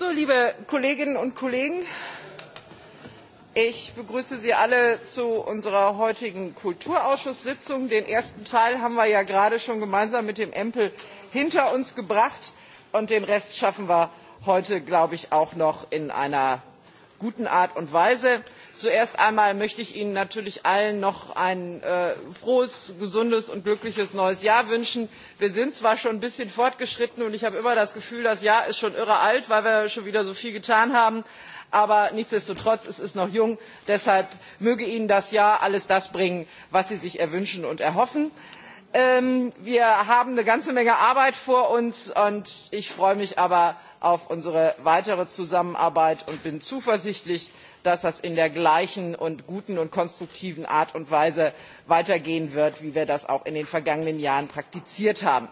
So, liebe Kolleginnen und Kollegen, ich begrüße Sie alle zu unserer heutigen Kulturausschusssitzung. Den ersten Teil haben wir ja gerade schon gemeinsam mit dem empl hinter uns gebracht und den Rest schaffen wir heute, glaube ich, auch noch in einer guten art und weise. zuerst einmal möchte ich ihnen natürlich allen noch ein äh, frohes gesundes und glückliches neues jahr wünschen. wir sind zwar schon ein bisschen fortgeschritten und ich habe immer das gefühl das jahr ist schon irre alt weil wir schon wieder so viel getan haben aber nichtsdestotrotz es ist noch jung deshalb möge ihnen das jahr alles das bringen was sie sich erwünschen und erhoffen Ähm, wir haben eine ganze Menge Arbeit vor uns und ich freue mich aber auf unsere weitere Zusammenarbeit und bin zuversichtlich, dass das in der gleichen und guten und konstruktiven Art und Weise weitergehen wird, wie wir das auch in den vergangenen Jahren praktiziert haben.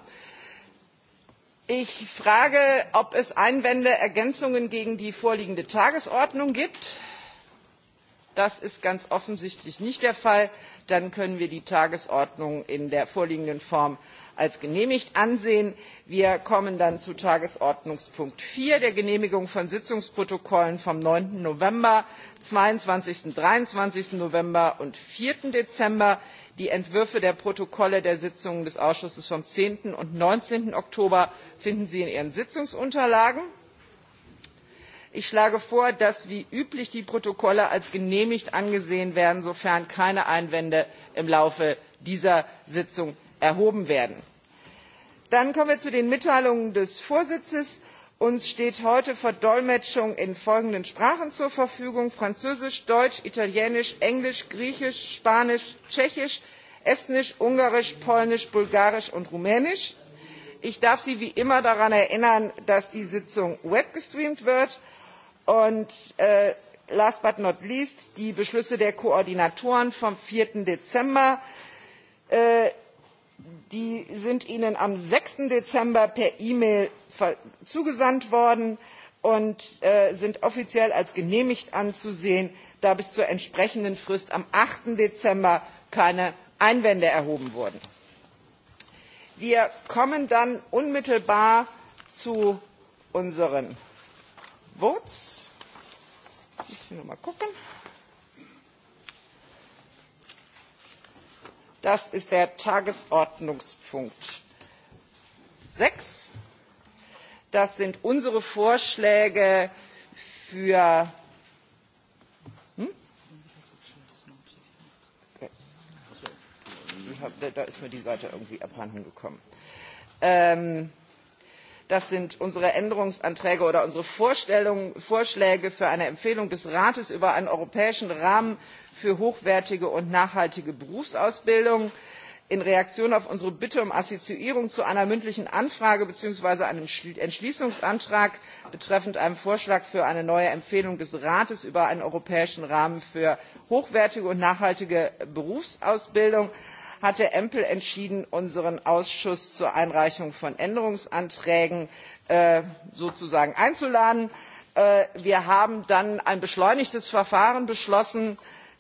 Ich frage, ob es Einwände, Ergänzungen gegen die vorliegende Tagesordnung gibt das ist ganz offensichtlich nicht der fall dann können wir die tagesordnung in der vorliegenden form als genehmigt ansehen. wir kommen dann zu tagesordnungspunkt vier der genehmigung von sitzungsprotokollen vom. neun november zweiundzwanzig. dreiundzwanzig november und. vier dezember die entwürfe der protokolle der sitzungen des ausschusses vom. zehn und. neunzehn oktober finden sie in ihren sitzungsunterlagen ich schlage vor dass wie üblich die protokolle als genehmigt angesehen werden sofern keine einwände im laufe dieser sitzung erhoben werden. dann kommen wir zu den mitteilungen des vorsitzes. uns steht heute verdolmetschung in folgenden sprachen zur verfügung französisch deutsch italienisch englisch griechisch spanisch tschechisch estnisch ungarisch polnisch bulgarisch und rumänisch. ich darf sie wie immer daran erinnern dass die sitzung webgestreamt wird und äh, last but not least die beschlüsse der koordinatoren vom. vier dezember äh, die sind ihnen am. sechs dezember per e mail zugesandt worden und äh, sind offiziell als genehmigt anzusehen da bis zur entsprechenden frist am. acht dezember keine einwände erhoben wurden. wir kommen dann unmittelbar zu unseren abstimmungen müssen nu mal gucken. Das ist der Tagesordnungspunkt 6. Das sind unsere Vorschläge für hm? da ist mir die Seite irgendwie abhanden gekommen. Ähm, das sind unsere änderungsanträge oder unsere vorschläge für eine empfehlung des rates über einen europäischen rahmen für hochwertige und nachhaltige berufsausbildung in reaktion auf unsere bitte um assoziierung zu einer mündlichen anfrage beziehungsweise einem entschließungsantrag betreffend einen vorschlag für eine neue empfehlung des rates über einen europäischen rahmen für hochwertige und nachhaltige berufsausbildung hat hatte empl entschieden unseren ausschuss zur einreichung von änderungsanträgen äh, sozusagen einzuladen. Äh, wir haben dann ein beschleunigtes verfahren beschlossen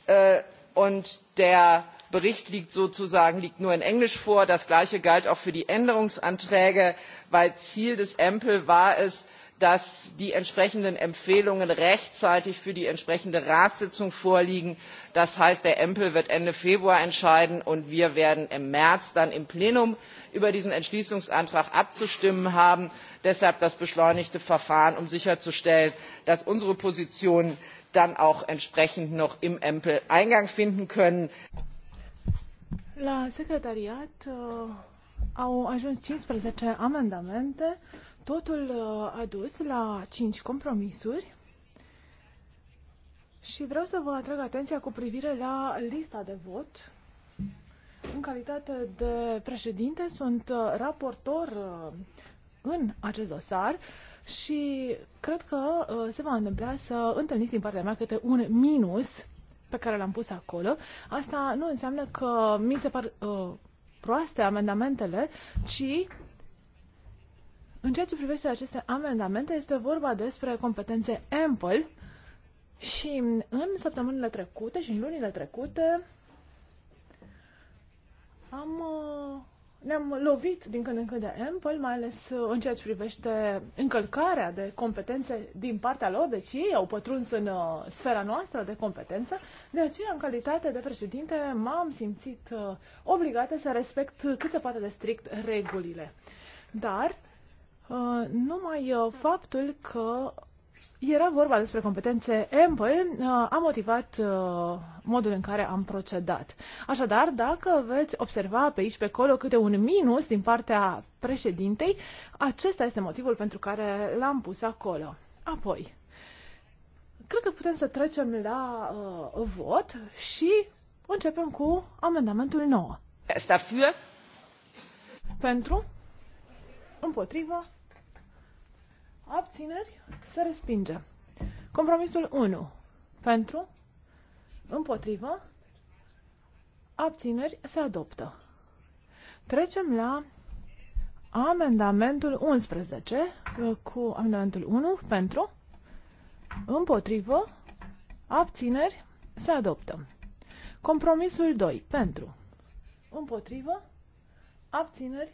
äh, und der bericht liegt sozusagen nur in englisch vor. das gleiche galt auch für die änderungsanträge weil ziel des empl war es dass die entsprechenden empfehlungen rechtzeitig für die entsprechende ratssitzung vorliegen das heißt der empl wird ende februar entscheiden und wir werden im märz dann im plenum über diesen entschließungsantrag abzustimmen haben deshalb das beschleunigte verfahren um sicherzustellen dass unsere positionen dann auch entsprechend noch im empl eingang finden können. La secretariat uh, au ajuns 15 amendamente, totul uh, adus la 5 compromisuri și vreau să vă atrag atenția cu privire la lista de vot. În calitate de președinte, sunt uh, raportor uh, în acest dosar și cred că uh, se va întâmpla să întâlniți din partea mea câte un minus pe care l-am pus acolo. Asta nu înseamnă că mi se par uh, proaste amendamentele, ci în ceea ce privește aceste amendamente este vorba despre competențe ample și în săptămânile trecute și în lunile trecute am, uh, ne-am lovit din când în când de Apple, mai ales uh, în ceea ce privește încălcarea de competențe din partea lor, deci ei au pătruns în uh, sfera noastră de competență, de aceea, în calitate de președinte, m-am simțit obligată să respect cât se poate de strict regulile. Dar numai faptul că era vorba despre competențe ample, uh, a motivat uh, modul în care am procedat. Așadar, dacă veți observa pe aici, pe acolo, câte un minus din partea președintei, acesta este motivul pentru care l-am pus acolo. Apoi, cred că putem să trecem la uh, vot și începem cu amendamentul 9. Dafür? Pentru? Împotrivă? Abțineri? Se respinge. Compromisul 1. Pentru? Împotrivă? Abțineri? Se adoptă. Trecem la amendamentul 11 uh, cu amendamentul 1 pentru împotrivă abțineri se adoptă. Compromisul 2 pentru împotrivă abțineri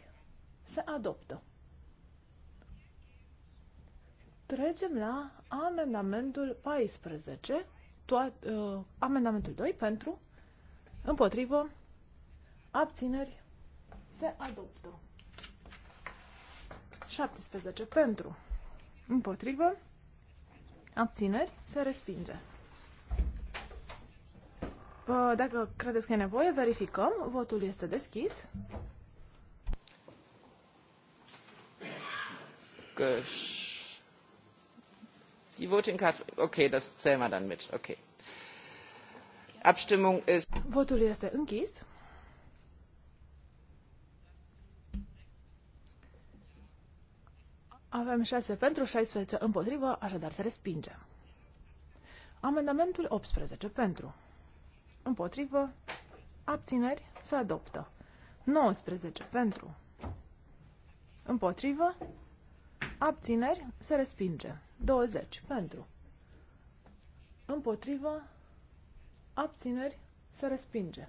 se adoptă. Trecem la amendamentul 14, to- uh, amendamentul 2 pentru, împotrivă, abțineri, se adoptă. 17 pentru, împotrivă, abțineri, se respinge. Uh, dacă credeți că e nevoie, verificăm. Votul este deschis. Căș. Die Voting Card, okay, das zählen wir dann mit. Okay. Abstimmung ist. Votul este închis. Avem 6 pentru, 16 împotrivă, așadar se respinge. Amendamentul 18 pentru. Împotrivă, abțineri, se adoptă. 19 pentru. Împotrivă, Abțineri se respinge. 20 pentru. Împotrivă. Abțineri se respinge.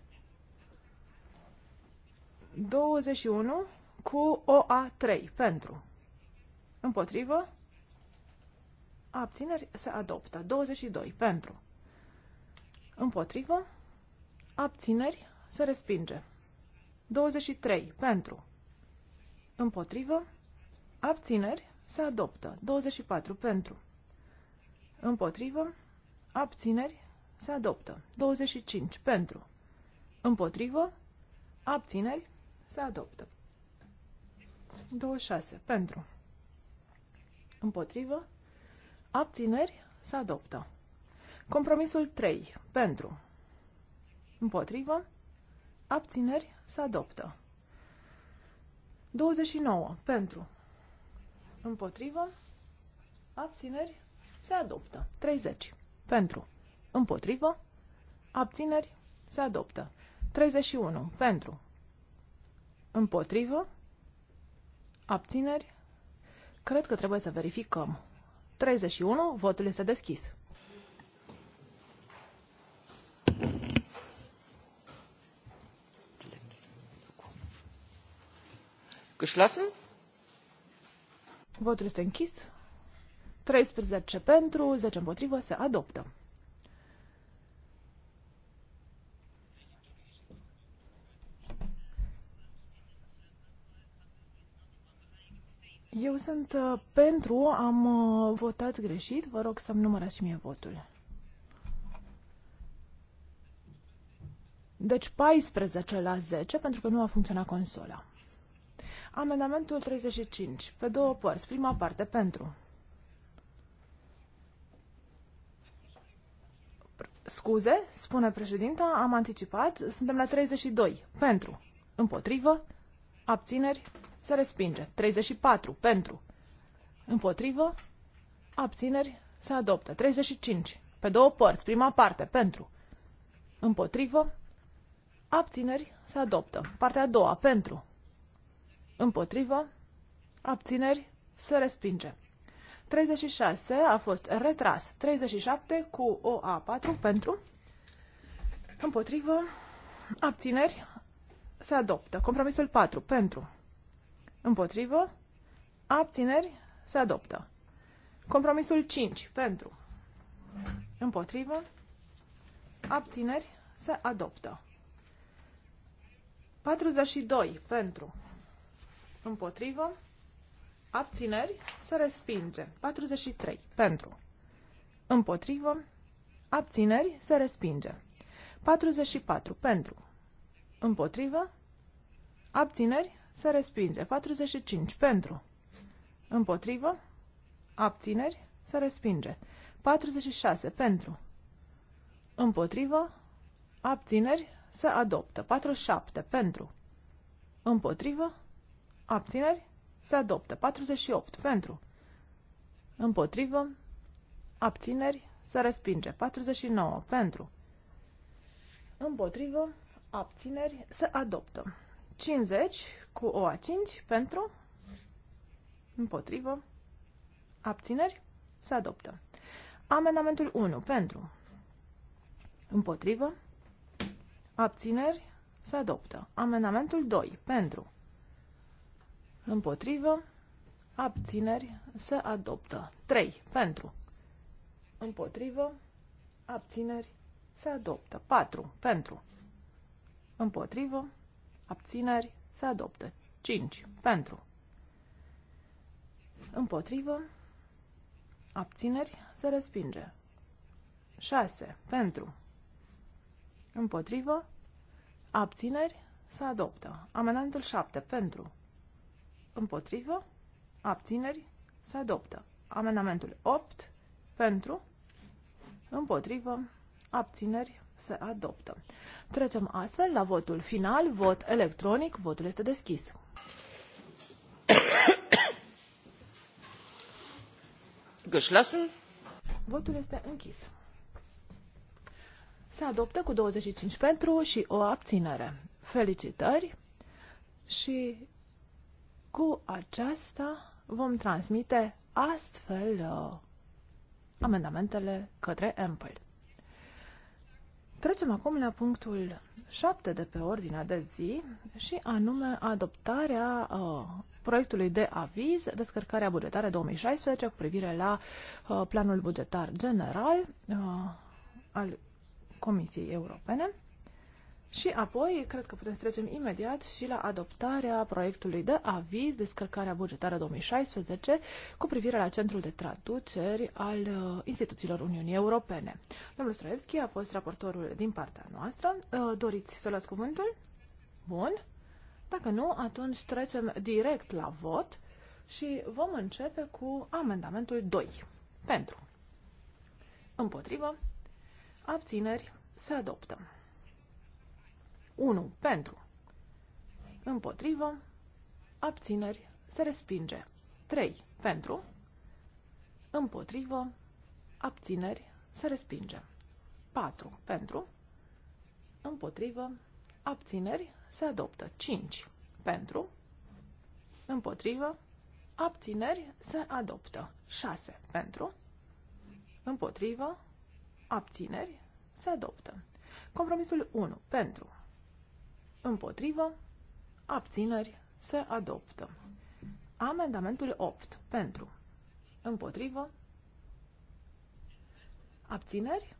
21 cu OA3 pentru. Împotrivă. Abțineri se adoptă. 22 pentru. Împotrivă. Abțineri se respinge. 23 pentru. Împotrivă. Abțineri se adoptă. 24 pentru. Împotrivă. Abțineri se adoptă. 25 pentru. Împotrivă. Abțineri se adoptă. 26 pentru. Împotrivă. Abțineri se adoptă. Compromisul 3 pentru. Împotrivă. Abțineri se adoptă. 29 pentru. Împotrivă. Abțineri. Se adoptă. 30. Pentru. Împotrivă. Abțineri. Se adoptă. 31. Pentru. Împotrivă. Abțineri. Cred că trebuie să verificăm. 31. Votul este deschis. Geschlossen? Votul este închis. 13 pentru, 10 împotrivă, se adoptă. Eu sunt uh, pentru, am uh, votat greșit, vă rog să-mi numărați și mie votul. Deci 14 la 10, pentru că nu a funcționat consola. Amendamentul 35, pe două părți, prima parte, pentru. Scuze, spune președinta, am anticipat, suntem la 32, pentru. Împotrivă, abțineri, se respinge. 34, pentru. Împotrivă, abțineri, se adoptă. 35, pe două părți, prima parte, pentru. Împotrivă, abțineri, se adoptă. Partea a doua, pentru. Împotrivă. Abțineri. Se respinge. 36 a fost retras. 37 cu OA4 pentru. Împotrivă. Abțineri. Se adoptă. Compromisul 4 pentru. Împotrivă. Abțineri. Se adoptă. Compromisul 5 pentru. Împotrivă. Abțineri. Se adoptă. 42 pentru. Împotrivă. Abțineri. Se respinge. 43. Pentru. Împotrivă. Abțineri. Se respinge. 44. Pentru. Împotrivă. Abțineri. Se respinge. 45. Pentru. Împotrivă. Abțineri. Se respinge. 46. Pentru. Împotrivă. Abțineri. Se adoptă. 47. Pentru. Împotrivă. Abțineri? Se adoptă. 48. Pentru. Împotrivă. Abțineri? Se respinge. 49. Pentru. Împotrivă. Abțineri? Se adoptă. 50 cu a 5 pentru. Împotrivă. Abțineri? Se adoptă. Amendamentul 1. Pentru. Împotrivă. Abțineri? Se adoptă. Amendamentul 2. Pentru. Împotrivă. Abțineri. Se adoptă. 3. Pentru. Împotrivă. Abțineri. Se adoptă. 4. Pentru. Împotrivă. Abțineri. Se adoptă. 5. Pentru. Împotrivă. Abțineri. Se respinge. 6. Pentru. Împotrivă. Abțineri. Se adoptă. Amendamentul 7. Pentru. Împotrivă. Abțineri. Se adoptă. Amendamentul 8. Pentru. Împotrivă. Abțineri. Se adoptă. Trecem astfel la votul final. Vot electronic. Votul este deschis. Geschlossen. Votul este închis. Se adoptă cu 25 pentru și o abținere. Felicitări și cu aceasta vom transmite astfel uh, amendamentele către Ample. Trecem acum la punctul 7 de pe ordinea de zi și anume adoptarea uh, proiectului de aviz, descărcarea bugetară 2016 cu privire la uh, planul bugetar general uh, al Comisiei Europene. Și apoi, cred că putem să trecem imediat și la adoptarea proiectului de aviz, descărcarea bugetară 2016, cu privire la Centrul de Traduceri al uh, Instituțiilor Uniunii Europene. Domnul Stroevski a fost raportorul din partea noastră. Uh, doriți să luați cuvântul? Bun. Dacă nu, atunci trecem direct la vot și vom începe cu amendamentul 2. Pentru. Împotrivă. Abțineri. Se adoptă. 1 pentru. Împotrivă. Abțineri. Se respinge. 3 pentru. Împotrivă. Abțineri. Se respinge. 4 pentru. Împotrivă. Abțineri. Se adoptă. 5 pentru. Împotrivă. Abțineri. Se adoptă. 6 pentru. Împotrivă. Abțineri. Se adoptă. Compromisul 1 pentru Împotrivă. Abțineri. Se adoptă. Amendamentul 8. Pentru. Împotrivă. Abțineri.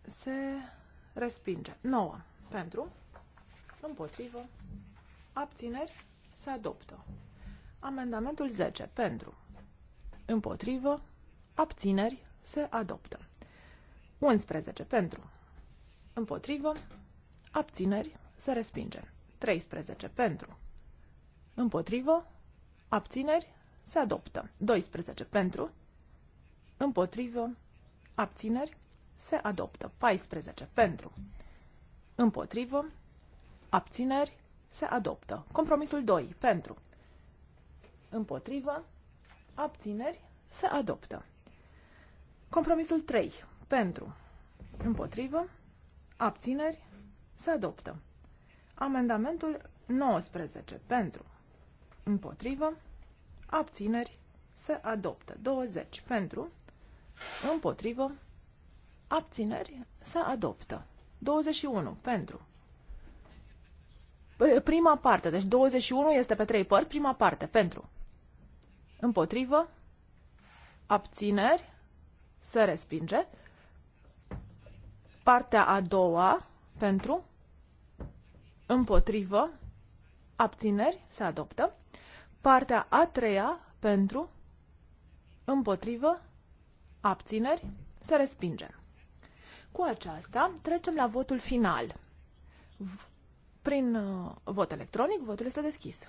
Se respinge. 9. Pentru. Împotrivă. Abțineri. Se adoptă. Amendamentul 10. Pentru. Împotrivă. Abțineri. Se adoptă. 11. Pentru. Împotrivă abțineri, se respinge. 13 pentru, împotrivă, abțineri, se adoptă. 12 pentru, împotrivă, abțineri, se adoptă. 14 pentru, împotrivă, abțineri, se adoptă. Compromisul 2 pentru, împotrivă, abțineri, se adoptă. Compromisul 3 pentru, împotrivă, abțineri, se adoptă. Amendamentul 19 pentru. Împotrivă. Abțineri. Se adoptă. 20 pentru. Împotrivă. Abțineri. Se adoptă. 21 pentru. Păi, prima parte, deci 21 este pe trei părți, prima parte, pentru. Împotrivă. Abțineri. Se respinge. Partea a doua, pentru? Împotrivă? Abțineri? Se adoptă. Partea a treia? Pentru? Împotrivă? Abțineri? Se respinge. Cu aceasta trecem la votul final. Prin uh, vot electronic, votul este deschis.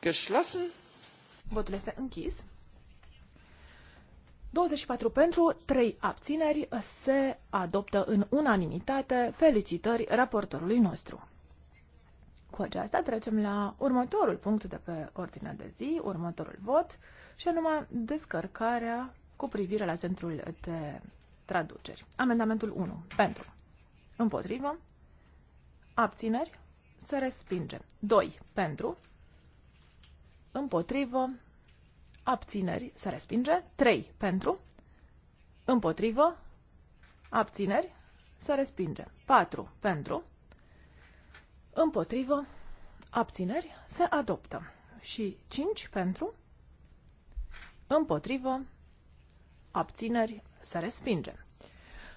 Geschlossen. Votul este închis. 24 pentru, 3 abțineri se adoptă în unanimitate. Felicitări raportorului nostru! Cu aceasta trecem la următorul punct de pe ordinea de zi, următorul vot, și anume descărcarea cu privire la centrul de traduceri. Amendamentul 1. Pentru. Împotrivă. Abțineri. Se respinge. 2. Pentru. Împotrivă abțineri, se respinge. 3 pentru, împotrivă, abțineri, se respinge. 4 pentru, împotrivă, abțineri, se adoptă. Și 5 pentru, împotrivă, abțineri, se respinge.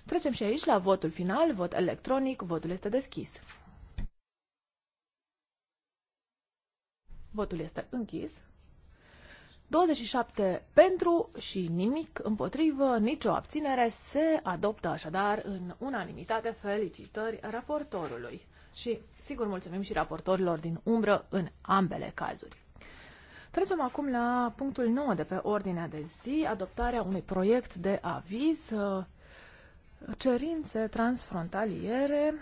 Trecem și aici la votul final, vot electronic, votul este deschis. Votul este închis. 27 pentru și nimic împotrivă, nicio abținere se adoptă așadar în unanimitate felicitări raportorului. Și sigur mulțumim și raportorilor din umbră în ambele cazuri. Trecem acum la punctul 9 de pe ordinea de zi, adoptarea unui proiect de aviz uh, cerințe transfrontaliere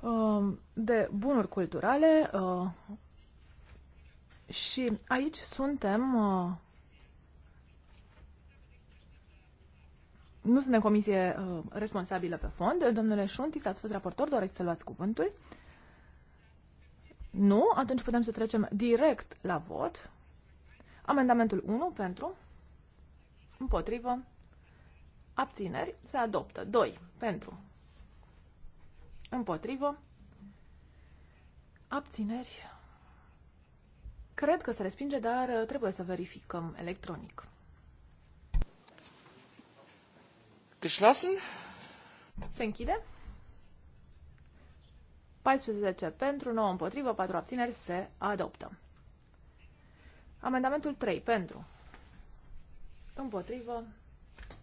uh, de bunuri culturale uh, și aici suntem uh, nu suntem comisie uh, responsabilă pe fond. Domnule Șuntis, ați fost raportor, doreți să luați cuvântul? Nu? Atunci putem să trecem direct la vot. Amendamentul 1 pentru, împotrivă, abțineri, se adoptă. 2 pentru, împotrivă, abțineri, Cred că se respinge, dar uh, trebuie să verificăm electronic. Geschlossen. Se închide. 14 pentru, 9 împotrivă, 4 abțineri se adoptă. Amendamentul 3 pentru, împotrivă,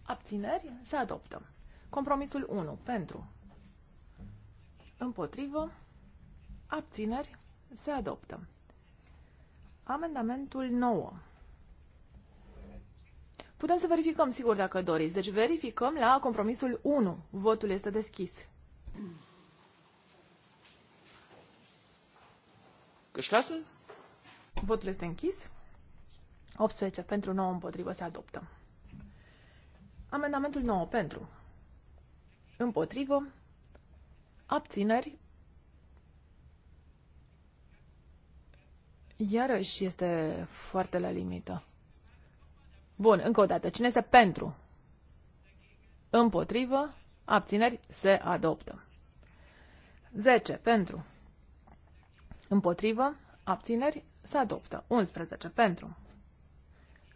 abțineri se adoptă. Compromisul 1 pentru, împotrivă, abțineri se adoptă. Amendamentul 9. Putem să verificăm, sigur, dacă doriți. Deci verificăm la compromisul 1. Votul este deschis. Geschlossen? Votul este închis. 18 pentru 9 împotrivă se adoptă. Amendamentul 9 pentru. Împotrivă. Abțineri. Iarăși este foarte la limită. Bun, încă o dată. Cine este pentru? Împotrivă. Abțineri se adoptă. 10. Pentru. Împotrivă. Abțineri se adoptă. 11. Pentru.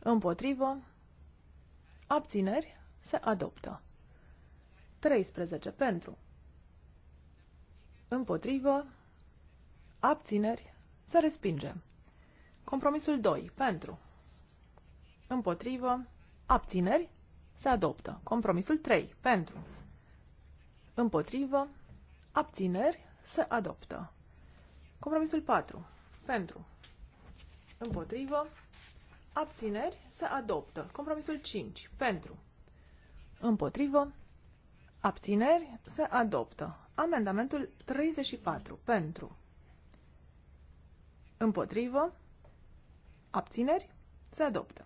Împotrivă. Abțineri se adoptă. 13. Pentru. Împotrivă. Abțineri se respinge. Compromisul 2. Pentru. Împotrivă. Abțineri. Se adoptă. Compromisul 3. Pentru. Împotrivă. Abțineri. Se adoptă. Compromisul 4. Pentru. Împotrivă. Abțineri. Se adoptă. Compromisul 5. Pentru. Împotrivă. Abțineri. Se adoptă. Amendamentul 34. Pentru. Împotrivă. Abțineri? Se adoptă.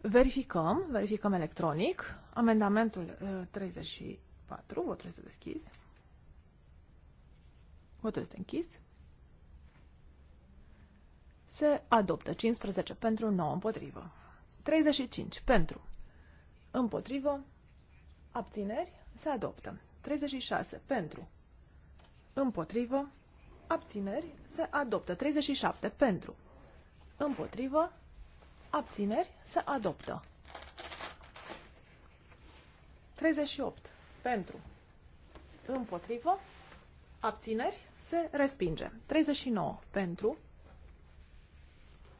Verificăm, verificăm electronic. Amendamentul 34, uh, votul este deschis. Votul este închis. Se adoptă 15 pentru, 9 împotrivă. 35 pentru, împotrivă, abțineri, se adoptă. 36 pentru, împotrivă, abțineri, se adoptă. 37 pentru, împotrivă, abțineri, se adoptă. 38 pentru, împotrivă, abțineri, se respinge. 39 pentru,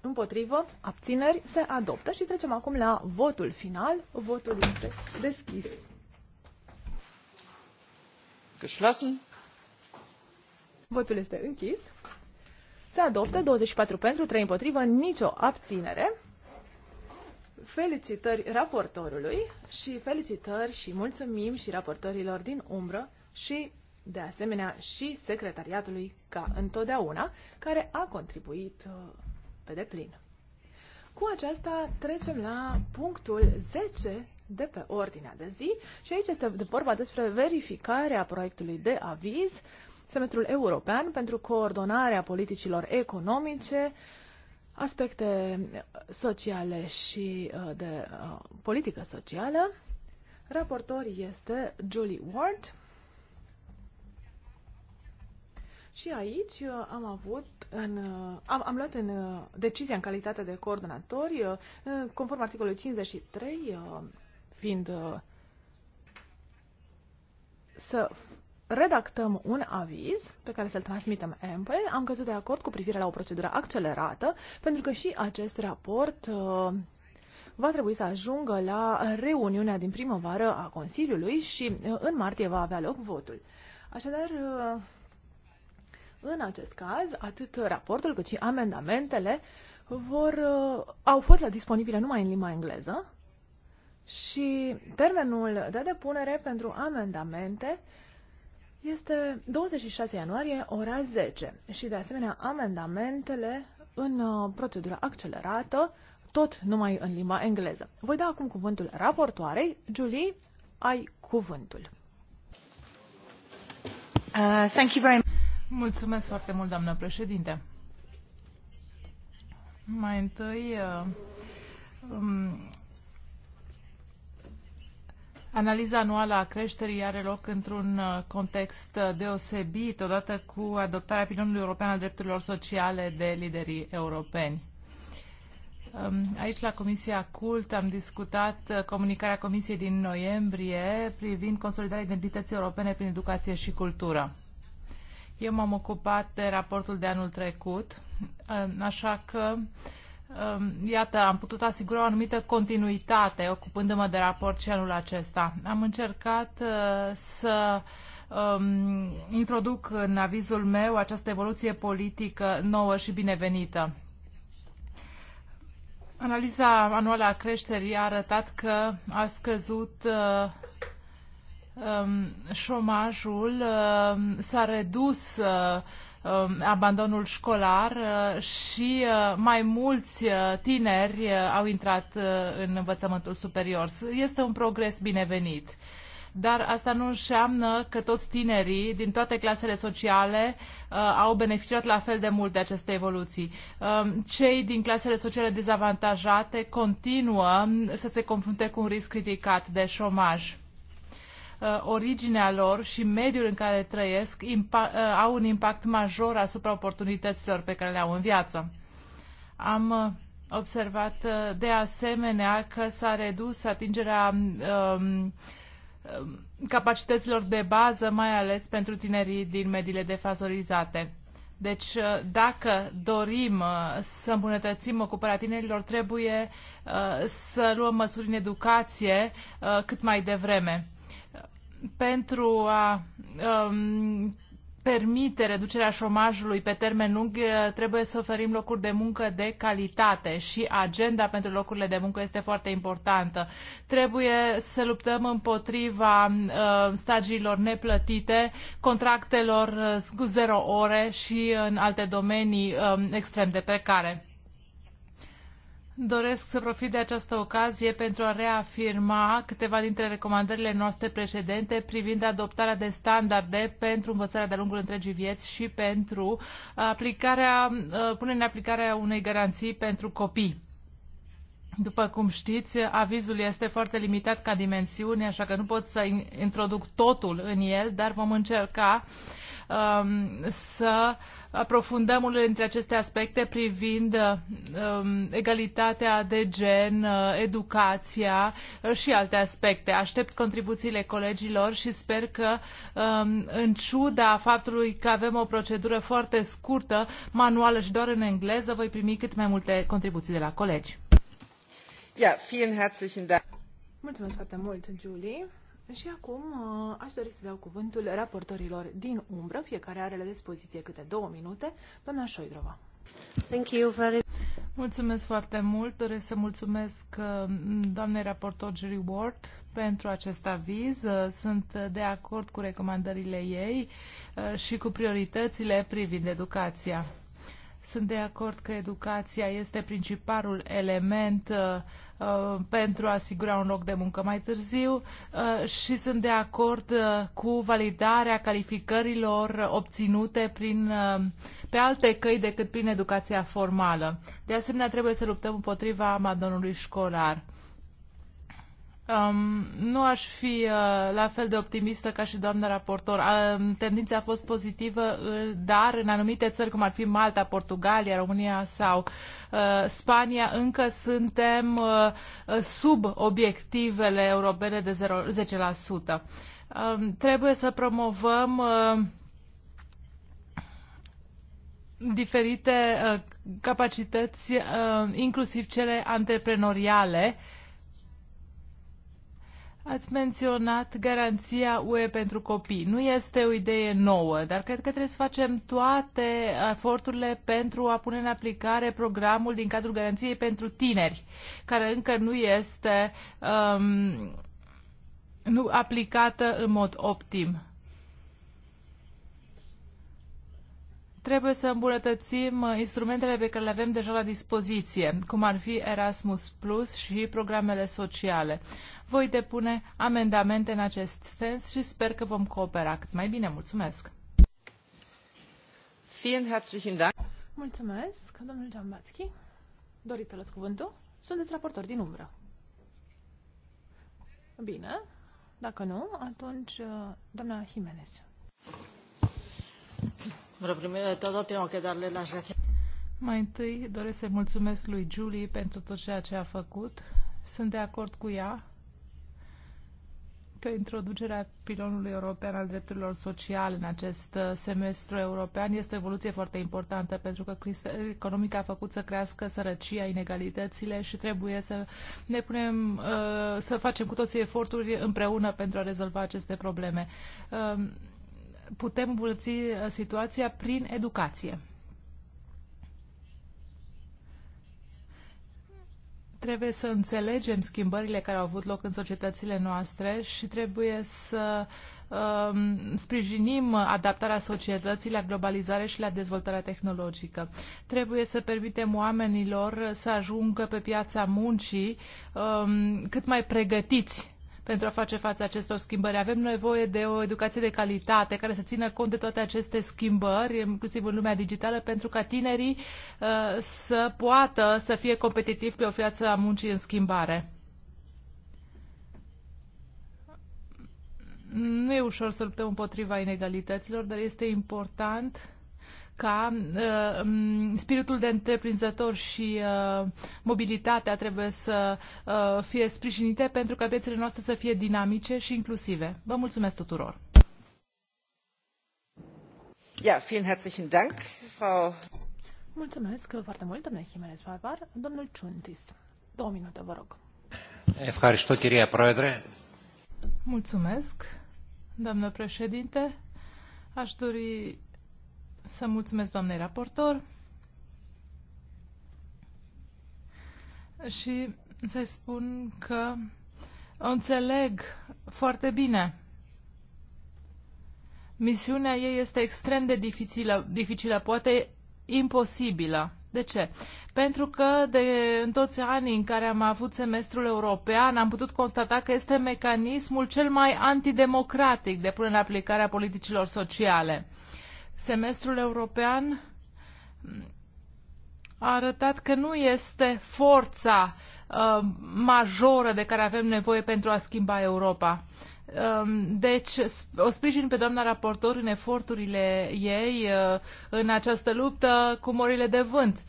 Împotrivă, abțineri, se adoptă și trecem acum la votul final. Votul este deschis. Geschlossen. Votul este închis. Se adoptă 24 pentru, 3 împotrivă, nicio abținere. Felicitări raportorului și felicitări și mulțumim și raportorilor din umbră și de asemenea și secretariatului ca întotdeauna, care a contribuit uh, pe deplin. Cu aceasta trecem la punctul 10 de pe ordinea de zi și aici este de vorba despre verificarea proiectului de aviz semestrul european pentru coordonarea politicilor economice, aspecte sociale și uh, de uh, politică socială. Raportor este Julie Ward. Și aici uh, am avut în, am, am luat în decizia în calitate de coordonatori, conform articolului 53, fiind să redactăm un aviz pe care să-l transmitem Ample. Am căzut de acord cu privire la o procedură accelerată, pentru că și acest raport uh, va trebui să ajungă la reuniunea din primăvară a Consiliului și uh, în martie va avea loc votul. Așadar, uh, în acest caz, atât raportul cât și amendamentele vor, au fost la disponibile numai în limba engleză și termenul de depunere pentru amendamente este 26 ianuarie, ora 10 și de asemenea amendamentele în uh, procedură accelerată, tot numai în limba engleză. Voi da acum cuvântul raportoarei. Julie, ai cuvântul. Uh, thank you very much. Mulțumesc foarte mult, doamnă președinte. Mai întâi, uh, um, Analiza anuală a creșterii are loc într-un uh, context uh, deosebit, odată cu adoptarea pilonului european al drepturilor sociale de liderii europeni. Um, aici, la Comisia CULT, am discutat uh, comunicarea Comisiei din noiembrie privind consolidarea identității europene prin educație și cultură. Eu m-am ocupat de raportul de anul trecut, așa că Ehm, iată, am putut asigura o anumită continuitate ocupându-mă de raport și anul acesta. Am încercat eh, să ehm, introduc în avizul meu această evoluție politică nouă și binevenită. Analiza anuală a creșterii a arătat că a scăzut ehm, șomajul, s-a redus eh, Um, abandonul școlar uh, și uh, mai mulți uh, tineri au intrat în învățământul superior. Este un progres binevenit. Dar asta nu înseamnă că toți tinerii din toate clasele sociale au beneficiat la fel de mult de aceste evoluții. Um, cei din clasele sociale dezavantajate continuă să se confrunte cu un risc ridicat de șomaj Uh, originea lor și mediul în care trăiesc uh, au un impact major asupra oportunităților pe care le au în viață. Am uh, observat de asemenea că s-a redus atingerea um, um, capacităților de bază, mai ales pentru tinerii din mediile defazorizate. Deci, dacă dorim să îmbunătățim ocuparea tinerilor, trebuie să luăm măsuri în educație cât mai devreme pentru a um, permite reducerea șomajului pe termen lung, eh, trebuie să oferim locuri de muncă de calitate și agenda pentru locurile de muncă este foarte importantă. Trebuie să luptăm împotriva uh, stagiilor neplătite, contractelor uh, cu zero ore și în alte domenii uh, extrem de precare. Doresc să profit de această ocazie pentru a reafirma câteva dintre recomandările noastre precedente privind adoptarea de standarde pentru învățarea de-a lungul întregii vieți și pentru aplicarea, uh, punerea în aplicare unei garanții pentru copii. După cum știți, avizul este foarte limitat ca dimensiune, așa că nu pot să introduc totul în el, dar vom încerca uh, um, să aprofundăm unele dintre aceste aspecte privind um, egalitatea de gen, uh, educația uh, și alte aspecte. Aștept contribuțiile colegilor și sper că, um, în ciuda faptului că avem o procedură foarte scurtă, manuală și doar în engleză, voi primi cât mai multe contribuții de la colegi. vielen herzlichen Dank. Mulțumesc foarte mult, Julie. Și acum uh, aș dori să dau cuvântul raportorilor din umbră. Fiecare are la dispoziție câte două minute. Doamna Șoidrova. Thank you very Mulțumesc foarte mult. Doresc să mulțumesc uh, doamnei raportor Jerry Ward pentru acest aviz. Uh, sunt de acord cu recomandările ei și cu prioritățile privind educația. Sunt de acord că educația este principalul element Uh, pentru a asigura un loc de muncă mai târziu uh, și sunt de acord uh, cu validarea calificărilor obținute prin, pe alte căi decât prin educația formală. De asemenea, trebuie să luptăm împotriva abandonului școlar. Um, nu aș fi uh, la fel de optimistă ca și doamna raportor. Uh, tendința a fost pozitivă, uh, dar în anumite țări, cum ar fi Malta, Portugalia, România sau uh, Spania, încă suntem uh, sub obiectivele europene de 0, 10%. Uh, trebuie să promovăm uh, diferite uh, capacități, uh, inclusiv cele antreprenoriale, uh, Ați menționat garanția UE pentru copii. Nu este o idee nouă, dar cred că trebuie să facem toate eforturile pentru a pune în aplicare programul din cadrul garanției pentru tineri, care încă nu este um, nu aplicată în mod optim. trebuie să îmbunătățim uh, instrumentele pe care le avem deja la dispoziție, cum ar fi Erasmus Plus și programele sociale. Voi depune amendamente în acest sens și sper că vom coopera cât mai bine. Mulțumesc! Mulțumesc, domnul Giambatski. Doriți să luați cuvântul? Sunteți raportor din umbră. Bine. Dacă nu, atunci uh, doamna Jimenez de darle las gracias. Mai întâi doresc să mulțumesc lui Julie pentru tot ceea ce a făcut. Sunt de acord cu ea că introducerea pilonului european al drepturilor sociale în acest uh, semestru european este o evoluție foarte importantă pentru că economica a făcut să crească sărăcia, inegalitățile și trebuie să ne punem, uh, să facem cu toții eforturi împreună pentru a rezolva aceste probleme. Um, putem îmbunătăți uh, situația prin educație. trebuie să înțelegem schimbările care au avut loc în societățile noastre și trebuie să um, sprijinim adaptarea societății la globalizare și la dezvoltarea tehnologică. Trebuie să permitem oamenilor să ajungă pe piața muncii um, cât mai pregătiți pentru a face față acestor schimbări. Avem nevoie de o educație de calitate care să țină cont de toate aceste schimbări, inclusiv în lumea digitală, pentru ca tinerii uh, să poată să fie competitivi pe o viață a muncii în schimbare. Nu e ușor să luptăm împotriva inegalităților, dar este important ca uh, spiritul de întreprinzător și uh, mobilitatea trebuie să uh, fie sprijinite pentru ca piețele noastre să fie dinamice și inclusive. Vă mulțumesc tuturor! Ja, vielen herzlichen Dank, Frau. Mulțumesc foarte mult, domnule Jimenez Barbar. Domnul Ciuntis, două minute, vă rog. Evharisto, chiria proedre. Mulțumesc, doamnă președinte. Aș dori să mulțumesc doamnei raportor și să spun că înțeleg foarte bine. Misiunea ei este extrem de dificilă, dificilă poate imposibilă. De ce? Pentru că de, în toți anii în care am avut semestrul european, am putut constata că este mecanismul cel mai antidemocratic de până în aplicarea politicilor sociale. Semestrul european mm, a arătat că nu este forța uh, majoră de care avem nevoie pentru a schimba Europa. Um, deci, o sprijin pe doamna raportor în eforturile ei uh, în această luptă cu morile de vânt.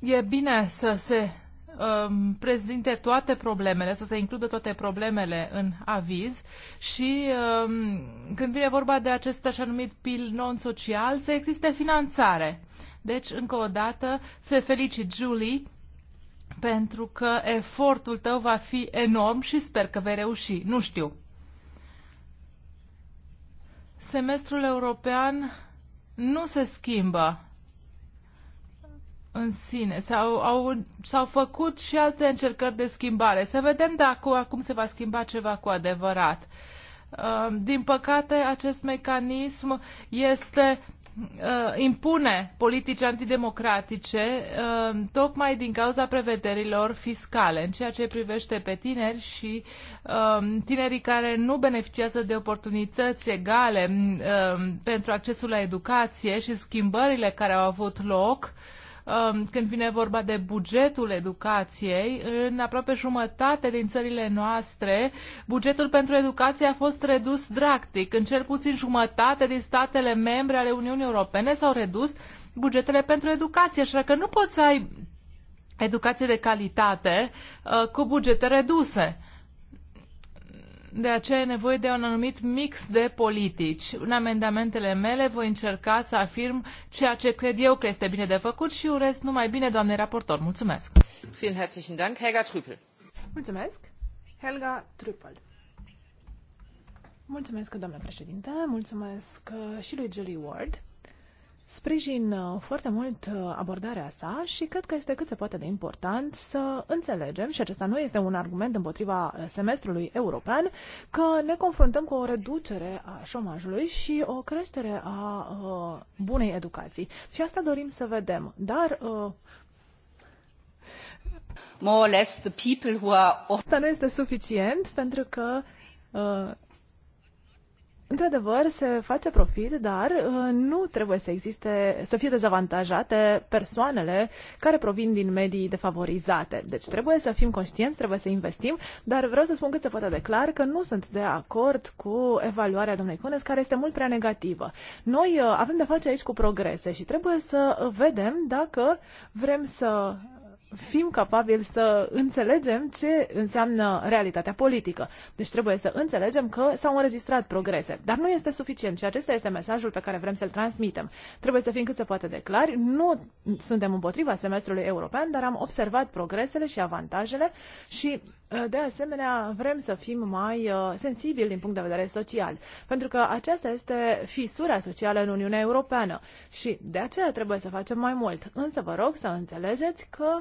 E bine să se um, prezinte toate problemele, să se includă toate problemele în aviz și um, când vine vorba de acest așa numit pil non-social, să existe finanțare. Deci, încă o dată, se felicit Julie pentru că efortul tău va fi enorm și sper că vei reuși. Nu știu. Semestrul european nu se schimbă în sine. S-au, au, s-au făcut și alte încercări de schimbare. Să vedem dacă acum se va schimba ceva cu adevărat. Uh, din păcate, acest mecanism este uh, impune politici antidemocratice uh, tocmai din cauza prevederilor fiscale în ceea ce privește pe tineri și tinerii care nu beneficiază de oportunități egale pentru accesul la educație și schimbările care au avut loc Um, când vine vorba de bugetul educației. În aproape jumătate din țările noastre, bugetul pentru educație a fost redus drastic. În cel puțin jumătate din statele membre ale Uniunii Europene s-au redus bugetele pentru educație, așa că nu poți să ai educație de calitate uh, cu bugete reduse. De aceea e nevoie de un anumit mix de politici. În amendamentele mele voi încerca să afirm ceea ce cred eu că este bine de făcut și urez numai bine, doamne raportor. Mulțumesc! Vielen herzlichen Dank, Helga Trüppel. Mulțumesc, Helga Trüppel. Mulțumesc, doamnă președinte, mulțumesc uh, și lui Julie Ward Sprijin uh, foarte mult uh, abordarea sa și cred că este cât se poate de important să înțelegem, și acesta nu este un argument împotriva uh, semestrului european, că ne confruntăm cu o reducere a șomajului și o creștere a uh, bunei educații. Și asta dorim să vedem. Dar uh, More or less the people who are... Asta nu este suficient pentru că uh, Într-adevăr, se face profit, dar uh, nu trebuie să existe, să fie dezavantajate persoanele care provin din medii defavorizate. Deci trebuie să fim conștienți, trebuie să investim, dar vreau să spun cât se poate de clar că nu sunt de acord cu evaluarea domnului Cunes, care este mult prea negativă. Noi uh, avem de face aici cu progrese și trebuie să vedem dacă vrem să fim capabili să înțelegem ce înseamnă realitatea politică. Deci trebuie să înțelegem că s-au înregistrat progrese. Dar nu este suficient și acesta este mesajul pe care vrem să-l transmitem. Trebuie să fim cât se poate de clari. Nu suntem împotriva semestrului european, dar am observat progresele și avantajele și uh, de asemenea, vrem să fim mai uh, sensibili din punct de vedere social, pentru că aceasta este fisura socială în Uniunea Europeană și de aceea trebuie să facem mai mult. Însă vă rog să înțelegeți că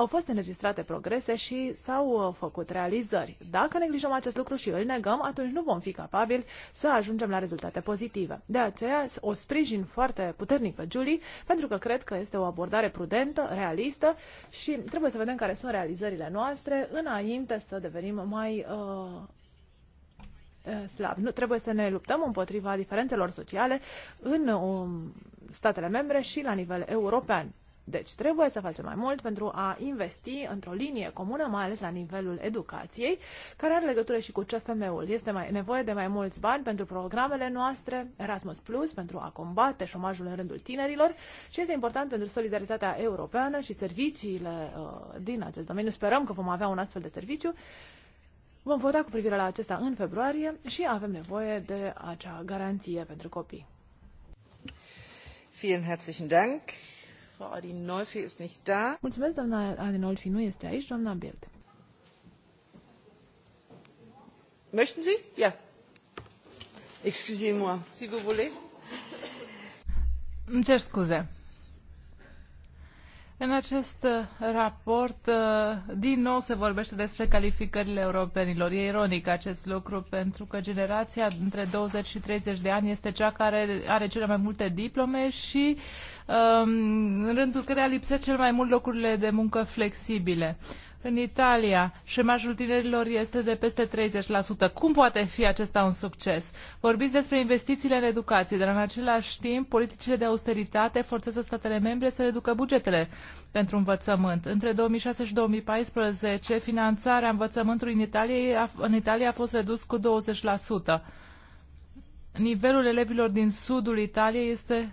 au fost înregistrate progrese și s-au uh, făcut realizări. Dacă neglijăm acest lucru și îl negăm, atunci nu vom fi capabili să ajungem la rezultate pozitive. De aceea o sprijin foarte puternic pe Julie, pentru că cred că este o abordare prudentă, realistă și trebuie să vedem care sunt realizările noastre înainte să devenim mai uh, uh slab. Nu trebuie să ne luptăm împotriva diferențelor sociale în um, statele membre și la nivel european. Deci trebuie să facem mai mult pentru a investi într-o linie comună, mai ales la nivelul educației, care are legătură și cu CFM-ul. Este mai, nevoie de mai mulți bani pentru programele noastre, Erasmus Plus, pentru a combate șomajul în rândul tinerilor și este important pentru solidaritatea europeană și serviciile uh, din acest domeniu. Sperăm că vom avea un astfel de serviciu. Vom vota cu privire la acesta în februarie și avem nevoie de acea garanție pentru copii. Vielen herzlichen Dank. Frau Adinolfi ist nicht da. Mulțumesc, doamna Adinolfi nu este aici, doamna Bild. Möchten Sie? Ja. Excusez-moi, si vous voulez. Îmi cer scuze. În acest uh, raport, uh, din nou se vorbește despre calificările europenilor. E ironic acest lucru, pentru că generația între 20 și 30 de ani este cea care are cele mai multe diplome și uh, Um, în rândul căreia lipsesc cel mai mult locurile de muncă flexibile. În Italia, șemajul tinerilor este de peste 30%. Cum poate fi acesta un succes? Vorbiți despre investițiile în educație, dar în același timp, politicile de austeritate forțează statele membre să reducă bugetele pentru învățământ. Între 2006 și 2014, finanțarea învățământului în Italia, în Italia a fost redus cu 20%. Nivelul elevilor din sudul Italiei este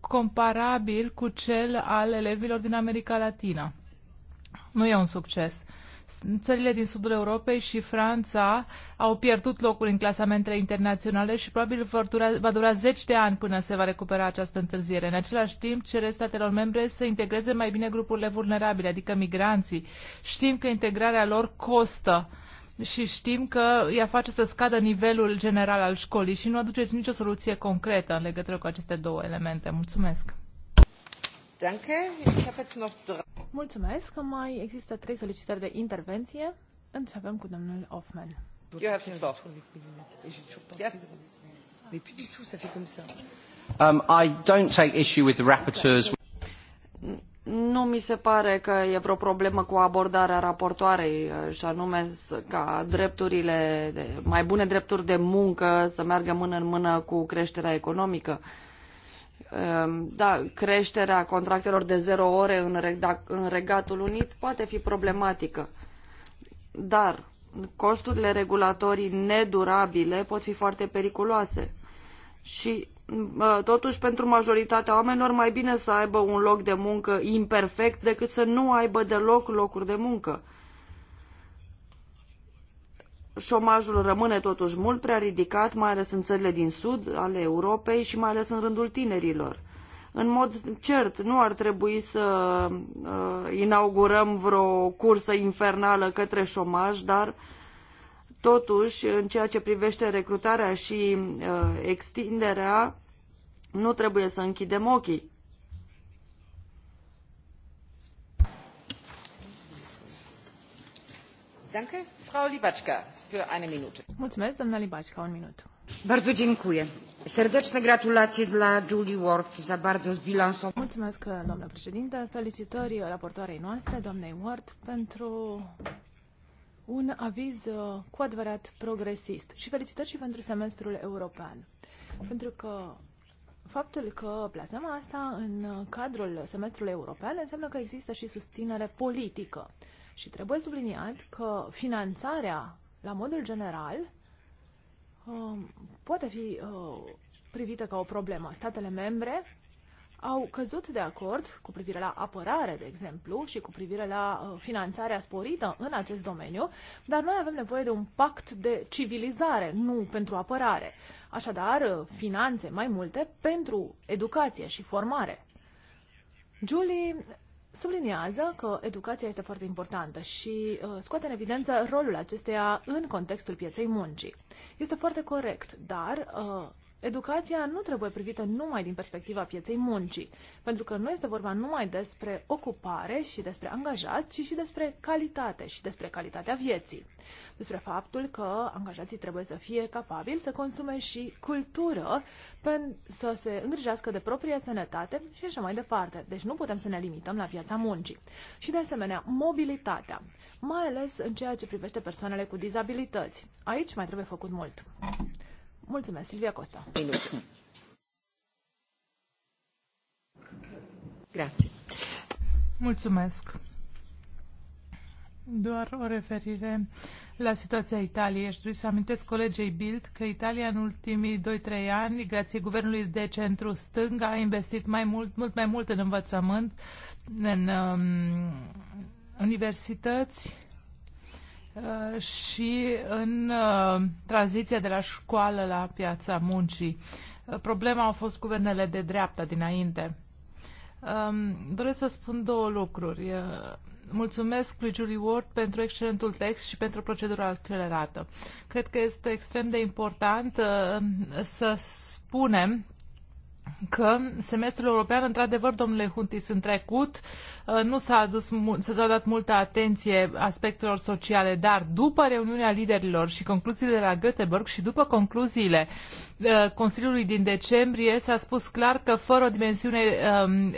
comparabil cu cel al elevilor din America Latina. Nu e un succes. Țările din sudul Europei și Franța au pierdut locul în clasamentele internaționale și probabil dura, va dura zeci de ani până se va recupera această întârziere. În același timp, cere statelor membre să integreze mai bine grupurile vulnerabile, adică migranții. Știm că integrarea lor costă uh, și știm că ea face să scadă nivelul general al școlii și nu aduceți nicio soluție concretă în legătură cu aceste două elemente. Mulțumesc! Mulțumesc! Mai există trei solicitări de intervenție. Începem cu domnul Hoffman. You have Um, I don't take issue with the rapporteurs nu mi se pare că e vreo problemă cu abordarea raportoarei și anume ca drepturile, de, mai bune drepturi de muncă să meargă mână în mână cu creșterea economică. Ehm, da, creșterea contractelor de zero ore în Regatul Unit poate fi problematică, dar costurile regulatorii nedurabile pot fi foarte periculoase și Uh, totuși, pentru majoritatea oamenilor, mai bine să aibă un loc de muncă imperfect decât să nu aibă deloc locuri de muncă. Șomajul rămâne totuși mult prea ridicat, mai ales în țările din sud ale Europei și mai ales în rândul tinerilor. În mod cert, nu ar trebui să uh, inaugurăm vreo cursă infernală către șomaj, dar uh, Totuși, în ceea ce privește recrutarea și uh, extinderea, nu trebuie să închidem ochii. Mulțumesc, doamna Libacka, un minut. Bardzo dziękuję. Serdeczne gratulacje dla Julie Ward za bardzo zbilansowaną. Mulțumesc, doamnă președinte. Felicitări raportoarei noastre, doamnei Ward, pentru un aviz uh, cu adevărat progresist și felicitări și pentru semestrul european. Pentru că faptul că plasăm asta în uh, cadrul semestrului european înseamnă că există și susținere politică. Și trebuie subliniat că finanțarea, la modul general, uh, poate fi privită ca o problemă. Statele membre au căzut de acord cu privire la apărare, de exemplu, și cu privire la uh, finanțarea sporită în acest domeniu, dar noi avem nevoie de un pact de civilizare, nu pentru apărare. Așadar, uh, finanțe mai multe pentru educație și formare. Julie subliniază că educația este foarte importantă și uh, scoate în evidență rolul acesteia în contextul pieței muncii. Este foarte corect, dar educația nu trebuie privită numai din perspectiva pieței muncii, pentru că nu este vorba numai despre ocupare și despre angajați, ci și despre calitate și despre calitatea vieții. Despre faptul că angajații trebuie să fie capabili să consume și cultură, să se îngrijească de propria sănătate și așa mai departe. Deci nu putem să ne limităm la viața muncii. Și de asemenea, mobilitatea, mai ales în ceea ce privește persoanele cu dizabilități. Aici mai trebuie făcut mult. Mulțumesc, Silvia Costa. Minute. Grazie. Mulțumesc. Doar o referire la situația Italiei. Aș dori să amintesc colegei Bild că Italia în ultimii 2-3 ani, grație guvernului de centru stânga, a investit mai mult, mult mai mult în învățământ, în um, universități Uh, și în uh, tranziția de la școală la piața muncii. Uh, problema au fost guvernele de dreapta dinainte. Um, doresc să spun două lucruri. Mulțumesc lui Julie Ward pentru excelentul text și pentru procedura accelerată. Cred că este extrem de important să spunem că semestrul european, într-adevăr, domnule Huntis, în trecut uh, nu s-a, adus, s-a dat multă atenție aspectelor sociale, dar după reuniunea liderilor și concluziile de la Göteborg și după concluziile uh, Consiliului din decembrie, s-a spus clar că fără o dimensiune um,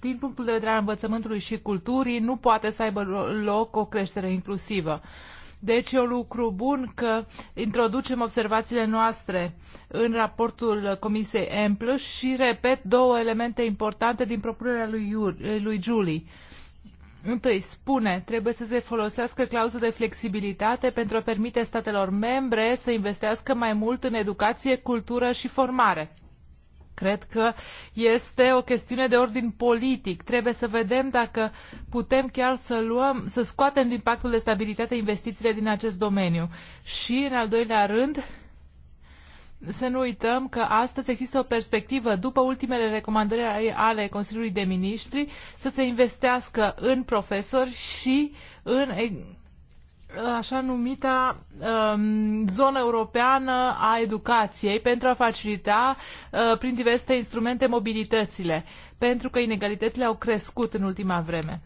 din punctul de vedere al învățământului și culturii, nu poate să aibă loc o creștere inclusivă. Deci e un lucru bun că introducem observațiile noastre în raportul Comisiei ample și, repet, două elemente importante din propunerea lui, Iuri, lui Julie. Întâi, spune, trebuie să se folosească clauză de flexibilitate pentru a permite statelor membre să investească mai mult în educație, cultură și formare. Cred că este o chestiune de ordin politic. Trebuie să vedem dacă putem chiar să luăm, să scoatem din pactul de stabilitate investițiile din acest domeniu. Și, în al doilea rând, să nu uităm că astăzi există o perspectivă, după ultimele recomandări ale Consiliului de Ministri, să se investească în profesori și în așa numita um, zonă europeană a educației pentru a facilita uh, prin diverse instrumente mobilitățile, pentru că inegalitățile au crescut în ultima vreme.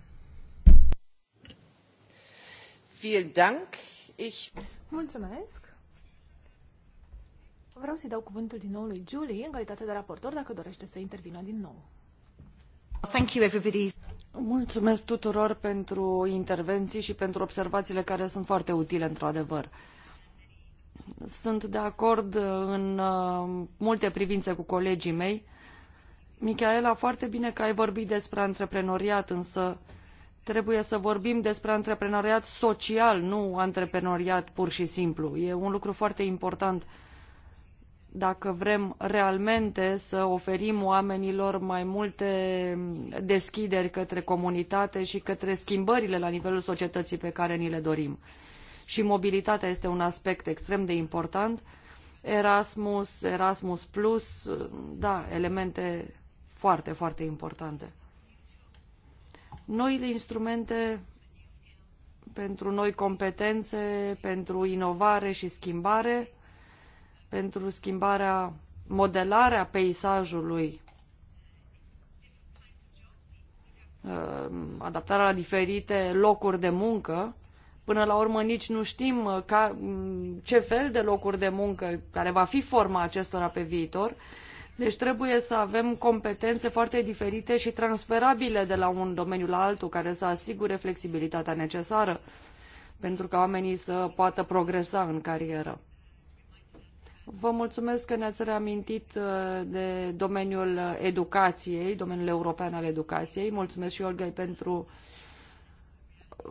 Mulțumesc! Vreau să-i dau cuvântul din nou lui Julie în calitate de raportor dacă dorește să intervină din nou. Thank you, everybody. Mulțumesc tuturor pentru intervenții și pentru observațiile care sunt foarte utile, într-adevăr. Sunt de acord în uh, multe privințe cu colegii mei. Michaela, foarte bine că ai vorbit despre antreprenoriat, însă trebuie să vorbim despre antreprenoriat social, nu antreprenoriat pur și simplu. E un lucru foarte important dacă vrem realmente să oferim oamenilor mai multe deschideri către comunitate și către schimbările la nivelul societății pe care ni le dorim. Și mobilitatea este un aspect extrem de important. Erasmus, Erasmus Plus, da, elemente foarte, foarte importante. Noile instrumente pentru noi competențe, pentru inovare și schimbare, pentru schimbarea, modelarea peisajului, uh, adaptarea la diferite locuri de muncă. Până la urmă nici nu știm uh, ca, mm, ce fel de locuri de muncă care va fi forma acestora pe viitor. Deci trebuie să avem competențe foarte diferite și transferabile de la un domeniu la altul, care să asigure flexibilitatea necesară pentru ca oamenii să poată progresa în carieră. Vă mulțumesc că ne-ați reamintit uh, de domeniul educației, domeniul european al educației. Mulțumesc și Olga pentru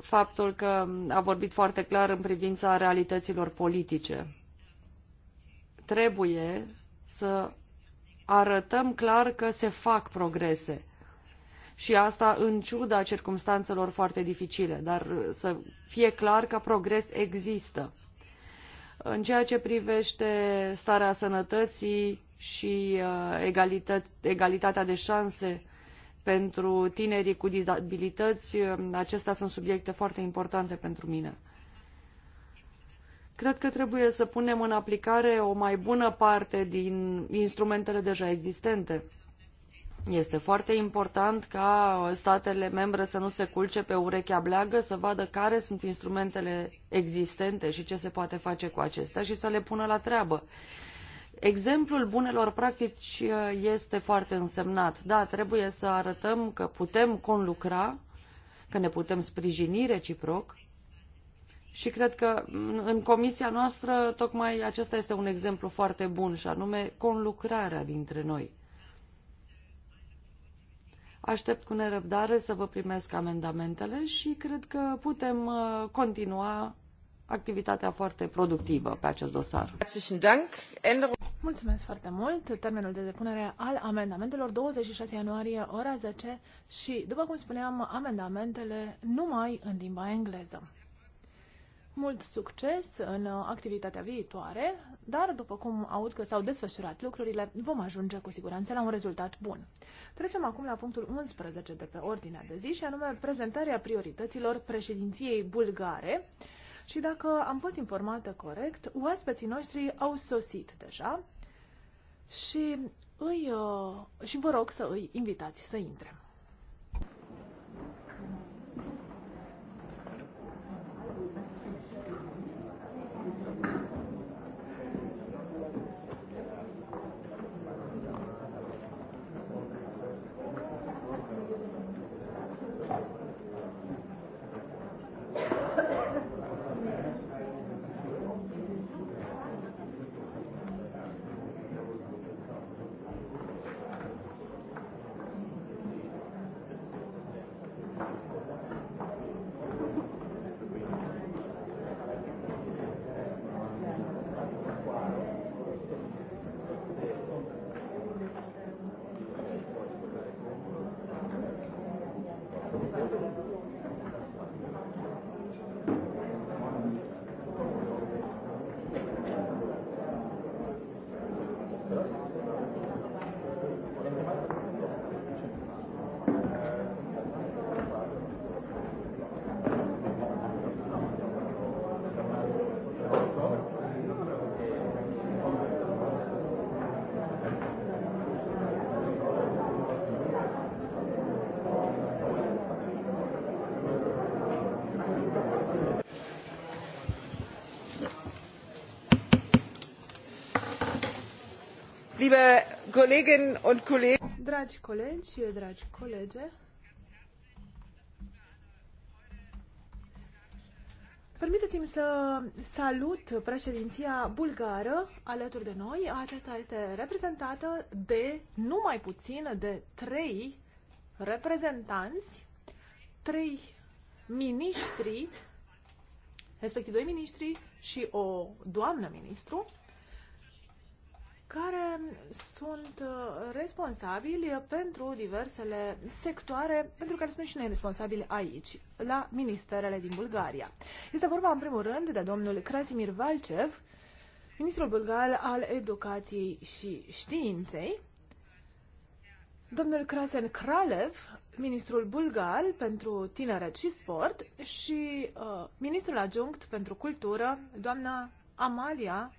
faptul că a vorbit foarte clar în privința realităților politice. Trebuie să arătăm clar că se fac progrese. Și asta în ciuda circumstanțelor foarte dificile, dar să fie clar că progres există în ceea ce privește starea sănătății și uh, egalitatea de șanse pentru tinerii cu dizabilități, um, acestea sunt subiecte foarte importante pentru mine. Cred că trebuie să punem în aplicare o mai bună parte din instrumentele deja existente. Este foarte important ca statele membre să nu se culce pe urechea bleagă, să vadă care sunt instrumentele existente și ce se poate face cu acestea și să le pună la treabă. Exemplul bunelor practici este foarte însemnat. Da, trebuie să arătăm că putem conlucra, că ne putem sprijini reciproc și cred că în comisia noastră tocmai acesta este un exemplu foarte bun și anume conlucrarea dintre noi. Aștept cu nerăbdare să vă primesc amendamentele și cred că putem uh, continua activitatea foarte productivă pe acest dosar. Mulțumesc foarte mult. Termenul de depunere al amendamentelor 26 ianuarie, ora 10 și, după cum spuneam, amendamentele numai în limba engleză mult succes în uh, activitatea viitoare, dar după cum aud că s-au desfășurat lucrurile, vom ajunge cu siguranță la un rezultat bun. Trecem acum la punctul 11 de pe ordinea de zi și anume prezentarea priorităților președinției bulgare. Și dacă am fost informată corect, oaspeții noștri au sosit deja și, îi, uh, și vă rog să îi invitați să intre. liebe Kolleginnen und Kollegen. Dragi colegi, dragi colege. Permiteți-mi să salut președinția bulgară alături de noi. Aceasta este reprezentată de nu mai puțin de trei reprezentanți, trei miniștri, respectiv doi miniștri și o doamnă ministru care sunt uh, responsabili pentru diversele sectoare pentru care sunt și noi responsabili aici, la ministerele din Bulgaria. Este vorba, în primul rând, de domnul Krasimir Valcev, ministrul bulgar al educației și științei, domnul Krasen Kralev, ministrul bulgar pentru tineret și sport și uh, ministrul adjunct pentru cultură, doamna Amalia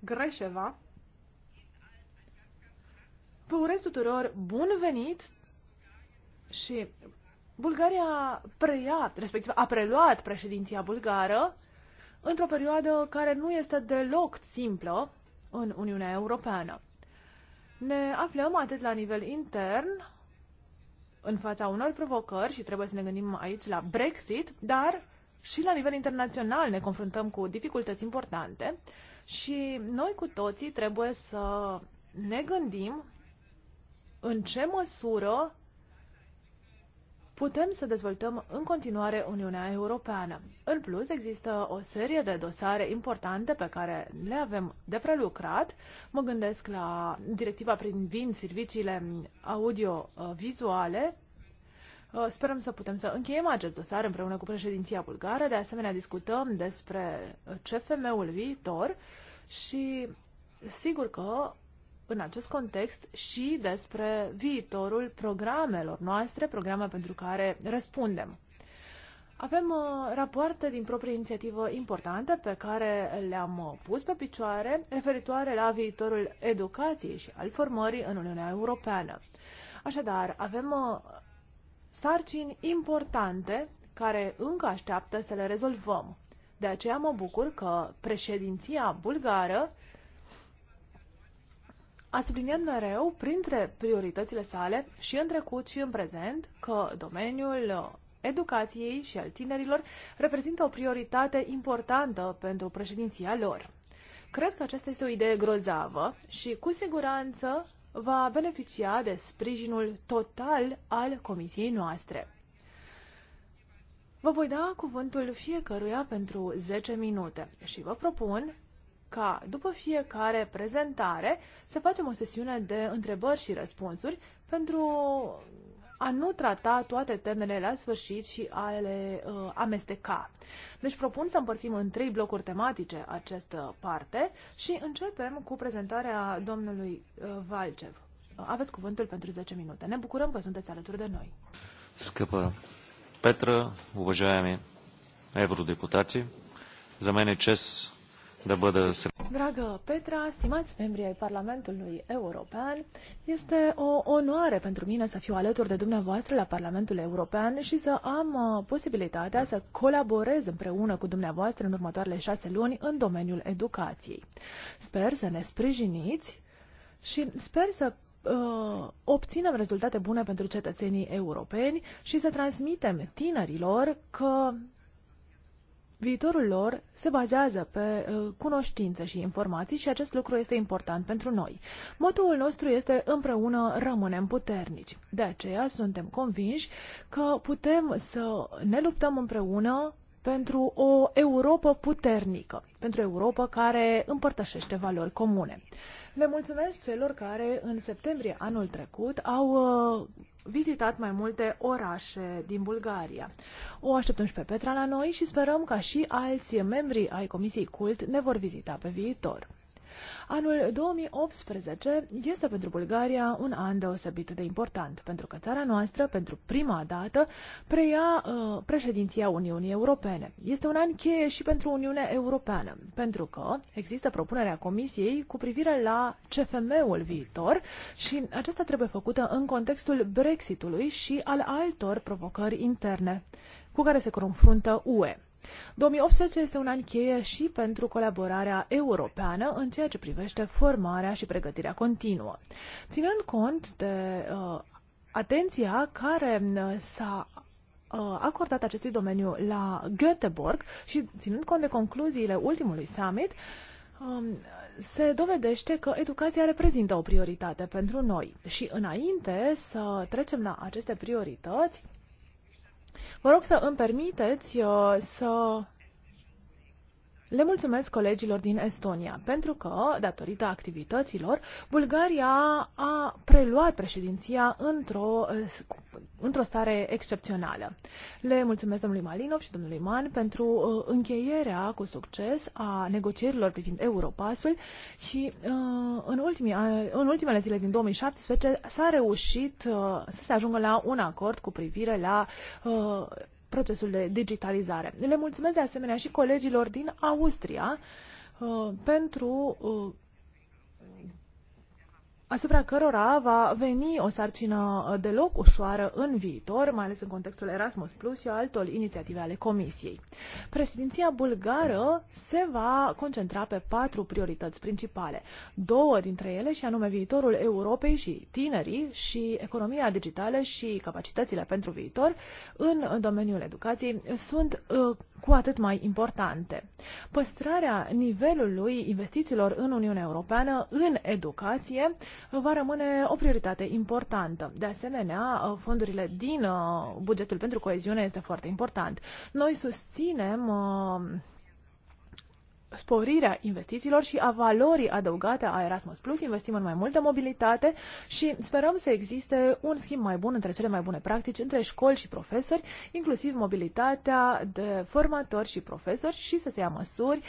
Greșeva, Vă urez tuturor bun venit și Bulgaria preia, respectiv a preluat președinția bulgară într-o perioadă care nu este deloc simplă în Uniunea Europeană. Ne aflăm atât la nivel intern, în fața unor provocări și trebuie să ne gândim aici la Brexit, dar și la nivel internațional ne confruntăm cu dificultăți importante și noi cu toții trebuie să ne gândim în ce măsură putem să dezvoltăm în continuare Uniunea Europeană. În plus, există o serie de dosare importante pe care le avem de prelucrat. Mă gândesc la directiva privind serviciile audio-vizuale. Uh, sperăm să putem să încheiem acest dosar împreună cu președinția bulgară. De asemenea, discutăm despre CFM-ul viitor și sigur că în acest context și despre viitorul programelor noastre, programe pentru care răspundem. Avem uh, rapoarte din proprie inițiativă importante pe care le-am uh, pus pe picioare referitoare la viitorul educației și al formării în Uniunea Europeană. Așadar, avem uh, sarcini importante care încă așteaptă să le rezolvăm. De aceea mă bucur că președinția bulgară a subliniat mereu, printre prioritățile sale, și în trecut și în prezent, că domeniul educației și al tinerilor reprezintă o prioritate importantă pentru președinția lor. Cred că aceasta este o idee grozavă și cu siguranță va beneficia de sprijinul total al comisiei noastre. Vă voi da cuvântul fiecăruia pentru 10 minute și vă propun ca după fiecare prezentare să facem o sesiune de întrebări și răspunsuri pentru a nu trata toate temele la sfârșit și a le uh, amesteca. Deci propun să împărțim în trei blocuri tematice această parte și începem cu prezentarea domnului uh, Valcev. Uh, aveți cuvântul pentru 10 minute. Ne bucurăm că sunteți alături de noi. Scăpă Petră, уважаемые евродепутати, за мен чест Dragă Petra, stimați membri ai Parlamentului European, este o onoare pentru mine să fiu alături de dumneavoastră la Parlamentul European și să am uh, posibilitatea să colaborez împreună cu dumneavoastră în următoarele șase luni în domeniul educației. Sper să ne sprijiniți și sper să uh, obținem rezultate bune pentru cetățenii europeni și să transmitem tinerilor că viitorul lor se bazează pe uh, cunoștințe și informații și acest lucru este important pentru noi. Motul nostru este împreună rămânem puternici. De aceea suntem convinși că putem să ne luptăm împreună pentru o Europa puternică, pentru o Europa care împărtășește valori comune. Le mulțumesc celor care în septembrie anul trecut au uh, vizitat mai multe orașe din Bulgaria. O așteptăm și pe Petra la noi și sperăm ca și alții membri ai Comisiei Cult ne vor vizita pe viitor. Anul 2018 este pentru Bulgaria un an deosebit de important, pentru că țara noastră, pentru prima dată, preia uh, președinția Uniunii Europene. Este un an cheie și pentru Uniunea Europeană, pentru că există propunerea Comisiei cu privire la CFM-ul viitor și aceasta trebuie făcută în contextul Brexitului și al altor provocări interne cu care se confruntă UE. 2018 este un an cheie și pentru colaborarea europeană în ceea ce privește formarea și pregătirea continuă. Ținând cont de uh, atenția care uh, s-a uh, acordat acestui domeniu la Göteborg și ținând cont de concluziile ultimului summit, um, se dovedește că educația reprezintă o prioritate pentru noi și înainte să trecem la aceste priorități, Vă rog să îmi permiteți uh, să le mulțumesc colegilor din Estonia pentru că, datorită activităților, Bulgaria a preluat președinția într-o, într-o stare excepțională. Le mulțumesc domnului Malinov și domnului Man pentru uh, încheierea cu succes a negocierilor privind Europasul și uh, în, ultimii, în ultimele zile din 2017 s-a reușit uh, să se ajungă la un acord cu privire la procesul de digitalizare. Le mulțumesc de asemenea și colegilor din Austria uh, pentru uh, asupra cărora va veni o sarcină deloc ușoară în viitor, mai ales în contextul Erasmus Plus și altor inițiative ale Comisiei. Președinția bulgară se va concentra pe patru priorități principale, două dintre ele și anume viitorul Europei și tinerii și economia digitală și capacitățile pentru viitor în domeniul educației sunt uh, cu atât mai importante. Păstrarea nivelului investițiilor în Uniunea Europeană în educație va rămâne o prioritate importantă. De asemenea, uh, fondurile din uh, bugetul pentru coeziune este foarte important. Noi susținem uh, sporirea investițiilor și a valorii adăugate a Erasmus Plus, investim în mai multă mobilitate și sperăm să existe un schimb mai bun între cele mai bune practici între școli și profesori, inclusiv mobilitatea de formatori și profesori și să se ia măsuri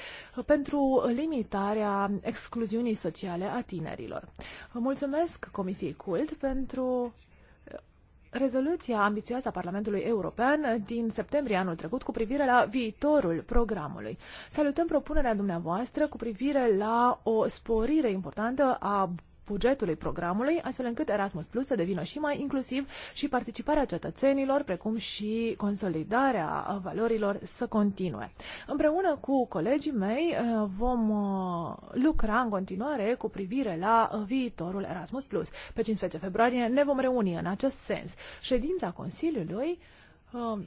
pentru limitarea excluziunii sociale a tinerilor. Mulțumesc Comisiei CULT pentru rezoluția ambițioasă a Parlamentului European din septembrie anul trecut cu privire la viitorul programului. Salutăm propunerea dumneavoastră cu privire la o sporire importantă a bugetului programului, astfel încât Erasmus Plus să devină și mai inclusiv și participarea cetățenilor, precum și consolidarea valorilor să continue. Împreună cu colegii mei uh, vom uh, lucra în continuare cu privire la uh, viitorul Erasmus Plus. Pe 15 februarie ne vom reuni în acest sens. Ședința Consiliului um,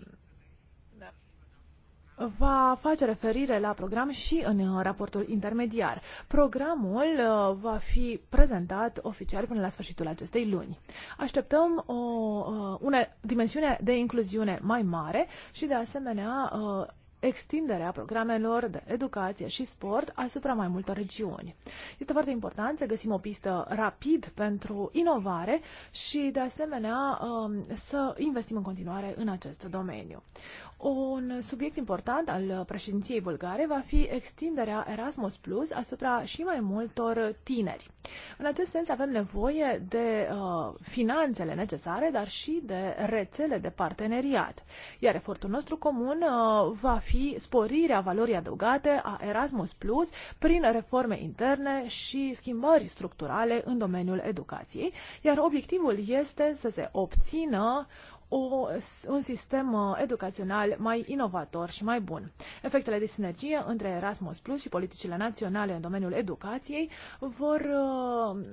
va face referire la program și în uh, raportul intermediar. Programul uh, va fi prezentat oficial până la sfârșitul acestei luni. Așteptăm o, o uh, dimensiune de incluziune mai mare și, de asemenea, extinderea programelor de educație și sport asupra mai multor regiuni. Este foarte important să găsim o pistă rapid pentru inovare și, de asemenea, um, să investim în continuare în acest domeniu. Un subiect important al președinției bulgare va fi extinderea Erasmus Plus asupra și mai multor tineri. În acest sens avem nevoie de uh, finanțele necesare, dar și de rețele de parteneriat. Iar efortul nostru comun uh, va fi fi sporirea valorii adăugate a Erasmus Plus prin reforme interne și schimbări structurale în domeniul educației, iar obiectivul este să se obțină o, un sistem uh, educațional mai inovator și mai bun. Efectele de sinergie între Erasmus Plus și politicile naționale în domeniul educației vor uh,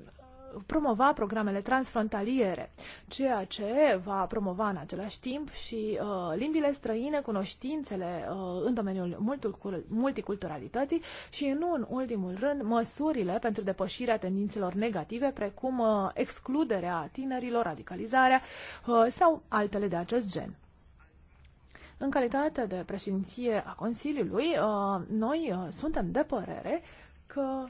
promova programele transfrontaliere, ceea ce va promova în același timp și uh, limbile străine, cunoștințele uh, în domeniul multiculturalității și, nu în ultimul rând, măsurile pentru depășirea tendințelor negative, precum uh, excluderea tinerilor, radicalizarea uh, sau altele de acest gen. În calitate de președinție a Consiliului, uh, noi uh, suntem de părere că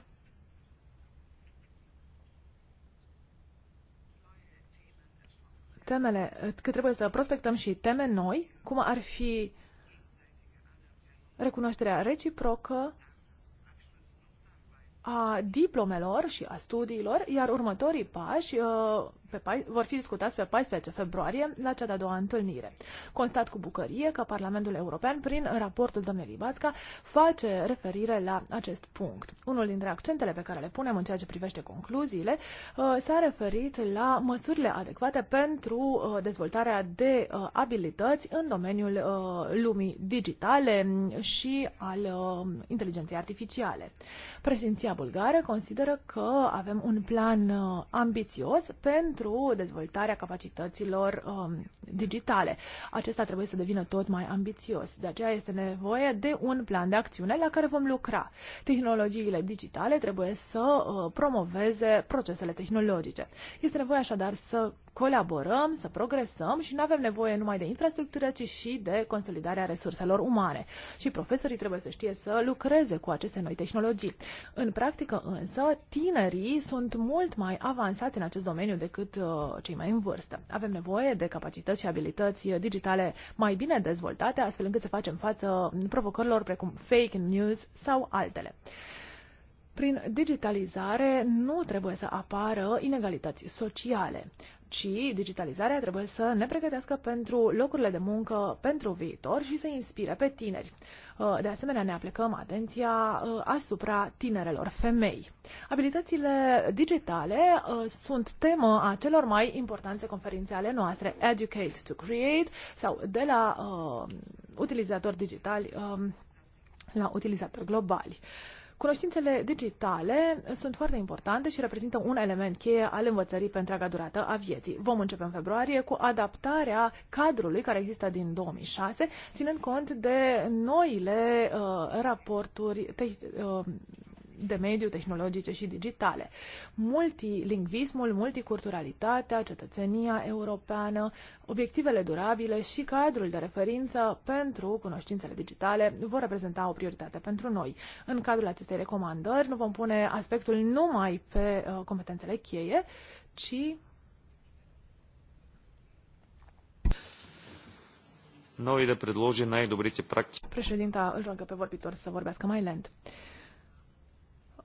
temele, că trebuie să prospectăm și teme noi, cum ar fi recunoașterea reciprocă a diplomelor și a studiilor, iar următorii pași uh, pe, păi, vor fi discutați pe 14 februarie la cea de-a doua întâlnire. Constat cu bucărie că Parlamentul European, prin raportul domnului Bațca, face referire la acest punct. Unul dintre accentele pe care le punem în ceea ce privește concluziile uh, s-a referit la măsurile adecvate pentru uh, dezvoltarea de uh, abilități în domeniul lumii digitale și al inteligenței artificiale. Președinția bulgară consideră că avem un plan ambițios pentru pentru dezvoltarea capacităților um, digitale. Acesta trebuie să devină tot mai ambițios. De aceea este nevoie de un plan de acțiune la care vom lucra. Tehnologiile digitale trebuie să uh, promoveze procesele tehnologice. Este nevoie așadar să colaborăm, să progresăm și nu avem nevoie numai de infrastructură, ci și de consolidarea resurselor umane. Și profesorii trebuie să știe să lucreze cu aceste noi tehnologii. În practică însă, tinerii sunt mult mai avansați în acest domeniu decât uh, cei mai în vârstă. Avem nevoie de capacități și abilități digitale mai bine dezvoltate, astfel încât să facem față provocărilor precum fake news sau altele prin digitalizare nu trebuie să apară inegalități sociale ci digitalizarea trebuie să ne pregătească pentru locurile de muncă pentru viitor și să inspire pe tineri. Uh, de asemenea, ne aplicăm atenția uh, asupra tinerelor femei. Abilitățile digitale uh, sunt temă a celor mai importante conferințe ale noastre, Educate to Create sau de la uh, utilizatori digitali uh, la utilizatori globali. Uh, Cunoștințele digitale sunt foarte importante și reprezintă un element cheie al învățării pe întreaga durată a vieții. Vom începe în februarie cu adaptarea cadrului care există din 2006, ținând cont de noile uh, raporturi te- uh, de mediu, tehnologice și digitale. Multilingvismul, multiculturalitatea, cetățenia europeană, obiectivele durabile și cadrul de referință pentru cunoștințele digitale vor reprezenta o prioritate pentru noi. În cadrul acestei recomandări nu vom pune aspectul numai pe uh, competențele cheie, ci Noi de predloži най-добрите практики. Președinta îl roagă pe vorbitor să vorbească mai lent. Uh,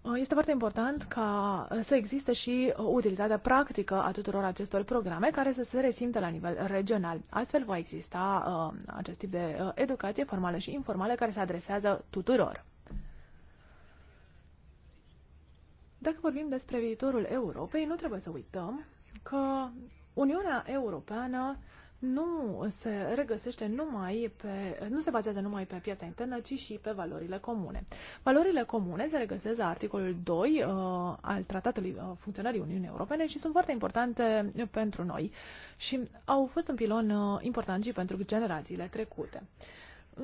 Uh, este foarte important ca uh, să existe și uh, utilitatea practică a tuturor acestor programe care să se resimtă la nivel regional. Astfel va exista uh, acest tip de educație formală și informală care se adresează tuturor. Dacă vorbim despre viitorul Europei, nu trebuie să uităm că Uniunea Europeană uh, nu se regăsește numai pe, nu se bazează numai pe piața internă, ci și pe valorile comune. Valorile comune se regăsesc la articolul 2 uh, al Tratatului uh, Funcționării Uniunii Europene și sunt foarte importante pentru noi și au fost un pilon uh, important și pentru generațiile trecute.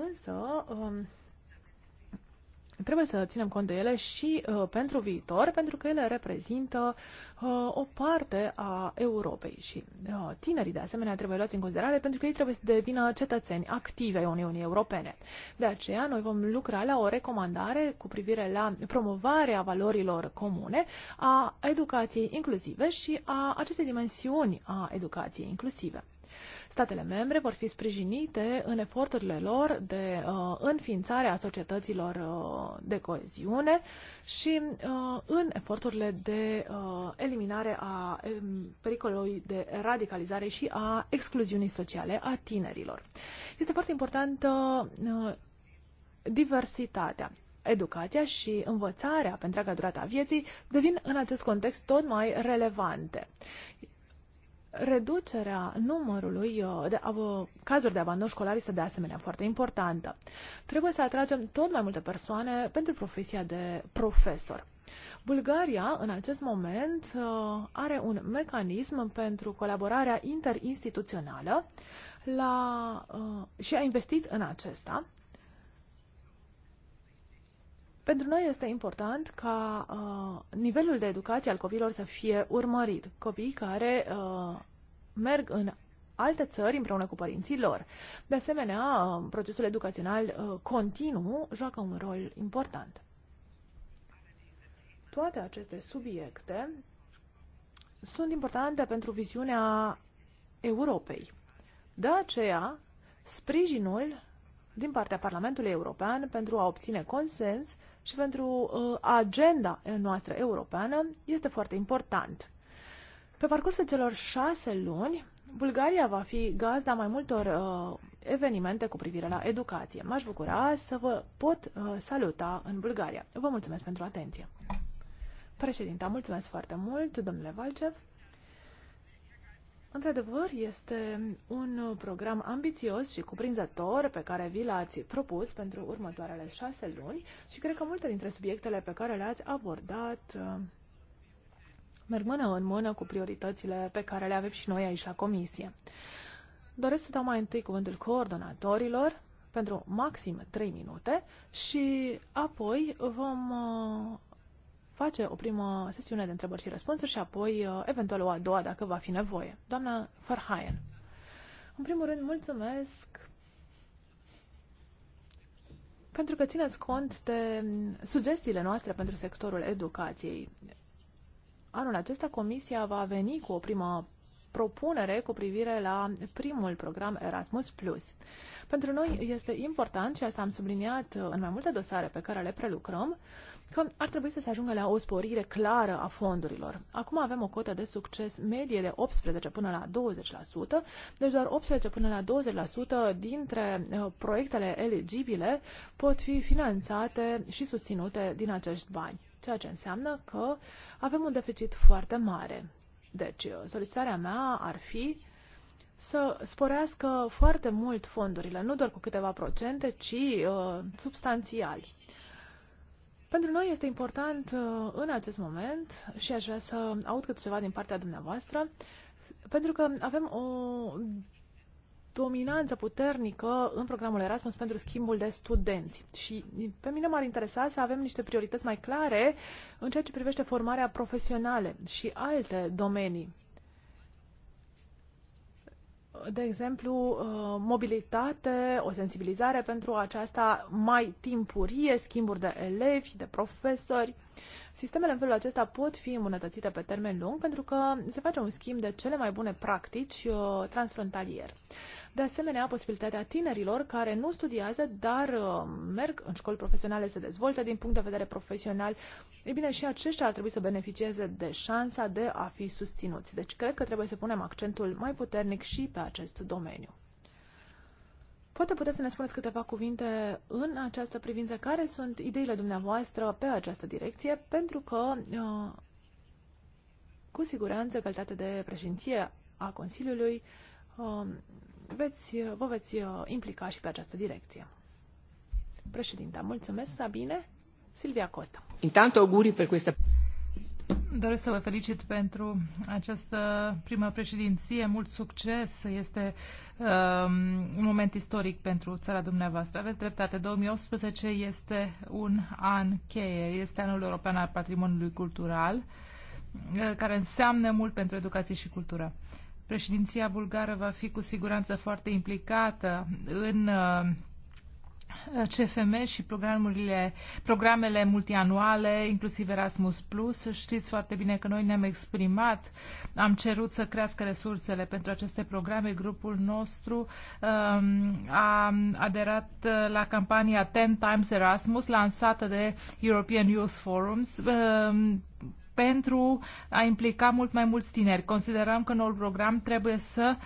Însă, uh, trebuie să ținem cont de ele și uh, pentru viitor, pentru că ele reprezintă uh, o parte a Europei și uh, tinerii, de asemenea, trebuie luați în considerare pentru că ei trebuie să devină cetățeni active ai Uniunii Europene. De aceea, noi vom lucra la o recomandare cu privire la promovarea valorilor comune, a educației inclusive și a acestei dimensiuni a educației inclusive. Statele membre vor fi sprijinite în eforturile lor de uh, înființare a societăților uh, de coeziune și uh, în eforturile de uh, eliminare a um, pericolului de radicalizare și a excluziunii sociale a tinerilor. Este foarte importantă uh, uh, diversitatea educația și învățarea pe întreaga durata vieții devin în acest context tot mai relevante reducerea numărului uh, de uh, cazuri de abandon școlar este de asemenea foarte importantă. Trebuie să atragem tot mai multe persoane pentru profesia de profesor. Bulgaria, în acest moment, uh, are un mecanism pentru colaborarea interinstituțională la, și a investit în acesta pentru noi este important ca uh, nivelul de educație al copiilor să fie urmărit. Copiii care uh, merg în alte țări împreună cu părinții lor. De asemenea, uh, procesul educațional uh, continuu joacă un rol important. Toate aceste subiecte sunt importante pentru viziunea Europei. De aceea, sprijinul din partea Parlamentului European pentru a obține consens și pentru uh, agenda noastră europeană este foarte important. Pe parcursul celor șase luni, Bulgaria va fi gazda mai multor uh, evenimente cu privire la educație. M-aș bucura să vă pot uh, saluta în Bulgaria. Vă mulțumesc pentru atenție. Președinta, mulțumesc foarte mult, domnule Valcev. Într-adevăr, este un program ambițios și cuprinzător pe care vi l-ați propus pentru următoarele șase luni și cred că multe dintre subiectele pe care le-ați abordat uh, merg mână în mână cu prioritățile pe care le avem și noi aici la Comisie. Doresc să dau mai întâi cuvântul coordonatorilor pentru maxim 3 minute și apoi vom uh, face o primă sesiune de întrebări și răspunsuri și apoi, uh, eventual, o a doua, dacă va fi nevoie. Doamna Farhaien. În primul rând, mulțumesc pentru că țineți cont de sugestiile noastre pentru sectorul educației. Anul acesta Comisia va veni cu o primă propunere cu privire la primul program Erasmus+. Pentru noi este important, și asta am subliniat uh, în mai multe dosare pe care le prelucrăm, că ar trebui să se ajungă la o sporire clară a fondurilor. Acum avem o cotă de succes medie de 18 până la 20%, deci doar 18 până la 20% dintre uh, proiectele eligibile pot fi finanțate și susținute din acești bani ceea ce înseamnă că avem un deficit foarte mare. Deci, uh, solicitarea mea ar fi să sporească foarte mult fondurile, nu doar cu câteva procente, ci uh, substanțial. Pentru noi este important uh, în acest moment și aș vrea să aud câte ceva din partea dumneavoastră, pentru că avem o dominanță puternică în programul Erasmus pentru schimbul de studenți. Și pe mine m-ar interesa să avem niște priorități mai clare în ceea ce privește formarea profesională și alte domenii. De exemplu, uh, mobilitate, o sensibilizare pentru aceasta mai timpurie, schimburi de elevi, de profesori. Sistemele în felul acesta pot fi îmbunătățite pe termen lung pentru că se face un schimb de cele mai bune practici uh, transfrontalier. De asemenea, posibilitatea tinerilor care nu studiază, dar uh, merg în școli profesionale, se dezvoltă din punct de vedere profesional, e bine, și aceștia ar trebui să beneficieze de șansa de a fi susținuți. Deci, cred că trebuie să punem accentul mai puternic și pe acest domeniu. Poate puteți să ne spuneți câteva cuvinte în această privință, care sunt ideile dumneavoastră pe această direcție, pentru că uh, cu siguranță, calitate de președinție a Consiliului, um, veți, vă veți uh, implica și pe această direcție. Președinta, mulțumesc, Sabine. Silvia Costa. Intanto auguri per questa... Doresc să vă felicit pentru această primă președinție. Mult succes! Este um, un moment istoric pentru țara dumneavoastră. Aveți dreptate. 2018 este un an cheie. Este anul european al patrimoniului cultural, uh, care înseamnă mult pentru educație și cultură. Președinția bulgară va fi cu siguranță foarte implicată în uh, CFM și programurile, programele multianuale, inclusiv Erasmus+. Plus. Știți foarte bine că noi ne-am exprimat, am cerut să crească resursele pentru aceste programe. Grupul nostru um, a aderat uh, la campania Ten Times Erasmus, lansată de European Youth Forums, um, pentru a implica mult mai mulți tineri. Considerăm că noul program trebuie să uh,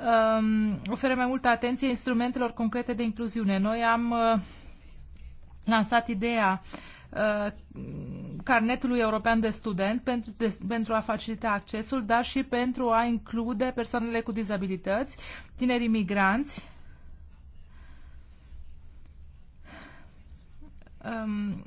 um, mai multă atenție instrumentelor concrete de incluziune. Noi am uh, lansat ideea uh, carnetului european de student pentru, de, pentru a facilita accesul, dar și pentru a include persoanele cu dizabilități, tinerii migranți. Um,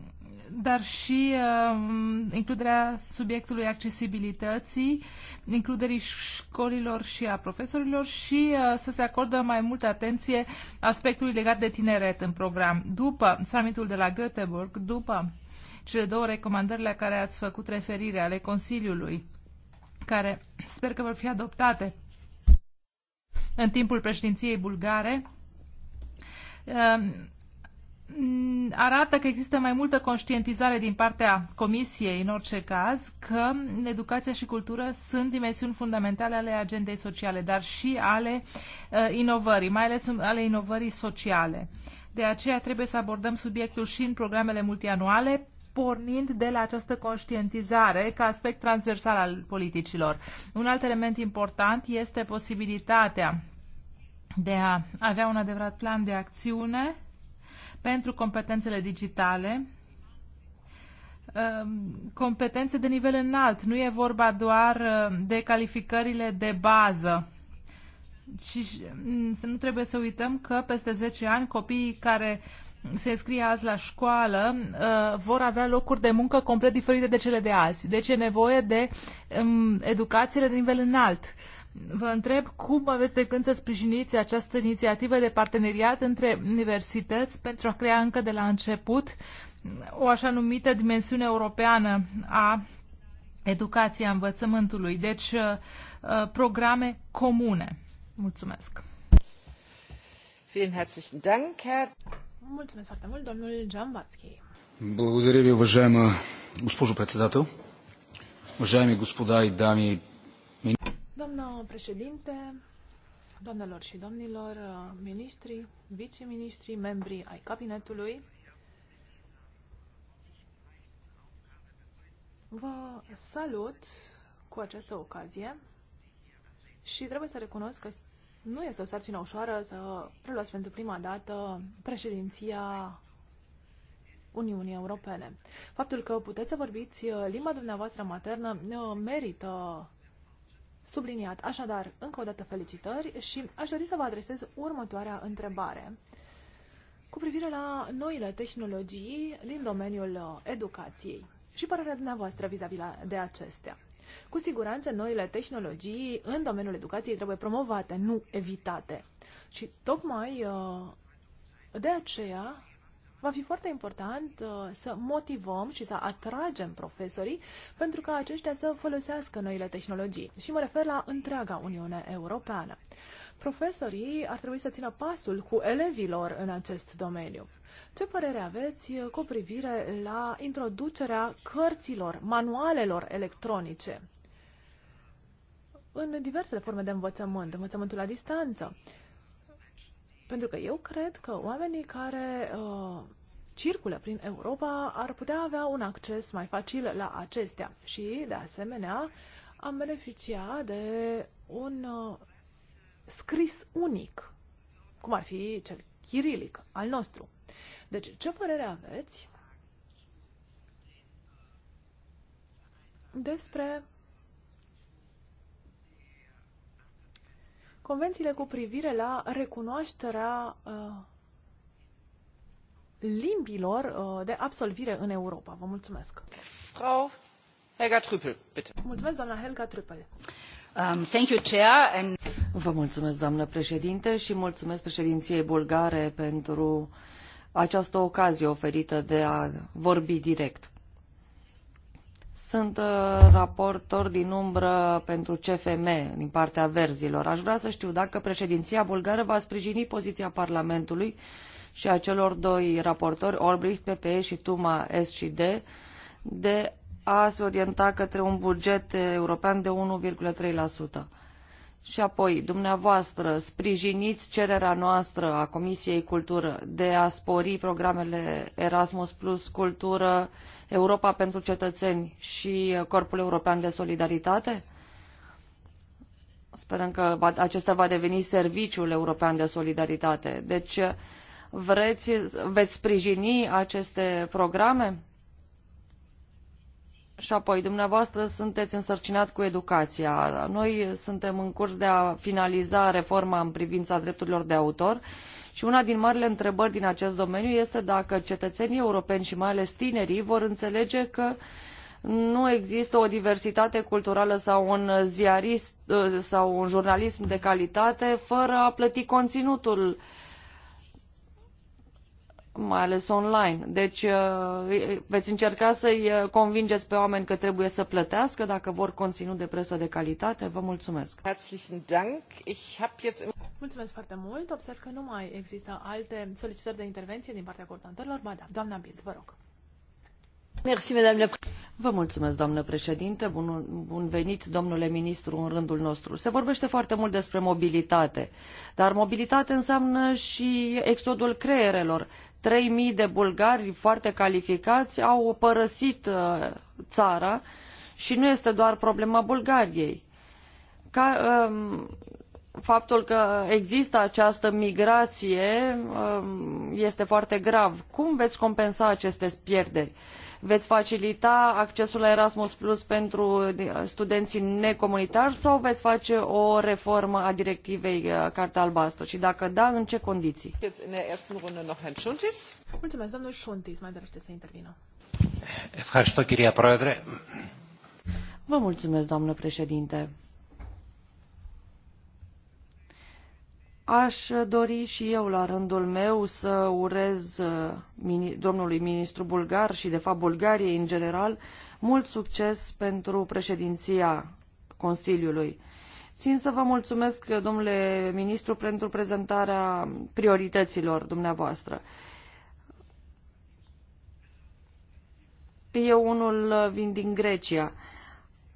dar și uh, includerea subiectului accesibilității, includerii școlilor și a profesorilor și uh, să se acordă mai multă atenție aspectului legat de tineret în program. După summitul de la Göteborg, după cele două recomandări la care ați făcut referire ale Consiliului, care sper că vor fi adoptate în timpul președinției bulgare, uh, Mm, arată că există mai multă conștientizare din partea Comisiei, în orice caz, că educația și cultură sunt dimensiuni fundamentale ale agendei sociale, dar și ale uh, inovării, mai ales ale inovării sociale. De aceea trebuie să abordăm subiectul și în programele multianuale, pornind de la această conștientizare ca aspect transversal al politicilor. Un alt element important este posibilitatea de a avea un adevărat plan de acțiune pentru competențele digitale, um, competențe de nivel înalt. Nu e vorba doar um, de calificările de bază. Și mm, să nu trebuie să uităm că peste 10 ani copiii care se scrie azi la școală uh, vor avea locuri de muncă complet diferite de cele de azi. Deci e nevoie de um, educație de nivel înalt. Vă întreb cum aveți de gând să sprijiniți această inițiativă de parteneriat între universități pentru a crea încă de la început o așa numită dimensiune europeană a educației, a învățământului. Deci, uh, uh, programe comune. Mulțumesc! Mulțumesc foarte mult, domnul Giambatski. Благодаря ви, уважаема госпожо председател. Уважаеми господа и дами Doamna președinte, doamnelor și domnilor, ministri, viceministri, membri ai cabinetului, vă salut cu această ocazie și trebuie să recunosc că nu este o sarcină ușoară să preluați pentru prima dată președinția Uniunii Europene. Faptul că puteți să vorbiți limba dumneavoastră maternă uh, merită subliniat. Așadar, încă o dată felicitări și aș dori să vă adresez următoarea întrebare. Cu privire la noile tehnologii din domeniul uh, educației și părerea dumneavoastră vis-a-vis -vis de acestea. Cu siguranță, noile tehnologii în domeniul educației trebuie promovate, nu evitate. Și tocmai uh, de aceea va fi foarte important uh, să motivăm și să atragem profesorii pentru ca aceștia să folosească noile tehnologii. Și mă refer la întreaga Uniune Europeană. Profesorii ar trebui să țină pasul cu elevilor în acest domeniu. Ce părere aveți uh, cu privire la introducerea cărților, manualelor electronice? în diversele forme de învățământ, învățământul la distanță. Pentru că eu cred că oamenii care uh, circulă prin Europa ar putea avea un acces mai facil la acestea și, de asemenea, am beneficia de un uh, scris unic, cum ar fi cel chirilic al nostru. Deci, ce părere aveți despre convențiile cu privire la recunoașterea uh, limbilor uh, de absolvire în Europa. Vă mulțumesc! Frau Helga Trüppel, bitte. Mulțumesc, doamna Helga Trüppel. Um, thank you, Chair, and... Vă mulțumesc, doamnă președinte, și mulțumesc președinției bulgare pentru această ocazie oferită de a vorbi direct. Sunt uh, raportor din umbră pentru CFM din partea verzilor. Aș vrea să știu dacă președinția bulgară va sprijini poziția Parlamentului și a celor doi raportori, Olbricht, PPE și Tuma S și D, de a se orienta către un buget european de 1,3%. Și apoi, dumneavoastră, sprijiniți cererea noastră a Comisiei Cultură de a spori programele Erasmus Plus Cultură, Europa pentru cetățeni și Corpul European de Solidaritate? Sperăm că acesta va deveni Serviciul European de Solidaritate. Deci, Vreți, veți sprijini aceste programe? Și apoi, dumneavoastră sunteți însărcinat cu educația. Noi suntem în curs de a finaliza reforma în privința drepturilor de autor și una din marile întrebări din acest domeniu este dacă cetățenii europeni și mai ales tinerii vor înțelege că nu există o diversitate culturală sau un ziarist sau un jurnalism de calitate fără a plăti conținutul uh, mai ales online. Deci uh, veți încerca să-i uh, convingeți pe oameni că trebuie să plătească dacă vor conținut de presă de calitate. Vă mulțumesc! Mulțumesc foarte mult! Observ că nu mai există alte solicitări de intervenție din partea coordonatorilor. Ba da, doamna Bild, vă rog! Vă mulțumesc, doamnă președinte. Bun, bun, venit, domnule ministru, în rândul nostru. Se vorbește foarte mult despre mobilitate, dar mobilitate înseamnă și exodul creierelor 3.000 de bulgari foarte calificați au părăsit uh, țara și nu este doar problema Bulgariei. Ca, um, faptul că există această migrație um, este foarte grav. Cum veți compensa aceste pierderi? Veți facilita accesul la Erasmus Plus pentru studenții necomunitari sau veți face o reformă a directivei uh, Carta Albastră? Și dacă da, în ce condiții? Mulțumesc, domnul Șuntis. Mai dorește să intervină. Vă mulțumesc, doamnă președinte. Aș dori și eu, la rândul meu, să urez uh, domnului ministru bulgar și, de fapt, Bulgariei în general, mult succes pentru președinția Consiliului. Țin să vă mulțumesc, domnule ministru, pentru prezentarea priorităților dumneavoastră. Eu unul vin din Grecia.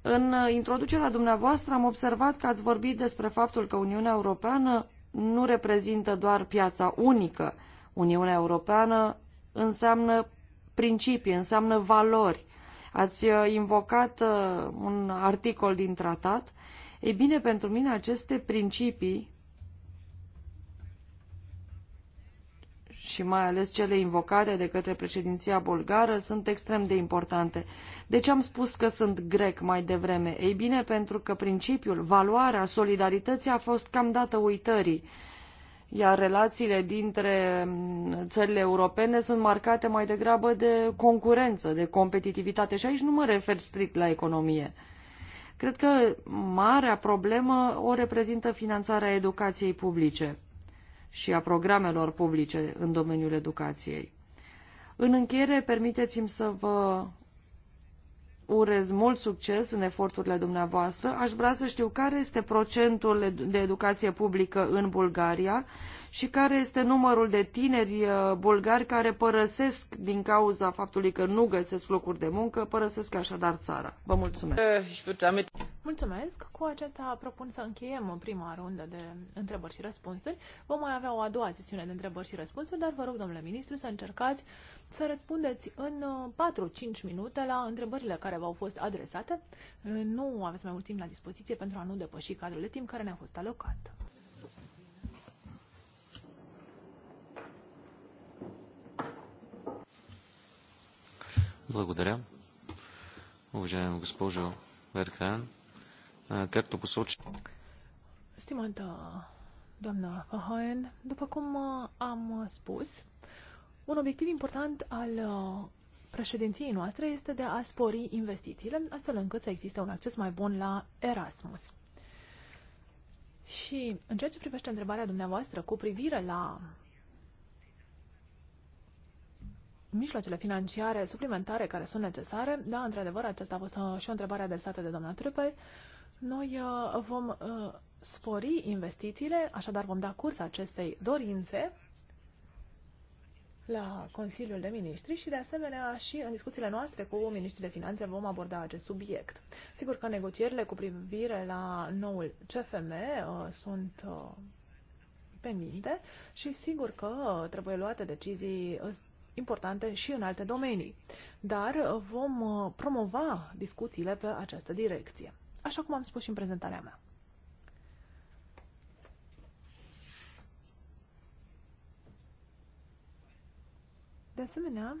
În introducerea dumneavoastră am observat că ați vorbit despre faptul că Uniunea Europeană nu reprezintă doar piața unică. Uniunea Europeană înseamnă principii, înseamnă valori. Ați uh, invocat uh, un articol din tratat. Ei bine, pentru mine aceste principii și mai ales cele invocate de către președinția bulgară sunt extrem de importante. De ce am spus că sunt grec mai devreme? Ei bine, pentru că principiul, valoarea solidarității a fost cam dată uitării iar relațiile dintre mm, țările europene sunt marcate mai degrabă de concurență, de competitivitate și aici nu mă refer strict la economie. Cred că marea problemă o reprezintă finanțarea educației publice și a programelor publice în domeniul educației. În încheiere, permiteți-mi să vă urez mult succes în eforturile dumneavoastră. Aș vrea să știu care este procentul de educație publică în Bulgaria și care este numărul de tineri uh, bulgari care părăsesc din cauza faptului că nu găsesc locuri de muncă, părăsesc așadar țara. Vă mulțumesc! Eh, mulțumesc! Cu aceasta propun să încheiem prima rundă de întrebări și răspunsuri. Vom mai avea o a doua sesiune de întrebări și răspunsuri, dar vă rog, domnule ministru, să încercați să răspundeți în 4-5 uh, minute la întrebările care v-au fost adresate. Eh, nu aveți mai mult timp la dispoziție pentru a nu depăși cadrul de timp care ne-a fost alocat. Благодаря. Уважаема госпожо Веркан, както посочи... Стимата doamnă Фахаен, după cum am spus, un obiectiv important al președinției noastre este de a spori investițiile, astfel încât să existe un acces mai bun la Erasmus. Și în ceea ce privește întrebarea dumneavoastră cu privire la mijloacele financiare suplimentare care sunt necesare. Da, într-adevăr, aceasta a fost uh, și o întrebare adresată de doamna Trupe. Noi uh, vom uh, spori investițiile, așadar vom da curs acestei dorințe la Consiliul de Ministri și, de asemenea, și în discuțiile noastre cu Ministrii de Finanțe vom aborda acest subiect. Sigur că negocierile cu privire la noul CFM sunt pe pendinte și sigur că trebuie luate decizii importante și în alte domenii. Dar uh, vom uh, promova discuțiile pe această direcție, așa cum am spus și în prezentarea mea. De asemenea,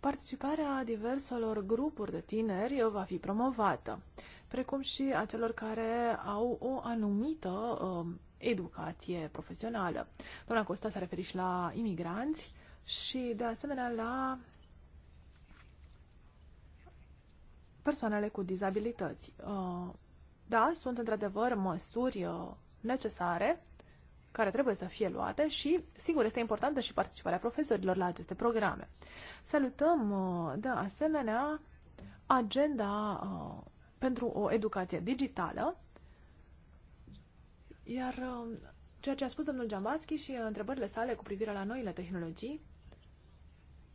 participarea diverselor grupuri de tineri va fi promovată, precum și a celor care au o anumită uh, educație profesională. Doamna Costa s-a referit și la imigranți și, de asemenea, la persoanele cu dizabilități. Uh, da, sunt într-adevăr măsuri uh, necesare care trebuie să fie luate și, sigur, este importantă și participarea profesorilor la aceste programe. Salutăm, uh, de asemenea, agenda pentru o educație digitală iar um, ceea ce a spus domnul Giambatski și uh, întrebările sale cu privire la noile tehnologii,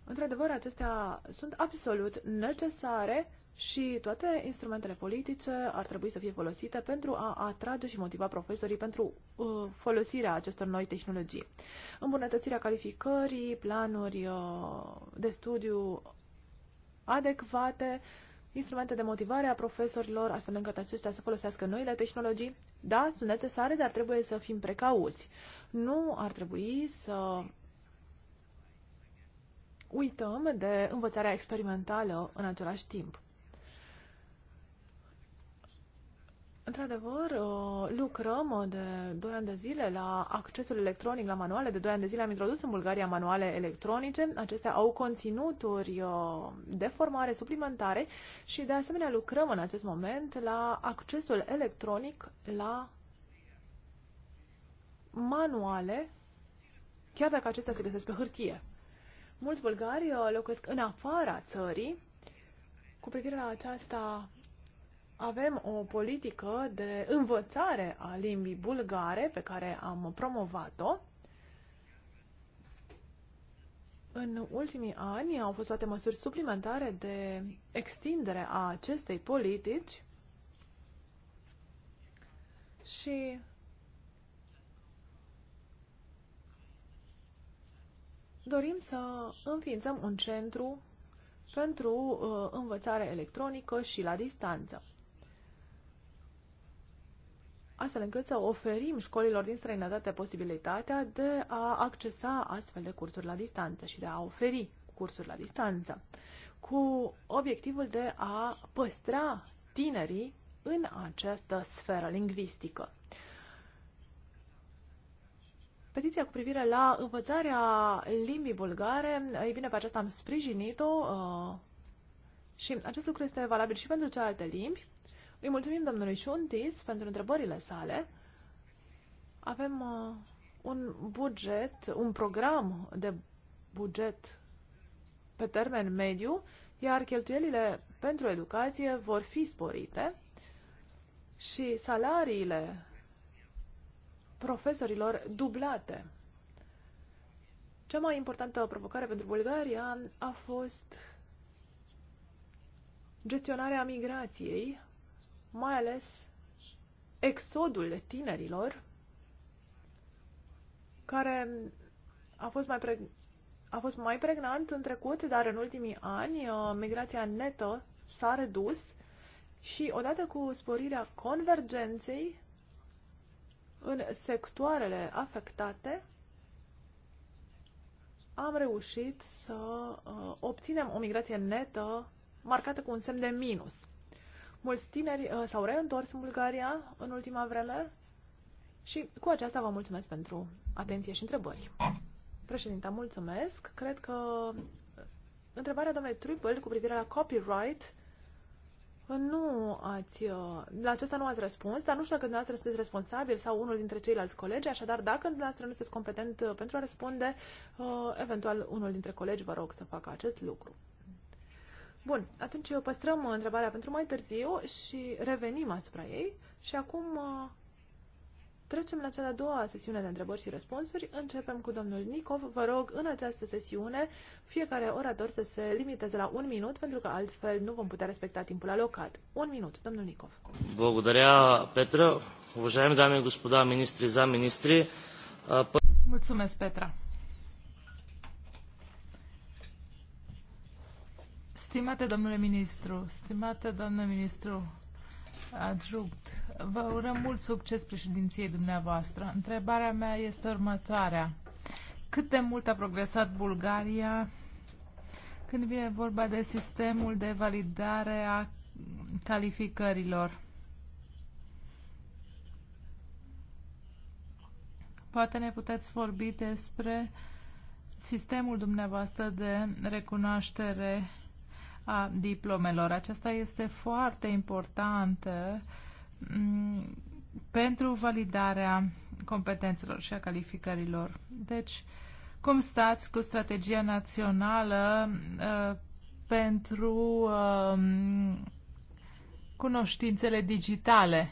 într-adevăr, acestea sunt absolut necesare și toate instrumentele politice ar trebui să fie folosite pentru a atrage și motiva profesorii pentru uh, folosirea acestor noi tehnologii. Îmbunătățirea calificării, planuri uh, de studiu adecvate, uh, instrumente de motivare a profesorilor, astfel încât aceștia să folosească noile tehnologii. Da, sunt necesare, dar trebuie să fim precauți. Nu ar trebui să uităm de învățarea experimentală în același timp. Într-adevăr, uh, lucrăm uh, de 2 ani de zile la accesul electronic la manuale. De 2 ani de zile am introdus în Bulgaria manuale electronice. Acestea au conținuturi uh, de formare suplimentare și de asemenea lucrăm în acest moment la accesul electronic la manuale, chiar dacă acestea se găsesc pe hârtie. Mulți bulgari locuiesc în afara țării. Cu privire la aceasta, avem o politică de învățare a limbii bulgare pe care am promovat-o. În ultimii ani au fost toate măsuri suplimentare de extindere a acestei politici și dorim să înființăm un centru pentru uh, învățare electronică și la distanță astfel încât să oferim școlilor din străinătate posibilitatea de a accesa astfel de cursuri la distanță și de a oferi cursuri la distanță, cu obiectivul de a păstra tinerii în această sferă lingvistică. Petiția cu privire la învățarea limbii bulgare, ei bine, pe aceasta am sprijinit-o uh, și acest lucru este valabil și pentru celelalte limbi. Îi mulțumim domnului Șuntis pentru întrebările sale. Avem uh, un buget, un program de buget pe termen mediu, iar cheltuielile pentru educație vor fi sporite și salariile profesorilor dublate. Cea mai importantă provocare pentru Bulgaria a fost gestionarea migrației mai ales exodul tinerilor, care a fost mai, preg- a fost mai pregnant în trecut, dar în ultimii ani uh, migrația netă s-a redus și odată cu sporirea convergenței în sectoarele afectate, am reușit să uh, obținem o migrație netă marcată cu un semn de minus. Mulți tineri uh, s-au reîntors în Bulgaria în ultima vreme și cu aceasta vă mulțumesc pentru atenție și întrebări. Președinte, mulțumesc. Cred că uh, întrebarea domnului Triple cu privire la copyright uh, nu ați, uh, la acesta nu ați răspuns, dar nu știu dacă dumneavoastră sunteți responsabil sau unul dintre ceilalți colegi, așadar dacă dumneavoastră nu sunteți competent pentru a răspunde, eventual unul dintre colegi vă rog să facă acest lucru. Bun, atunci păstrăm uh, întrebarea pentru mai târziu și revenim asupra ei. Și acum uh, trecem la cea de-a doua sesiune de întrebări și răspunsuri. Începem cu domnul Nicov. Vă rog, în această sesiune, fiecare orator să se limiteze la un minut, pentru că altfel nu vom putea respecta timpul alocat. Un minut, domnul Nicov. Благодаря, Petra. Уважаеми doamne, и ministri, министри, ministri. Mulțumesc, Petra. Stimate domnule ministru, stimate domnule ministru adjunct, vă urăm mult succes președinției dumneavoastră. Întrebarea mea este următoarea. Cât de mult a progresat Bulgaria când vine vorba de sistemul de validare a calificărilor? Poate ne puteți vorbi despre sistemul dumneavoastră de recunoaștere a diplomelor. Aceasta este foarte importantă mm, pentru validarea competențelor și a calificărilor. Deci, cum stați cu strategia națională uh, pentru uh, cunoștințele digitale?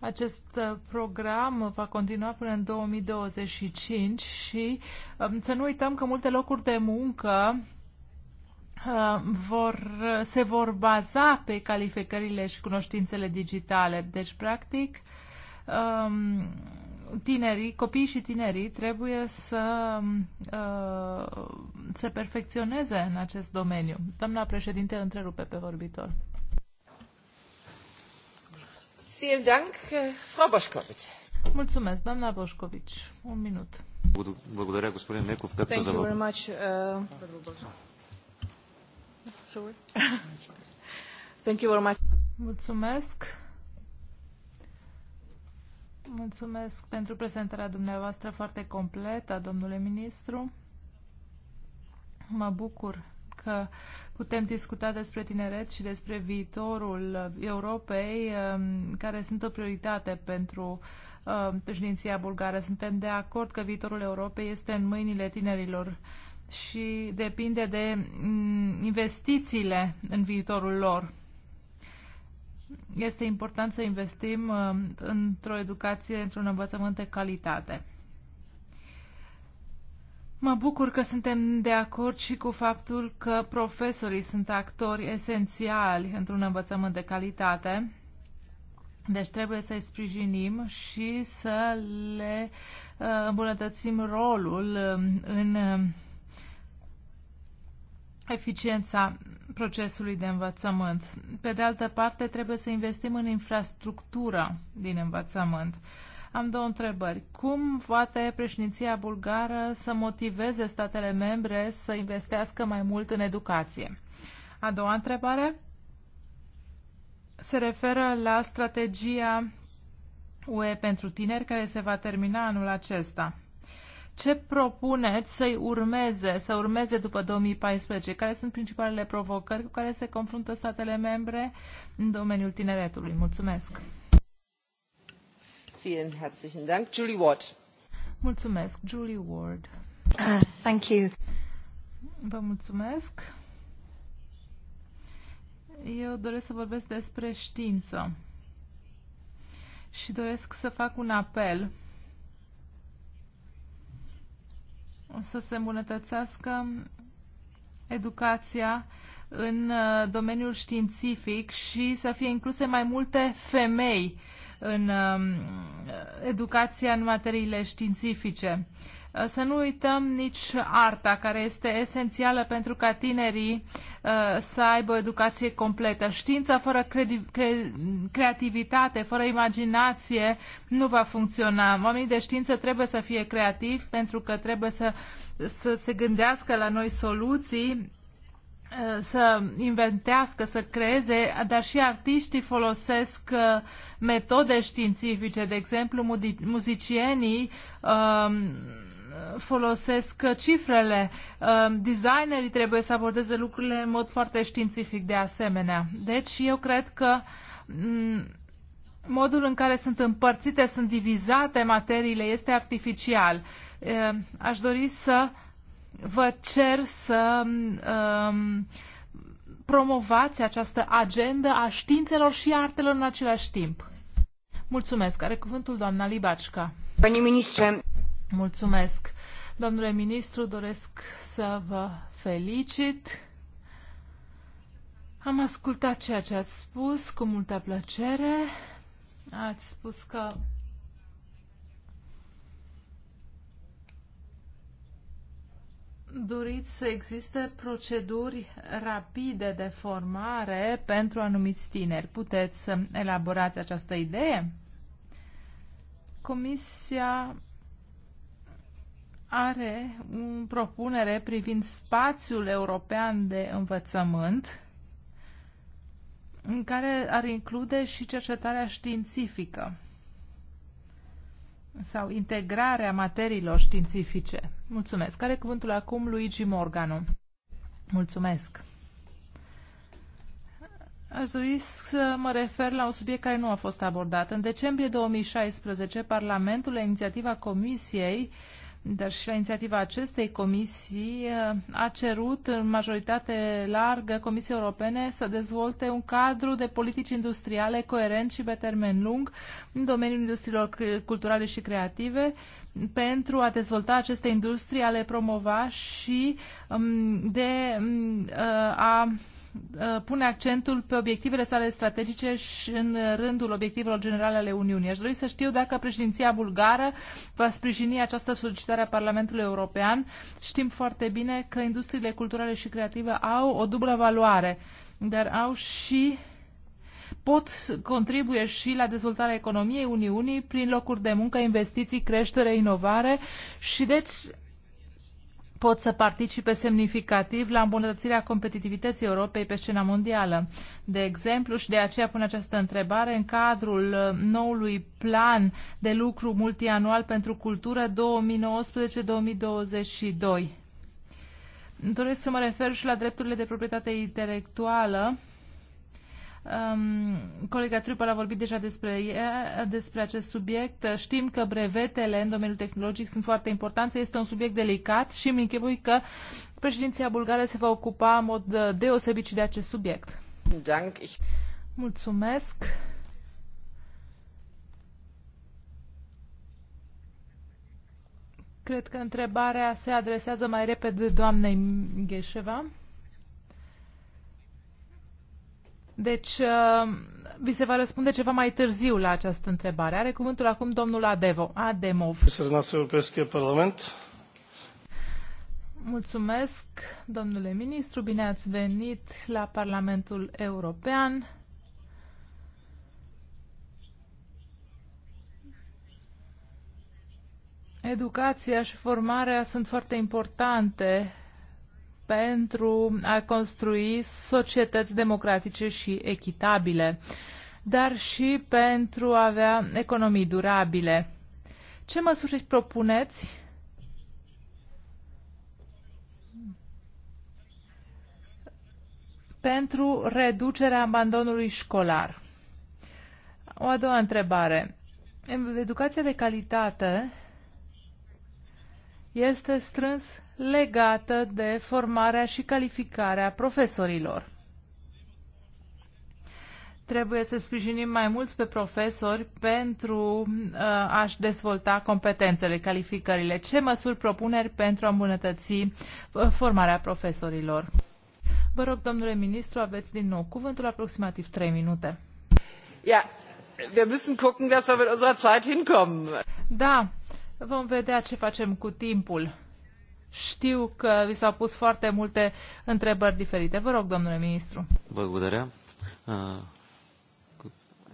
Acest uh, program va continua până în 2025 și um, să nu uităm că multe locuri de muncă uh, vor, se vor baza pe calificările și cunoștințele digitale. Deci, practic, um, tinerii, copiii și tinerii trebuie să um, uh, se perfecționeze în acest domeniu. Doamna președinte, întrerupe pe vorbitor. Vielen Dank, Frau Mulțumesc, doamna Boșcovici. Un minut. Благодаря, господин Thank you very much. Uh, Thank you very much. Mulțumesc. Mulțumesc pentru prezentarea dumneavoastră foarte completă, domnule ministru. Mă bucur că Putem discuta despre tineret și despre viitorul Europei, um, care sunt o prioritate pentru um, președinția bulgară. Suntem de acord că viitorul Europei este în mâinile tinerilor și depinde de mm, investițiile în viitorul lor. Este important să investim um, într-o educație, într-un învățământ de calitate. Mă bucur că suntem de acord și cu faptul că profesorii sunt actori esențiali într-un învățământ de calitate. Deci trebuie să-i sprijinim și să le uh, îmbunătățim rolul um, în um, eficiența procesului de învățământ. Pe de altă parte, trebuie să investim în infrastructura din învățământ. Uh, am două întrebări. Cum poate președinția bulgară să motiveze statele membre să investească mai mult în educație? A doua întrebare se referă la strategia UE pentru tineri care se va termina anul acesta. Ce propuneți să-i urmeze, să urmeze după 2014? Care sunt principalele provocări cu care se confruntă statele membre în domeniul tineretului? Mulțumesc! Vielen herzlichen Dank. Julie Ward. Mulțumesc, Julie Ward. Ah, thank you. Vă mulțumesc. Eu doresc să vorbesc despre știință și doresc să fac un apel să se îmbunătățească educația în uh, domeniul științific și să fie incluse mai multe femei în um, educația în materiile științifice. Uh, să nu uităm nici arta, care este esențială pentru ca tinerii uh, să aibă o educație completă. Știința fără cre cre creativitate, fără imaginație, nu va funcționa. Oamenii de știință trebuie să fie creativi pentru că trebuie să, să se gândească la noi soluții Eh, să inventească, să creeze, dar și artiștii folosesc eh, metode științifice, de exemplu, muzicienii ehm, folosesc cifrele, ehm, designerii trebuie să abordeze lucrurile în mod foarte științific de asemenea. Deci eu cred că mm, modul în care sunt împărțite, sunt divizate materiile este artificial. Ehm, aș dori să vă cer să um, promovați această agendă a științelor și artelor în același timp. Mulțumesc. Are cuvântul doamna Libașca. Pani ministre. Mulțumesc. Domnule ministru, doresc să vă felicit. Am ascultat ceea ce ați spus cu multă plăcere. Ați spus că doriți să existe proceduri rapide de formare pentru anumiți tineri. Puteți să elaborați această idee? Comisia are o propunere privind spațiul european de învățământ în care ar include și cercetarea științifică sau integrarea materiilor științifice. Mulțumesc. Care cuvântul acum Luigi Morganu? Mulțumesc. Aș dori să mă refer la un subiect care nu a fost abordat. În decembrie 2016, Parlamentul, la inițiativa Comisiei, uh, dar și la inițiativa acestei comisii uh, a cerut în majoritate largă Comisiei Europene să dezvolte un cadru de politici industriale coerent și pe termen lung în domeniul industriilor culturale și creative pentru a dezvolta aceste industrii, a le promova și um, de um, uh, a Uh, pune accentul pe obiectivele sale strategice și în rândul obiectivelor generale ale Uniunii. Aș dori să știu dacă președinția bulgară va sprijini această solicitare a Parlamentului European. Știm foarte bine că industriile culturale și creative au o dublă valoare, dar au și pot contribuie și la dezvoltarea economiei Uniunii prin locuri de muncă, investiții, creștere, inovare și deci pot să participe semnificativ la îmbunătățirea competitivității Europei pe scena mondială. De exemplu, și de aceea pun această întrebare în cadrul uh, noului plan de lucru multianual pentru cultură 2019-2022. Doresc să mă refer și la drepturile de proprietate intelectuală Um, colega Trupel a vorbit deja despre, despre acest subiect. Știm că brevetele în domeniul tehnologic sunt foarte importante. Este un subiect delicat și mi închipui că președinția bulgară se va ocupa în mod deosebit și de acest subiect. Dank. Mulțumesc. Cred că întrebarea se adresează mai repede doamnei Gheșeva. Deci, uh, vi se va răspunde ceva mai târziu la această întrebare. Are cuvântul acum domnul Adevo, Ademov. Parlament. Mulțumesc, domnule ministru, bine ați venit la Parlamentul European. Educația și formarea sunt foarte importante pentru a construi societăți democratice și echitabile, dar și pentru a avea economii durabile. Ce măsuri propuneți? pentru reducerea abandonului școlar. O a doua întrebare. Educația de calitate este strâns legată de formarea și calificarea profesorilor. Trebuie să sprijinim mai mulți pe profesori pentru uh, a-și dezvolta competențele, calificările. Ce măsuri propuneri pentru a îmbunătăți uh, formarea profesorilor? Vă rog, domnule ministru, aveți din nou cuvântul aproximativ 3 minute. Yeah. wir müssen gucken, dass wir mit unserer Zeit hinkommen. Da, Vom vedea ce facem cu timpul. Știu că vi s-au pus foarte multe întrebări diferite. Vă rog, domnule ministru. Благодаря.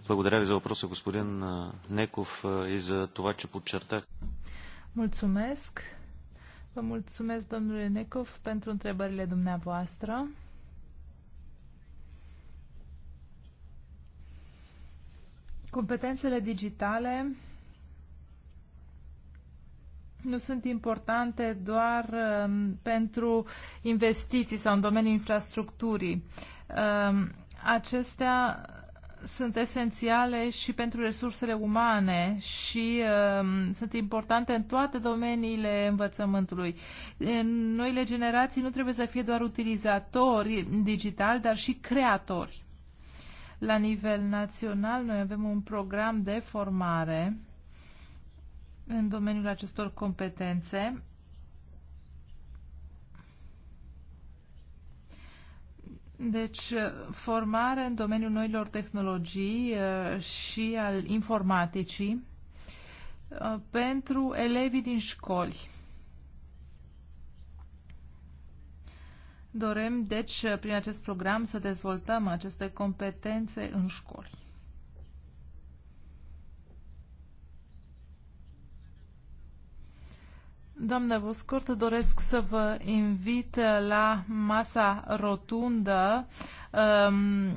Благодаря ви за въпроса, господин Неков, и за това, че подчертах. Mulțumesc. Vă mulțumesc, domnule Neков, pentru întrebările dumneavoastră. Competențele digitale nu sunt importante doar um, pentru investiții sau în domeniul infrastructurii. Um, acestea sunt esențiale și pentru resursele umane și um, sunt importante în toate domeniile învățământului. noile generații nu trebuie să fie doar utilizatori digitali, dar și creatori. La nivel național, noi avem un program de formare în domeniul acestor competențe. Deci, formare în domeniul noilor tehnologii uh, și al informaticii uh, pentru elevii din școli. Dorem, deci, prin acest program să dezvoltăm aceste competențe în școli. Doamnă Voscurt, doresc să vă invit la masa rotundă um,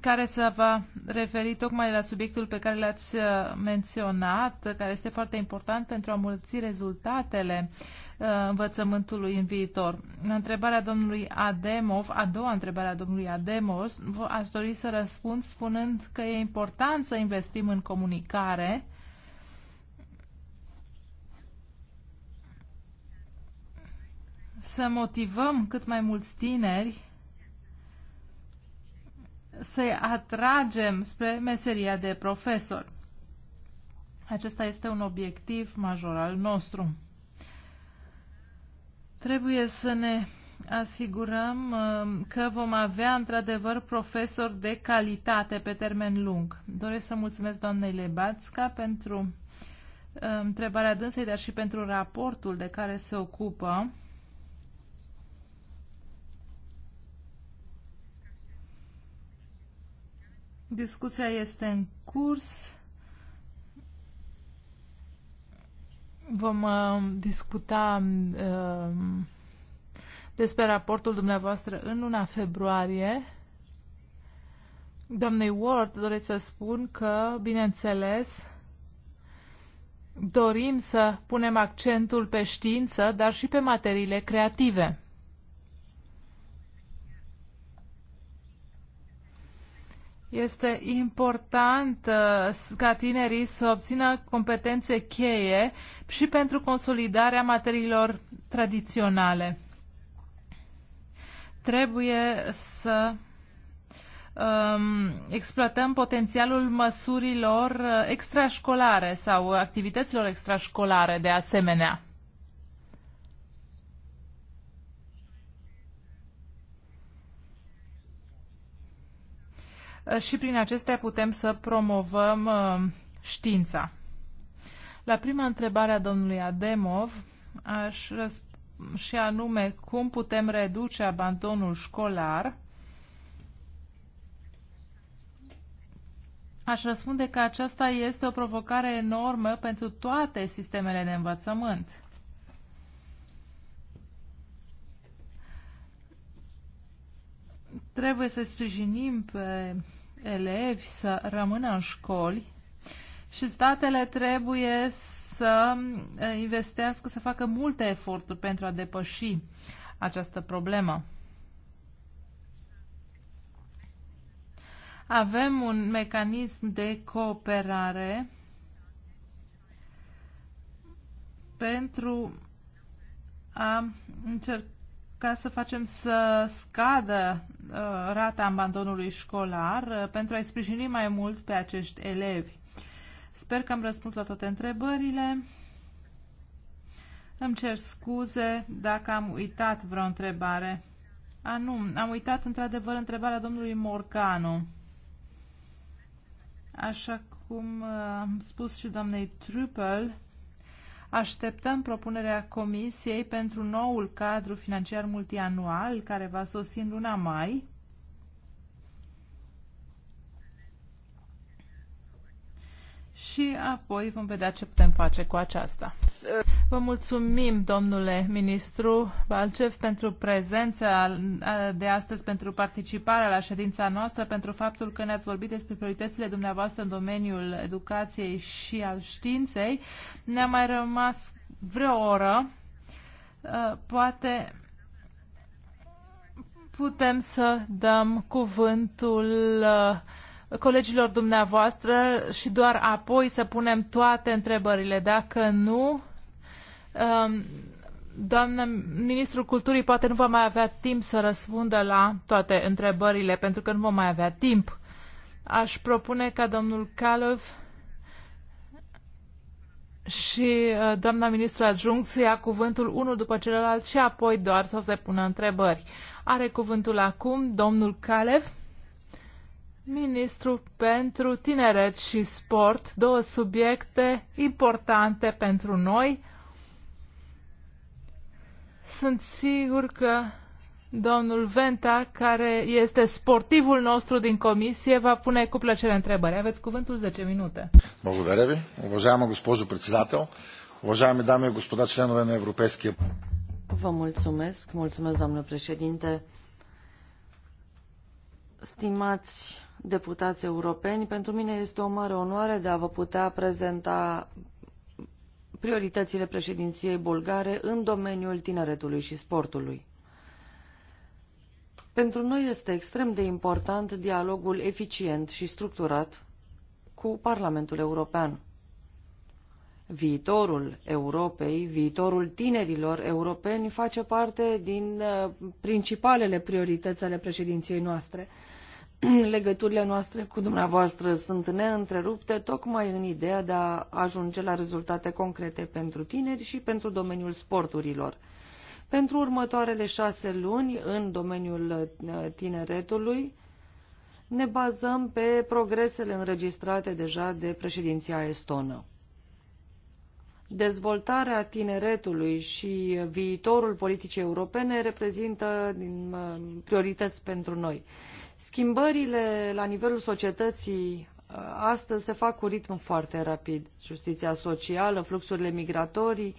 care se va referi tocmai la subiectul pe care l-ați uh, menționat, care este foarte important pentru a mulți rezultatele uh, învățământului în viitor. În întrebarea domnului Ademov, a doua întrebare a domnului Ademov, aș dori să răspund spunând că e important să investim în comunicare să motivăm cât mai mulți tineri să-i atragem spre meseria de profesor. Acesta este un obiectiv major al nostru. Trebuie să ne asigurăm uh, că vom avea într-adevăr profesori de calitate pe termen lung. Doresc să mulțumesc doamnei Lebațca pentru uh, întrebarea dânsei, dar și pentru raportul de care se ocupă. Discuția este în curs. Vom uh, discuta uh, despre raportul dumneavoastră în luna februarie. Doamnei Ward, doresc să spun că, bineînțeles, dorim să punem accentul pe știință, dar și pe materiile creative. Este important uh, ca tinerii să obțină competențe cheie și pentru consolidarea materiilor tradiționale. Trebuie să um, exploatăm potențialul măsurilor uh, extrașcolare sau activităților extrașcolare de asemenea. Eh, și prin acestea putem să promovăm eh, știința. La prima întrebare a domnului Ademov, aș și anume cum putem reduce abandonul școlar, Aș răspunde că aceasta este o provocare enormă pentru toate sistemele de învățământ. Trebuie să sprijinim pe elevi să rămână în școli și statele trebuie să investească, să facă multe eforturi pentru a depăși această problemă. Avem un mecanism de cooperare pentru a încerca ca să facem să scadă uh, rata abandonului școlar uh, pentru a-i sprijini mai mult pe acești elevi. Sper că am răspuns la toate întrebările. Îmi cer scuze dacă am uitat vreo întrebare. A, nu, am uitat într-adevăr întrebarea domnului Morcanu. Așa cum uh, am spus și doamnei Trupel, Așteptăm propunerea Comisiei pentru noul cadru financiar multianual, care va sosi în luna mai. Și apoi vom vedea ce putem face cu aceasta. Vă mulțumim, domnule ministru Balcev, pentru prezența de astăzi, pentru participarea la ședința noastră, pentru faptul că ne-ați vorbit despre prioritățile dumneavoastră în domeniul educației și al științei. Ne-a mai rămas vreo oră. Poate putem să dăm cuvântul colegilor dumneavoastră și doar apoi să punem toate întrebările. Dacă nu, Um, doamnă Ministrul Culturii poate nu va mai avea timp să răspundă la toate întrebările, pentru că nu vom mai avea timp. Aș propune ca domnul Calov și uh, doamna ministru adjunct să ia cuvântul unul după celălalt și apoi doar să se pună întrebări. Are cuvântul acum domnul Calev, ministru pentru tineret și sport, două subiecte importante pentru noi sunt sigur că domnul Venta, care este sportivul nostru din comisie, va pune cu plăcere întrebări. Aveți cuvântul 10 minute. Mulțumesc. ви, уважаема госпожо председател, уважаеми дами и господа членове на Европейския Vă mulțumesc, mulțumesc, doamnă președinte. Stimați deputați europeni, pentru mine este o mare onoare de a vă putea prezenta prioritățile președinției bulgare în domeniul tineretului și sportului. Pentru noi este extrem de important dialogul eficient și structurat cu Parlamentul European. Viitorul Europei, viitorul tinerilor europeni face parte din uh, principalele priorități ale președinției noastre – legăturile noastre cu dumneavoastră sunt neîntrerupte, tocmai în ideea de a ajunge la rezultate concrete pentru tineri și pentru domeniul sporturilor. Pentru următoarele șase luni, în domeniul uh, tineretului, ne bazăm pe progresele înregistrate deja de președinția estonă. Dezvoltarea tineretului și viitorul politicii europene reprezintă uh, priorități pentru noi. Schimbările la nivelul societății uh, astăzi se fac cu ritm foarte rapid. Justiția socială, fluxurile migratorii,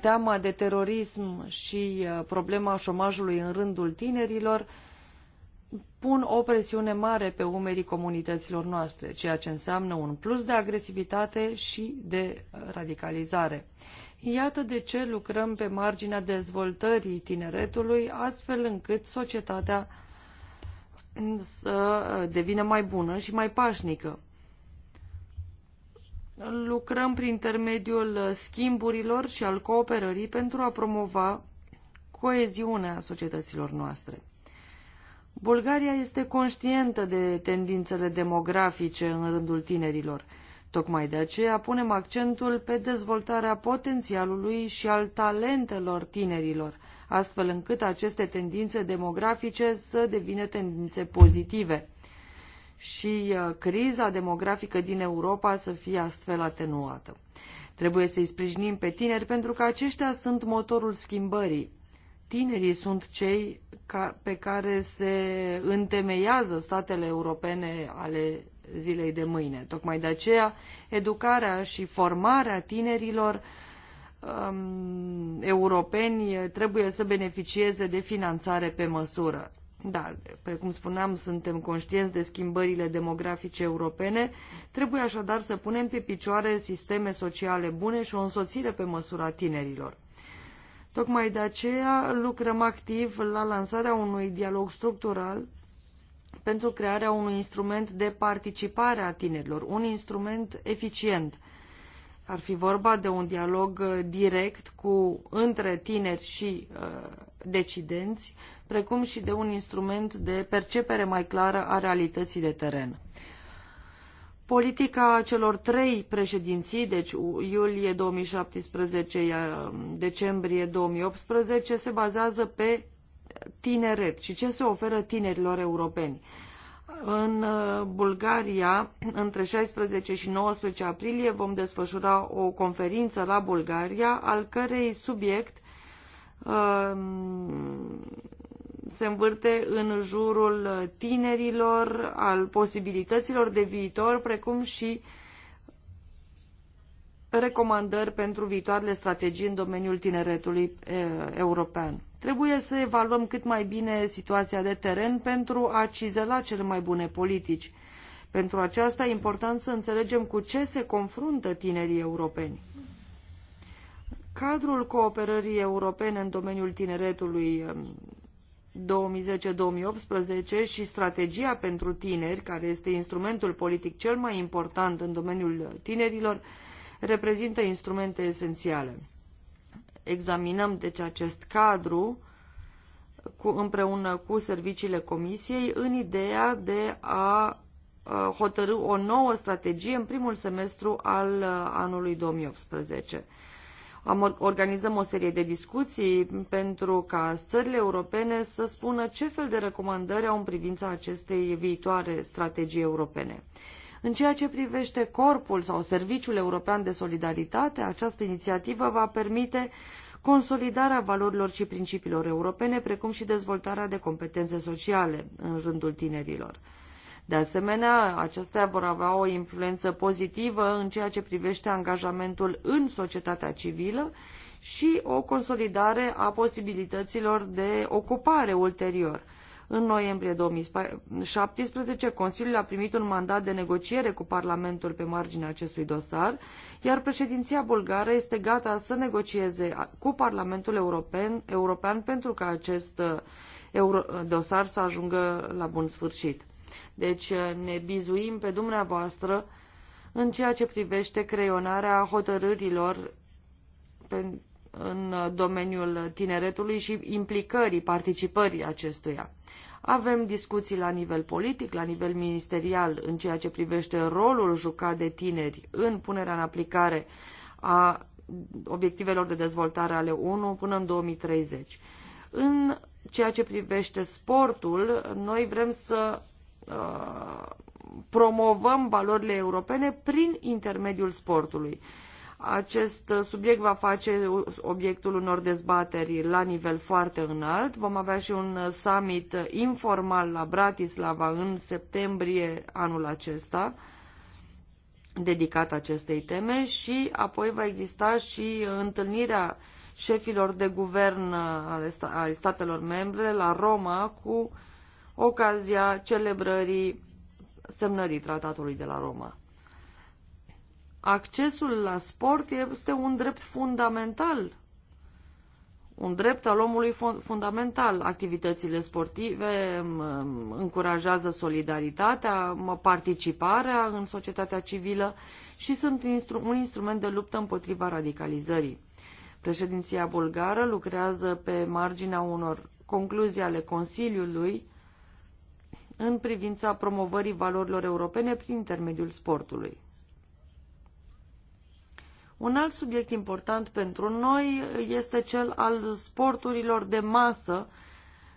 teama de terorism și uh, problema șomajului în rândul tinerilor pun o presiune mare pe umerii comunităților noastre, ceea ce înseamnă un plus de agresivitate și de uh, radicalizare. Iată de ce lucrăm pe marginea dezvoltării tineretului, astfel încât societatea să devină mai bună și mai pașnică. Lucrăm prin intermediul schimburilor și al cooperării pentru a promova coeziunea societăților noastre. Bulgaria este conștientă de tendințele demografice în rândul tinerilor. Tocmai de aceea punem accentul pe dezvoltarea potențialului și al talentelor tinerilor, astfel încât aceste tendințe demografice să devină tendințe pozitive și uh, criza demografică din Europa să fie astfel atenuată. Trebuie să-i sprijinim pe tineri pentru că aceștia sunt motorul schimbării. Tinerii sunt cei ca, pe care se întemeiază statele europene ale zilei de mâine. Tocmai de aceea, educarea și formarea tinerilor um, europeni trebuie să beneficieze de finanțare pe măsură. Da, precum spuneam, suntem conștienți de schimbările demografice europene, trebuie așadar să punem pe picioare sisteme sociale bune și o însoțire pe măsura tinerilor. Tocmai de aceea lucrăm activ la lansarea unui dialog structural pentru crearea unui instrument de participare a tinerilor, un instrument eficient – ar fi vorba de un dialog uh, direct cu între tineri și uh, decidenți, precum și de un instrument de percepere mai clară a realității de teren. Politica celor trei președinții, deci iulie 2017, um, decembrie 2018, se bazează pe tineret și ce se oferă tinerilor europeni. În uh, Bulgaria, între 16 și 19 aprilie, vom desfășura o conferință la Bulgaria, al cărei subiect um, se învârte în jurul tinerilor, al posibilităților de viitor, precum și uh, recomandări pentru viitoarele strategii în domeniul tineretului european. Trebuie să evaluăm cât mai bine situația de teren pentru a cizela cele mai bune politici. Pentru aceasta e important să înțelegem cu ce se confruntă tinerii europeni. Cadrul cooperării europene în domeniul tineretului 2010-2018 și strategia pentru tineri, care este instrumentul politic cel mai important în domeniul tinerilor, reprezintă instrumente esențiale. Examinăm deci acest cadru cu, împreună cu serviciile Comisiei în ideea de a hotărâ o nouă strategie în primul semestru al anului 2018. Am, organizăm o serie de discuții pentru ca țările europene să spună ce fel de recomandări au în privința acestei viitoare strategii europene. În ceea ce privește corpul sau Serviciul European de Solidaritate, această inițiativă va permite consolidarea valorilor și principiilor europene, precum și dezvoltarea de competențe sociale în rândul tinerilor. De asemenea, acestea vor avea o influență pozitivă în ceea ce privește angajamentul în societatea civilă și o consolidare a posibilităților de ocupare ulterior în noiembrie 2017, Consiliul a primit un mandat de negociere cu Parlamentul pe marginea acestui dosar, iar președinția bulgară este gata să negocieze cu Parlamentul European, European pentru ca acest uh, uh, dosar să ajungă la bun sfârșit. Deci uh, ne bizuim pe dumneavoastră în ceea ce privește creionarea hotărârilor în domeniul tineretului și implicării, participării acestuia. Avem discuții la nivel politic, la nivel ministerial, în ceea ce privește rolul jucat de tineri în punerea în aplicare a obiectivelor de dezvoltare ale ONU până în 2030. În ceea ce privește sportul, noi vrem să uh, promovăm valorile europene prin intermediul sportului. Uh, acest uh, subiect va face obiectul unor dezbateri la nivel foarte înalt. Vom avea și un uh, summit informal la Bratislava în septembrie anul acesta dedicat acestei teme și apoi va exista și întâlnirea șefilor de guvern uh, ale statelor membre la Roma cu ocazia celebrării semnării tratatului de la Roma accesul la sport este un drept fundamental. Un drept al omului fundamental. Activitățile sportive încurajează solidaritatea, participarea în societatea civilă și sunt un instrument de luptă împotriva radicalizării. Președinția bulgară lucrează pe marginea unor concluzii ale Consiliului în privința promovării valorilor europene prin intermediul sportului. Un alt subiect important pentru noi este cel al sporturilor de masă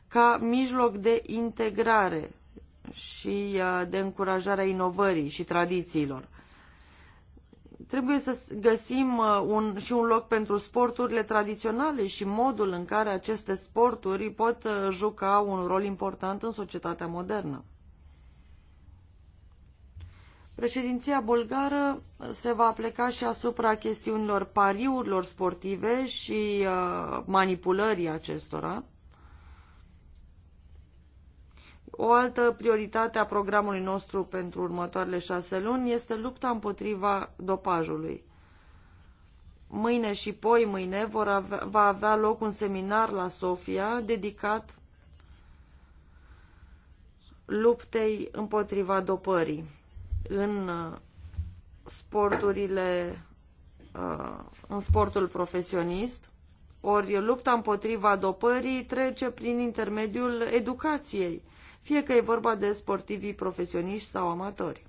ca mijloc de integrare și uh, de încurajarea inovării și tradițiilor. Trebuie să găsim uh, un, și un loc pentru sporturile tradiționale și modul în care aceste sporturi pot uh, juca un rol important în societatea modernă. Președinția bulgară se va pleca și asupra chestiunilor pariurilor sportive și uh, manipulării acestora. O altă prioritate a programului nostru pentru următoarele șase luni este lupta împotriva dopajului. Mâine și poi mâine vor avea, va avea loc un seminar la Sofia dedicat luptei împotriva dopării în uh, sporturile, uh, în sportul profesionist, ori lupta împotriva dopării trece prin intermediul educației, fie că e vorba de sportivii profesioniști sau amatori.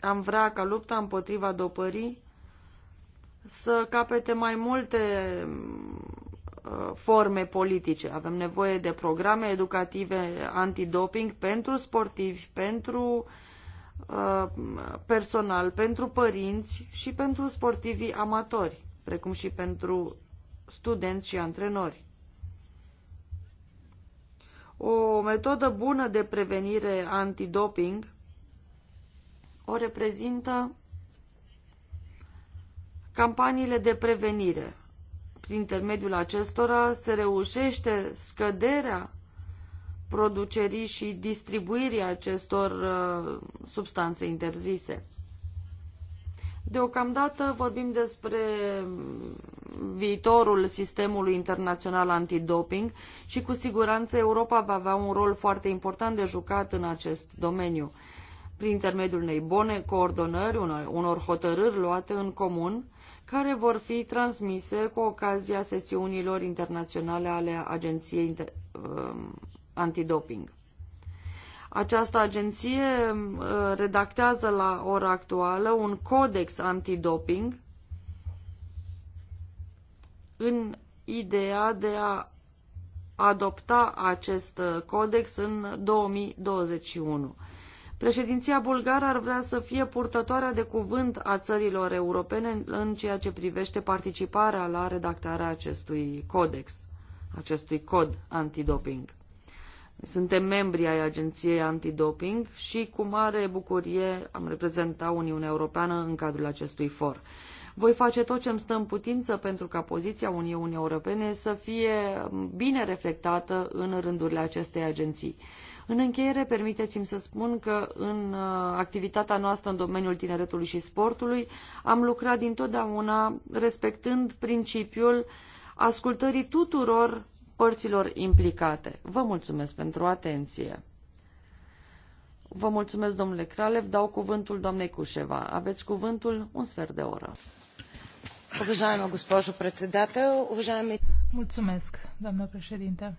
Am vrea ca lupta împotriva dopării să capete mai multe Uh, forme politice. Avem nevoie de programe educative antidoping pentru sportivi, pentru uh, personal, pentru părinți și pentru sportivii amatori, precum și pentru studenți și antrenori. O metodă bună de prevenire antidoping o reprezintă campaniile de prevenire prin intermediul acestora se reușește scăderea producerii și distribuirii acestor uh, substanțe interzise. Deocamdată vorbim despre viitorul sistemului internațional antidoping și cu siguranță Europa va avea un rol foarte important de jucat în acest domeniu. Prin intermediul unei bune coordonări, unor, unor hotărâri luate în comun, care vor fi transmise cu ocazia sesiunilor internaționale ale Agenției um, Antidoping. Această agenție um, redactează la ora actuală un codex antidoping în ideea de a adopta acest codex în 2021. Președinția bulgară ar vrea să fie purtătoarea de cuvânt a țărilor europene în ceea ce privește participarea la redactarea acestui codex, acestui cod antidoping. Suntem membri ai Agenției Antidoping și cu mare bucurie am reprezentat Uniunea Europeană în cadrul acestui for. Voi face tot ce îmi stă în putință pentru ca poziția Uniunii Europene să fie bine reflectată în rândurile acestei agenții. În încheiere, permiteți-mi să spun că în uh, activitatea noastră în domeniul tineretului și sportului am lucrat dintotdeauna respectând principiul ascultării tuturor părților implicate. Vă mulțumesc pentru atenție. Vă mulțumesc, domnule Kralev. Dau cuvântul doamnei Cușeva. Aveți cuvântul un sfert de oră. Уважаема госпожо председател, уважаеми... Mulțumesc, doamnă președinte.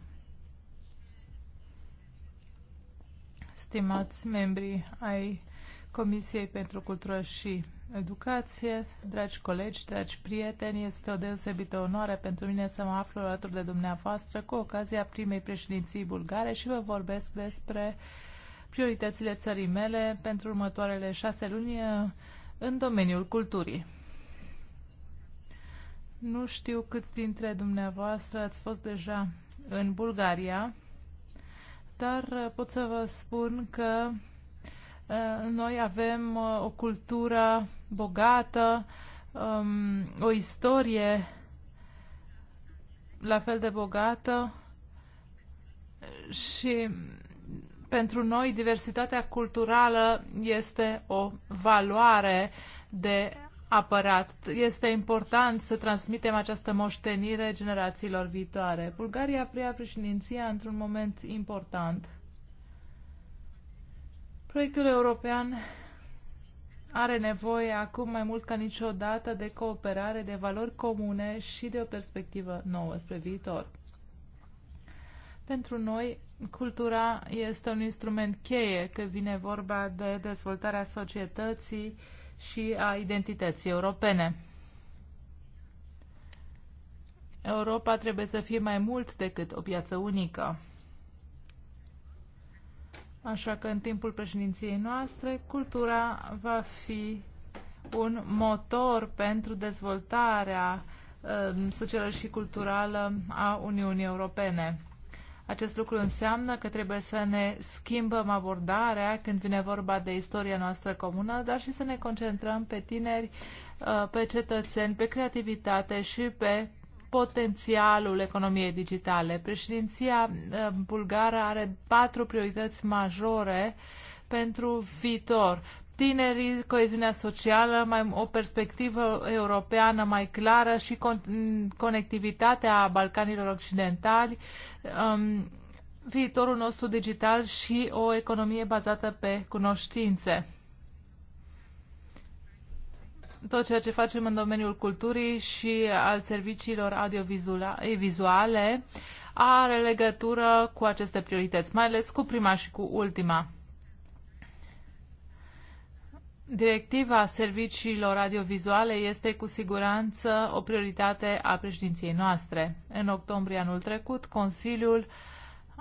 Stimați membri ai Comisiei pentru Cultură și Educație, dragi colegi, dragi prieteni, este o deosebită onoare pentru mine să mă aflu alături de dumneavoastră cu ocazia primei președinții bulgare și vă vorbesc despre uh, prioritățile țării mele pentru următoarele șase luni uh, în domeniul culturii. Nu știu câți dintre dumneavoastră ați fost deja în Bulgaria, dar uh, pot să vă spun că uh, noi avem o cultură bogată, um, o istorie la fel de bogată și pentru noi, diversitatea culturală este o valoare de apărat. Este important să transmitem această moștenire generațiilor viitoare. Bulgaria preia președinția într-un moment important. Proiectul european are nevoie acum mai mult ca niciodată de cooperare, de valori comune și de o perspectivă nouă spre viitor. Pentru noi, cultura este un instrument cheie când vine vorba de dezvoltarea societății și a identității europene. Europa trebuie să fie mai mult decât o piață unică. Așa că în timpul președinției noastre, cultura va fi un motor pentru dezvoltarea um, socială și culturală a Uniunii Europene. Acest lucru înseamnă că trebuie să ne schimbăm abordarea când vine vorba de istoria noastră comună, dar și să ne concentrăm pe tineri, uh, pe cetățeni, pe creativitate și pe potențialul economiei digitale. Președinția uh, bulgară are patru priorități majore pentru viitor, tinerii, coeziunea socială, mai, o perspectivă europeană mai clară și con, conectivitatea Balcanilor Occidentali, um, viitorul nostru digital și o economie bazată pe cunoștințe. Tot ceea ce facem în domeniul culturii și al serviciilor audiovizuale are legătură cu aceste priorități, mai ales cu prima și cu ultima. Directiva serviciilor radiovizuale este cu siguranță o prioritate a președinției noastre. În octombrie anul trecut, Consiliul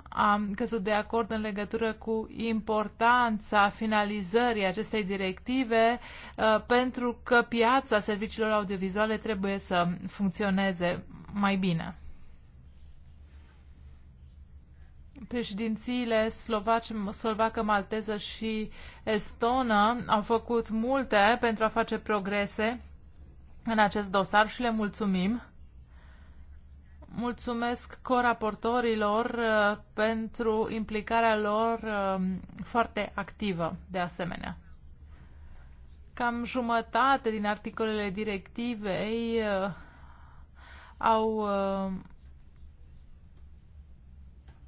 a căzut de acord în legătură cu importanța finalizării acestei directive uh, pentru că piața serviciilor audiovizuale trebuie să funcționeze mai bine. președințiile slovacă, malteză și estonă au făcut multe pentru a face progrese în acest dosar și le mulțumim. Mulțumesc coraportorilor uh, pentru implicarea lor uh, foarte activă, de asemenea. Cam jumătate din articolele directivei uh, au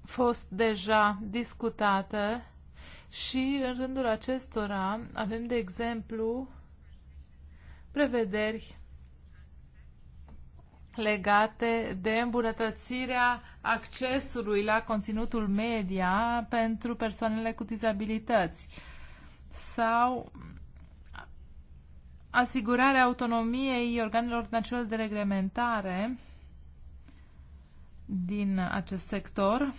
fost deja discutate și în rândul acestora avem, de exemplu, prevederi legate de îmbunătățirea accesului la conținutul media pentru persoanele cu dizabilități sau asigurarea autonomiei organelor naționale de reglementare din acest sector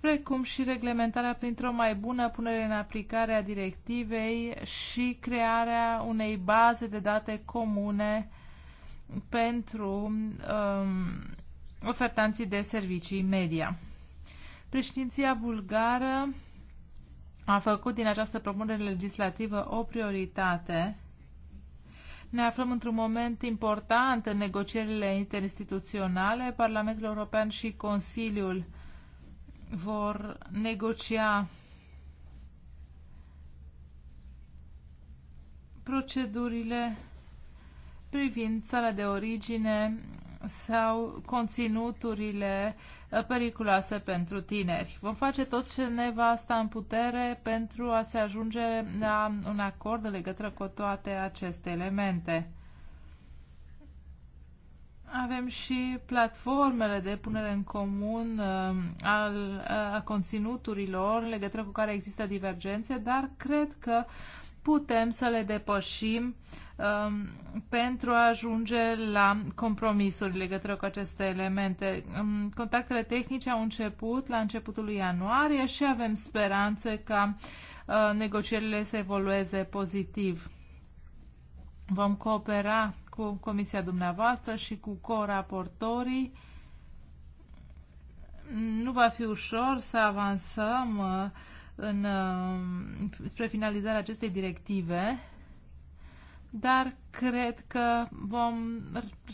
precum și reglementarea printr-o mai bună punere în aplicare a directivei și crearea unei baze de date comune pentru um, ofertanții de servicii media. Președinția bulgară a făcut din această propunere legislativă o prioritate. Ne aflăm într-un moment important în negocierile interinstituționale. Parlamentul European și Consiliul vor negocia procedurile privind țara de origine sau conținuturile uh, periculoase pentru tineri. Vom face tot ce ne va sta în putere pentru a se ajunge la un acord în legătură cu toate aceste elemente. Avem și platformele de punere în comun uh, al, a conținuturilor, în legătură cu care există divergențe, dar cred că putem să le depășim um, pentru a ajunge la compromisuri legătură cu aceste elemente. Um, contactele tehnice au început la începutul lui ianuarie și avem speranțe ca uh, negocierile să evolueze pozitiv. Vom coopera cu comisia dumneavoastră și cu coraportorii. Nu va fi ușor să avansăm uh, în, uh, spre finalizarea acestei directive, dar cred că vom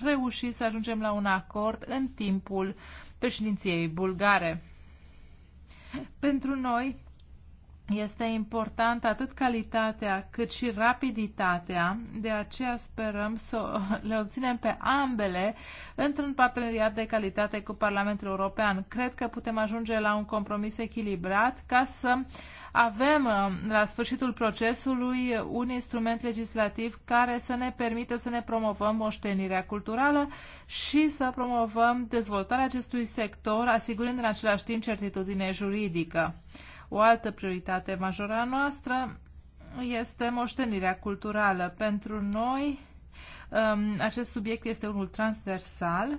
reuși să ajungem la un acord în timpul președinției bulgare. Pentru noi, este important atât calitatea cât și rapiditatea, de aceea sperăm să le obținem pe ambele într-un parteneriat de calitate cu Parlamentul European. Cred că putem ajunge la un compromis echilibrat ca să avem uh, la sfârșitul procesului un instrument legislativ care să ne permită să ne promovăm moștenirea culturală și să promovăm dezvoltarea acestui sector, asigurând în același timp certitudine juridică. O altă prioritate majoră a noastră este moștenirea culturală. Pentru noi, um, acest subiect este unul transversal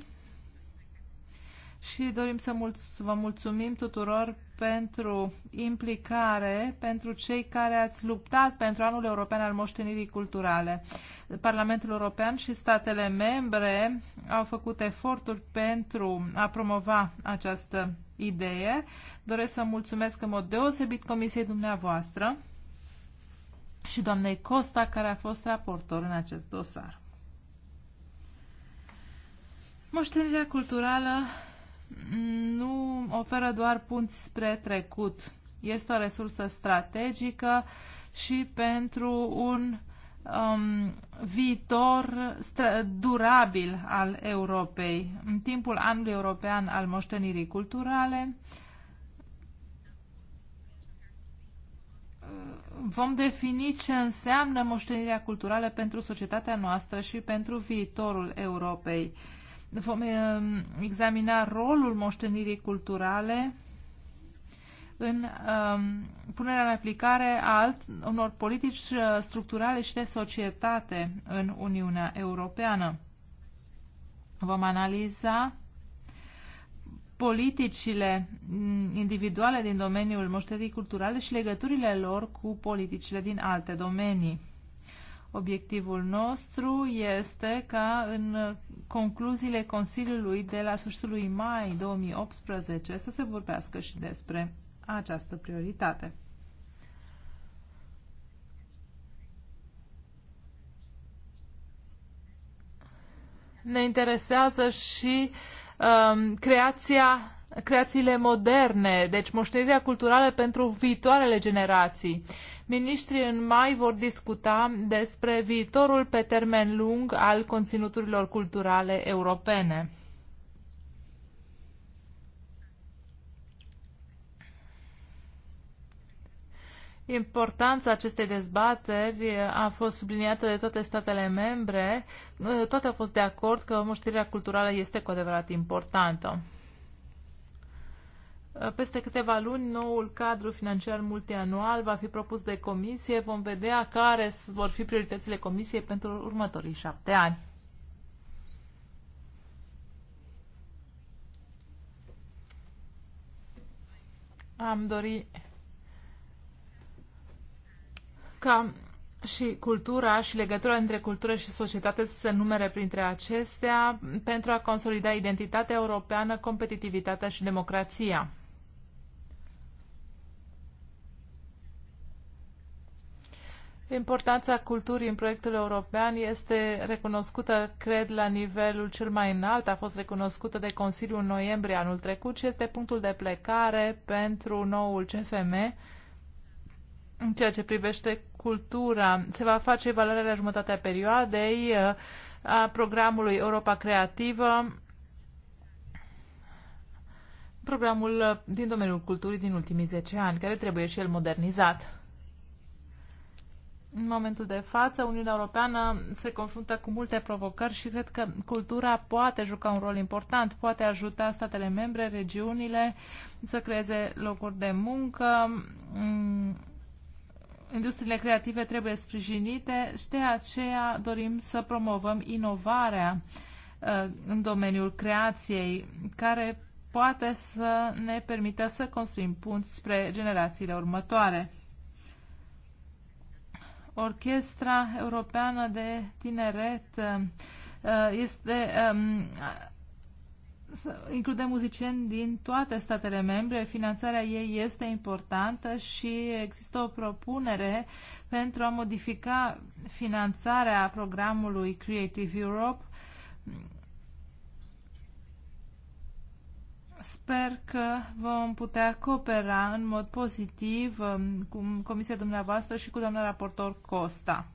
și dorim să vă mulțumim tuturor pentru implicare pentru cei care ați luptat pentru anul european al moștenirii culturale. Parlamentul European și statele membre au făcut eforturi pentru a promova această idee. Doresc să mulțumesc în mod deosebit Comisiei dumneavoastră și doamnei Costa, care a fost raportor în acest dosar. Moștenirea culturală nu oferă doar punți spre trecut. Este o resursă strategică și pentru un um, viitor durabil al Europei. În timpul anului european al moștenirii culturale vom defini ce înseamnă moștenirea culturală pentru societatea noastră și pentru viitorul Europei. Uh, Vom eh, examina rolul moștenirii culturale în eh, punerea în aplicare a alt, unor politici eh, structurale și de societate în Uniunea Europeană. Vom analiza politicile mm, individuale din domeniul moștenirii culturale și legăturile lor cu politicile din alte domenii. Obiectivul nostru este ca în concluziile Consiliului de la sfârșitul lui mai 2018 să se vorbească și despre această prioritate. Ne interesează și um, creația creațiile moderne, deci moștenirea culturală pentru viitoarele generații. Ministrii în mai vor discuta despre viitorul pe termen lung al conținuturilor culturale europene. Importanța acestei dezbateri a fost subliniată de toate statele membre. Toate au fost de acord că moștenirea culturală este cu adevărat importantă. Peste câteva luni, noul cadru financiar multianual va fi propus de comisie. Vom vedea care vor fi prioritățile comisiei pentru următorii șapte ani. Am dori ca și cultura și legătura între cultură și societate să se numere printre acestea pentru a consolida identitatea europeană, competitivitatea și democrația. Importanța culturii în proiectul european este recunoscută, cred, la nivelul cel mai înalt. A fost recunoscută de Consiliul în noiembrie anul trecut și este punctul de plecare pentru noul CFM în ceea ce privește cultura. Se va face evaluarea la jumătatea perioadei uh, a programului Europa Creativă, programul uh, din domeniul culturii din ultimii 10 ani, care trebuie și el modernizat. În momentul de față, Uniunea Europeană se confruntă cu multe provocări și cred că cultura poate juca un rol important, poate ajuta statele membre, regiunile să creeze locuri de muncă. Mm, industriile creative trebuie sprijinite și de aceea dorim să promovăm inovarea uh, în domeniul creației, care poate să ne permită să construim punți spre generațiile următoare. Orchestra Europeană de Tineret uh, este um, include muzicieni din toate statele membre, finanțarea ei este importantă și există o propunere pentru a modifica finanțarea programului Creative Europe Sper că vom putea coopera în mod pozitiv um, cu Comisia dumneavoastră și cu doamna raportor Costa.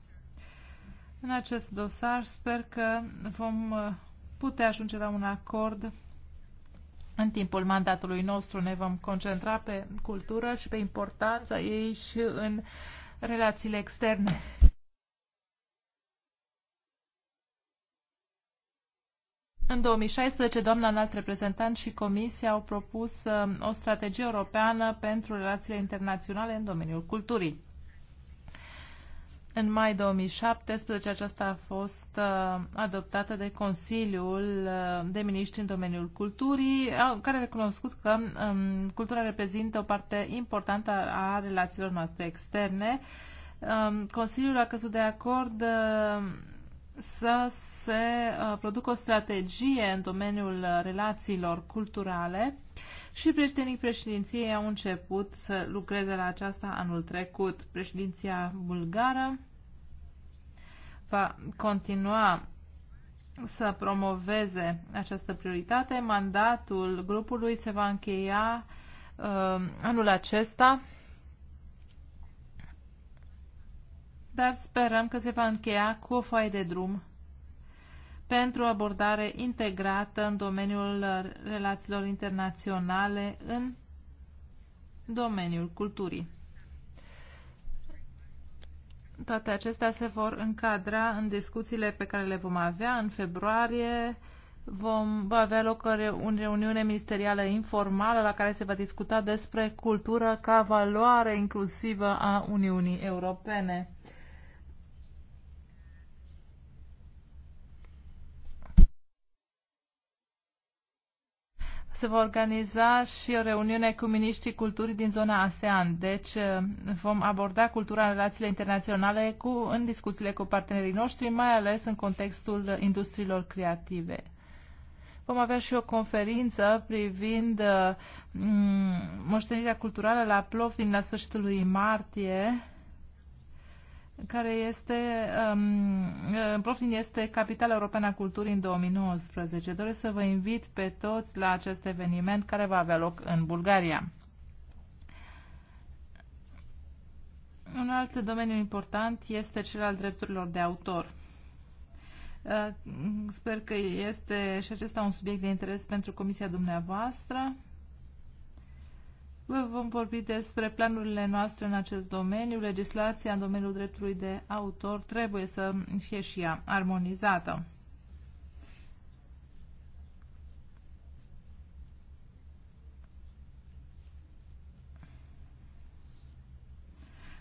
În acest dosar sper că vom uh, putea ajunge la un acord în timpul mandatului nostru. Ne vom concentra pe cultură și pe importanța ei și în relațiile externe În 2016, doamna înalt reprezentant și Comisia au propus um, o strategie europeană pentru relațiile internaționale în domeniul culturii. În mai 2017 aceasta a fost uh, adoptată de Consiliul uh, de Miniștri în domeniul culturii, care a recunoscut că um, cultura reprezintă o parte importantă a relațiilor noastre externe. Um, Consiliul a căzut de acord uh, să se uh, producă o strategie în domeniul uh, relațiilor culturale și președinii președinției au început să lucreze la aceasta anul trecut. Președinția bulgară va continua să promoveze această prioritate. Mandatul grupului se va încheia uh, anul acesta dar sperăm că se va încheia cu o foaie de drum pentru o abordare integrată în domeniul uh, relațiilor internaționale în domeniul culturii. Toate acestea se vor încadra în discuțiile pe care le vom avea în februarie. Vom, va avea loc o reuniune ministerială informală la care se va discuta despre cultură ca valoare inclusivă a Uniunii Europene. se va organiza și o reuniune cu miniștrii culturii din zona ASEAN. Deci eh, vom aborda cultura în relațiile internaționale cu, în discuțiile cu partenerii noștri, mai ales în contextul industriilor creative. Vom avea și o conferință privind uh, moștenirea culturală la Plov din la sfârșitul lui martie care este, um, uh, Plovdiv este capitala europeană a culturii în 2019. Doresc să vă invit pe toți la acest eveniment care va avea loc în Bulgaria. Un alt domeniu important este cel al drepturilor de autor. Uh, sper că este și acesta un subiect de interes pentru comisia dumneavoastră. Vă vom vorbi despre planurile noastre în acest domeniu. Legislația în domeniul dreptului de autor trebuie să fie și ea armonizată.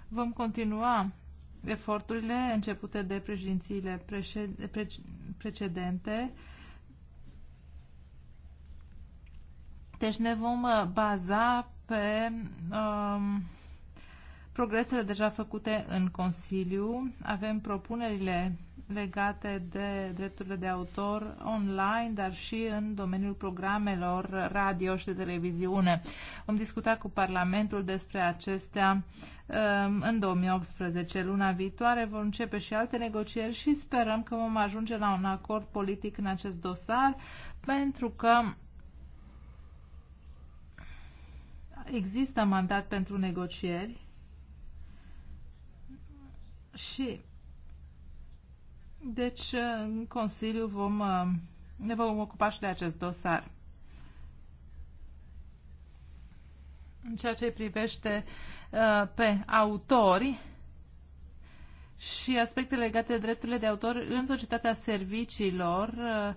Vom continua eforturile începute de președințiile precedente. Deci ne vom baza pe um, progresele deja făcute în Consiliu. Avem propunerile legate de drepturile de autor online, dar și în domeniul programelor radio și de televiziune. Vom discuta cu Parlamentul despre acestea um, în 2018. Luna viitoare vor începe și alte negocieri și sperăm că vom ajunge la un acord politic în acest dosar, pentru că există mandat pentru negocieri și deci în Consiliu vom, uh, ne vom ocupa și de acest dosar. În ceea ce privește uh, pe autori și aspectele legate de drepturile de autor în societatea serviciilor, uh,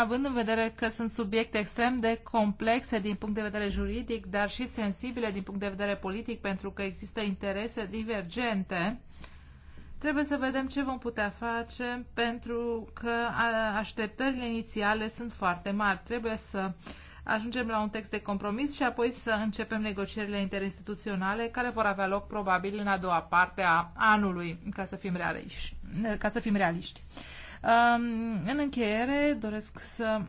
având în vedere că sunt subiecte extrem de complexe din punct de vedere juridic, dar și sensibile din punct de vedere politic, pentru că există interese divergente, trebuie să vedem ce vom putea face, pentru că așteptările inițiale sunt foarte mari. Trebuie să ajungem la un text de compromis și apoi să începem negocierile interinstituționale care vor avea loc probabil în a doua parte a anului, ca să fim realiști. Ca să fim realiști. În încheiere, doresc să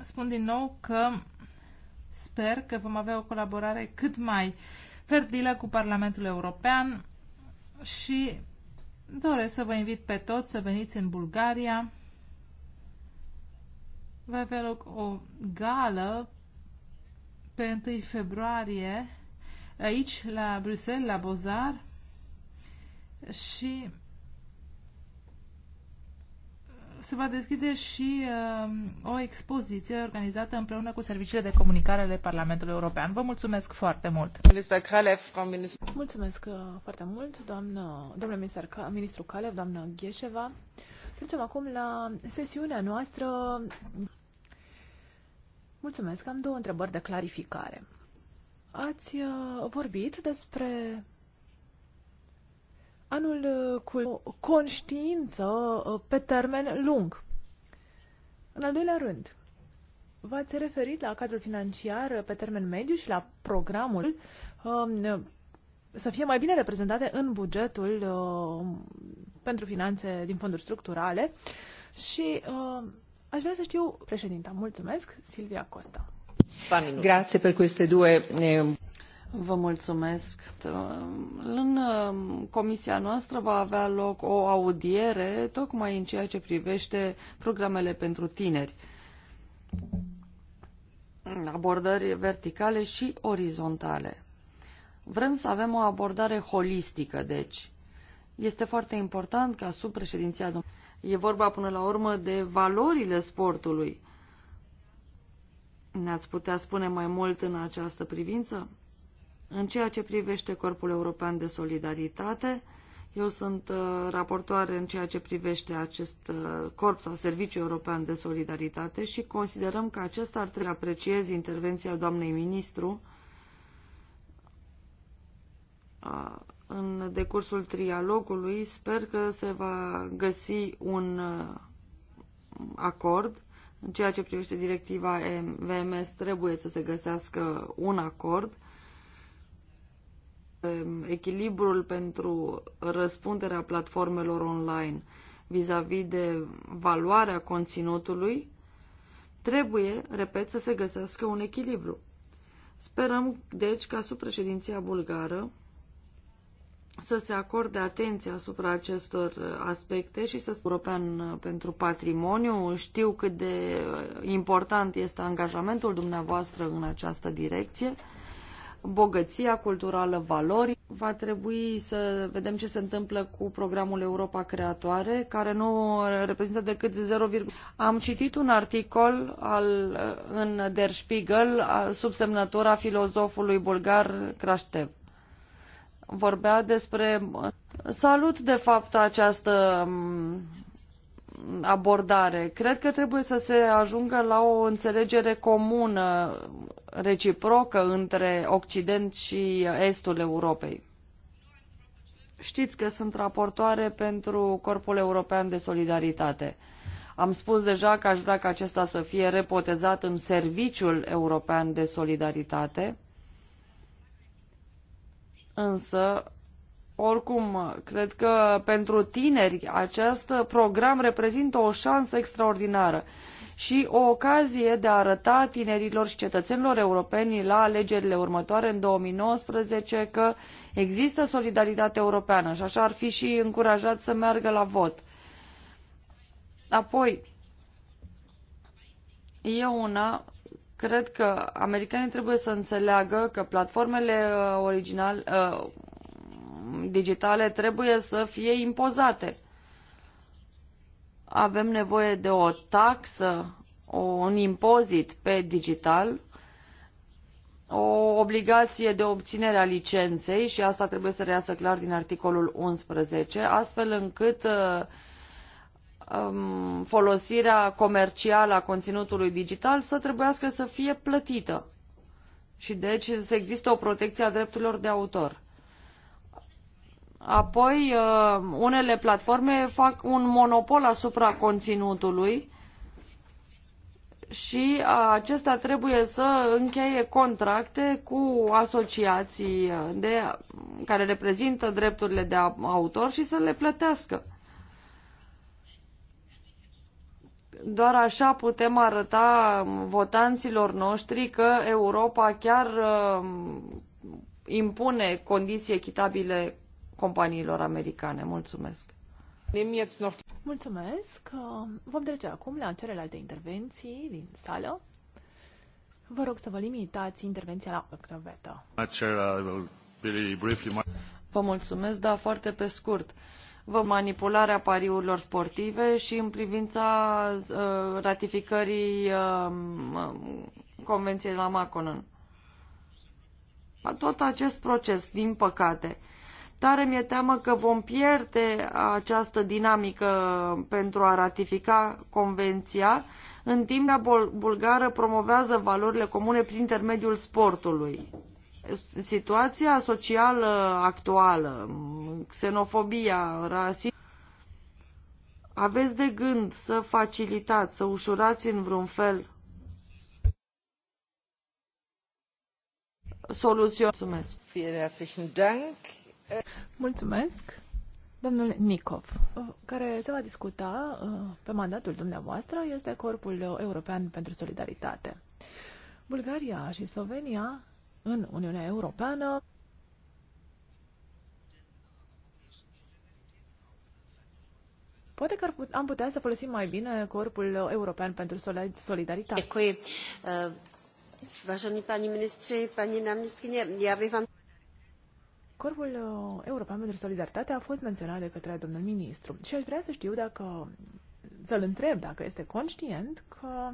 spun din nou că sper că vom avea o colaborare cât mai fertilă cu Parlamentul European și doresc să vă invit pe toți să veniți în Bulgaria. Va avea loc o gală pe 1 februarie aici, la Bruxelles, la Bozar și se va deschide și uh, o expoziție organizată împreună cu serviciile de comunicare ale Parlamentului European. Vă mulțumesc foarte mult! Minister Kalev, minister... Mulțumesc uh, foarte mult, doamnă, domnule minister, ministru Kalev, doamnă Gheșeva. Trecem acum la sesiunea noastră. Mulțumesc, am două întrebări de clarificare. Ați uh, vorbit despre anul uh, cu conștiință uh, pe termen lung. În al doilea rând, v-ați referit la cadrul financiar pe termen mediu și la programul um, să fie mai bine reprezentate în bugetul um, pentru finanțe din fonduri structurale și um, aș vrea să știu, președinta, mulțumesc, Silvia Costa. Grazie per queste due. Eh, Vă mulțumesc. În uh, comisia noastră va avea loc o audiere tocmai în ceea ce privește programele pentru tineri. Abordări verticale și orizontale. Vrem să avem o abordare holistică, deci. Este foarte important ca sub președinția E vorba până la urmă de valorile sportului. Ne-ați putea spune mai mult în această privință? În ceea ce privește Corpul European de Solidaritate, eu sunt uh, raportoare în ceea ce privește acest uh, corp sau Serviciu European de Solidaritate și considerăm că acesta ar trebui să apreciez intervenția doamnei ministru uh, în decursul trialogului. Sper că se va găsi un acord. În ceea ce privește directiva VMS trebuie să se găsească un acord Um, echilibrul pentru răspunderea platformelor online vis-a-vis de valoarea conținutului, trebuie, repet, să se găsească un echilibru. Sperăm, deci, ca sub președinția bulgară să se acorde atenție asupra acestor aspecte și să european pentru patrimoniu. Știu cât de important este angajamentul dumneavoastră în această direcție bogăția culturală, valori. Va trebui să vedem ce se întâmplă cu programul Europa Creatoare, care nu reprezintă decât 0, am citit un articol al, în Der Spiegel sub semnătura filozofului bulgar Craștev. Vorbea despre... Salut, de fapt, această abordare. Cred că trebuie să se ajungă la o înțelegere comună reciprocă între Occident și Estul Europei. Știți că sunt raportoare pentru Corpul European de Solidaritate. Am spus deja că aș vrea ca acesta să fie repotezat în Serviciul European de Solidaritate, însă, oricum, cred că pentru tineri acest program reprezintă o șansă extraordinară și o ocazie de a arăta tinerilor și cetățenilor europeni la alegerile următoare în 2019 că există solidaritate europeană și așa ar fi și încurajat să meargă la vot. Apoi, eu una cred că americanii trebuie să înțeleagă că platformele uh, original, uh, digitale trebuie să fie impozate avem nevoie de o taxă, un impozit pe digital, o obligație de obținere a licenței și asta trebuie să reiasă clar din articolul 11, astfel încât uh, um, folosirea comercială a conținutului digital să trebuiască să fie plătită. Și deci să existe o protecție a drepturilor de autor. Apoi, uh, unele platforme fac un monopol asupra conținutului și uh, acesta trebuie să încheie contracte cu asociații uh, de, care reprezintă drepturile de autor și să le plătească. Doar așa putem arăta votanților noștri că Europa chiar impune condiții echitabile companiilor americane. Mulțumesc! Mulțumesc! Vom trece acum la celelalte intervenții din sală. Vă rog să vă limitați intervenția la o Vă mulțumesc, dar foarte pe scurt. Vă manipularea pariurilor sportive și în privința uh, ratificării uh, Convenției la Maconan. Tot acest proces, din păcate, uh, Tare mi-e teamă că vom pierde această dinamică pentru a ratifica convenția, în timp ce Bulgară promovează valorile comune prin intermediul sportului. Situația socială actuală, xenofobia, rasism, aveți de gând să facilitați, să ușurați în vreun fel soluția. Mulțumesc. Mulțumesc. Domnul Nicov, care se va discuta uh, pe mandatul dumneavoastră, este Corpul European pentru Solidaritate. Bulgaria și Slovenia în Uniunea Europeană Poate că am putea să folosim mai bine Corpul European pentru Solidaritate. Děkuji. Eh, vážení páni ministri, paní náměstkyně, já bych vám... Corpul uh, European pentru Solidaritate a fost menționat de către domnul ministru și aș vrea să știu dacă, să-l întreb dacă este conștient că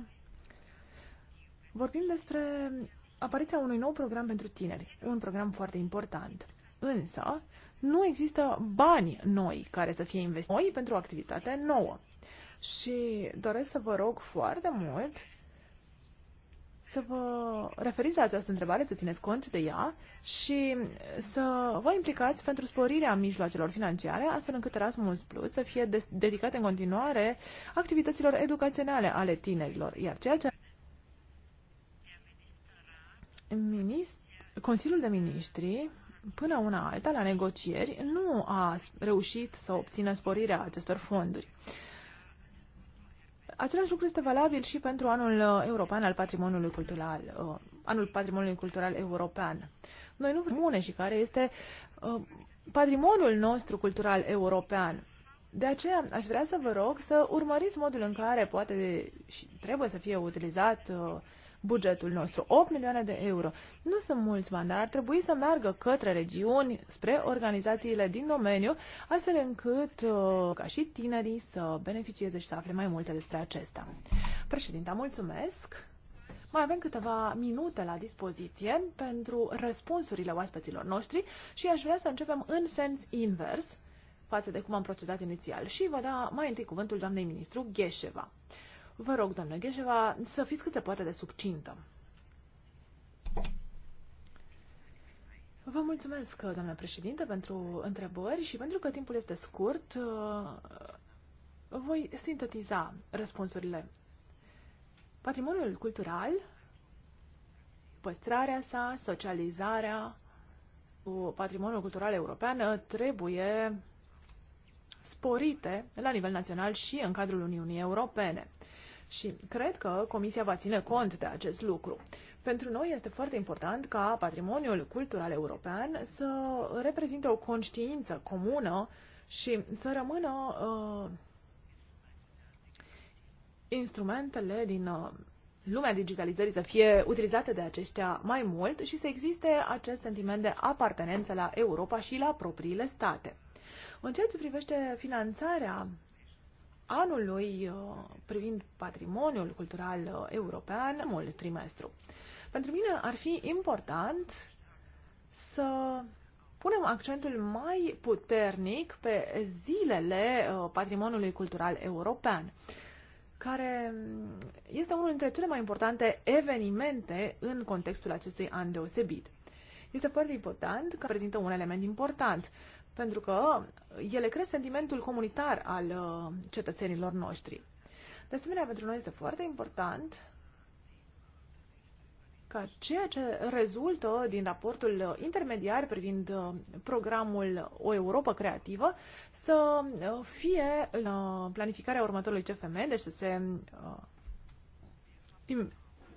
vorbim despre apariția unui nou program pentru tineri. un program foarte important. Însă, nu există bani noi care să fie investiți noi pentru o activitate nouă. Și doresc să vă rog foarte mult să vă referiți la această întrebare, să țineți cont de ea și să vă implicați pentru sporirea mijloacelor financiare, astfel încât Erasmus Plus să fie dedicat în continuare activităților educaționale ale tinerilor. Iar ceea ce Minist... Consiliul de Ministri până una alta, la negocieri, nu a reușit să obțină sporirea acestor fonduri. Același lucru este valabil și pentru anul uh, european al patrimoniului cultural, uh, anul patrimoniului cultural european. Noi nu vrem și care este uh, patrimoniul nostru cultural european. De aceea aș vrea să vă rog să urmăriți modul în care poate și trebuie să fie utilizat bugetul nostru. 8 milioane de euro. Nu sunt mulți bani, dar ar trebui să meargă către regiuni, spre organizațiile din domeniu, astfel încât uh, ca și tinerii să beneficieze și să afle mai multe despre acesta. Președinta, mulțumesc! Mai avem câteva minute la dispoziție pentru răspunsurile oaspeților noștri și aș vrea să începem în sens invers față de cum am procedat inițial și vă da mai întâi cuvântul doamnei ministru Gheșeva. Vă rog, doamnă Gheșeva, să fiți cât se poate de succintă. Vă mulțumesc, doamnă președinte, pentru întrebări și pentru că timpul este scurt, voi sintetiza răspunsurile. Patrimoniul cultural, păstrarea sa, socializarea, patrimoniul cultural european trebuie sporite la nivel național și în cadrul Uniunii Europene. Și cred că Comisia va ține cont de acest lucru. Pentru noi este foarte important ca patrimoniul cultural european să reprezinte o conștiință comună și să rămână uh, instrumentele din uh, lumea digitalizării să fie utilizate de aceștia mai mult și să existe acest sentiment de apartenență la Europa și la propriile state. În ceea ce privește finanțarea anului uh, privind patrimoniul cultural uh, european, mult trimestru. Pentru mine ar fi important să punem accentul mai puternic pe zilele uh, patrimoniului cultural european, care mm, este unul dintre cele mai importante evenimente în contextul acestui an deosebit. Este foarte important că prezintă un element important pentru că ele cresc sentimentul comunitar al uh, cetățenilor noștri. De asemenea, pentru noi este foarte important ca ceea ce rezultă din raportul intermediar privind uh, programul O Europa Creativă să uh, fie la planificarea următorului CFM, deci să se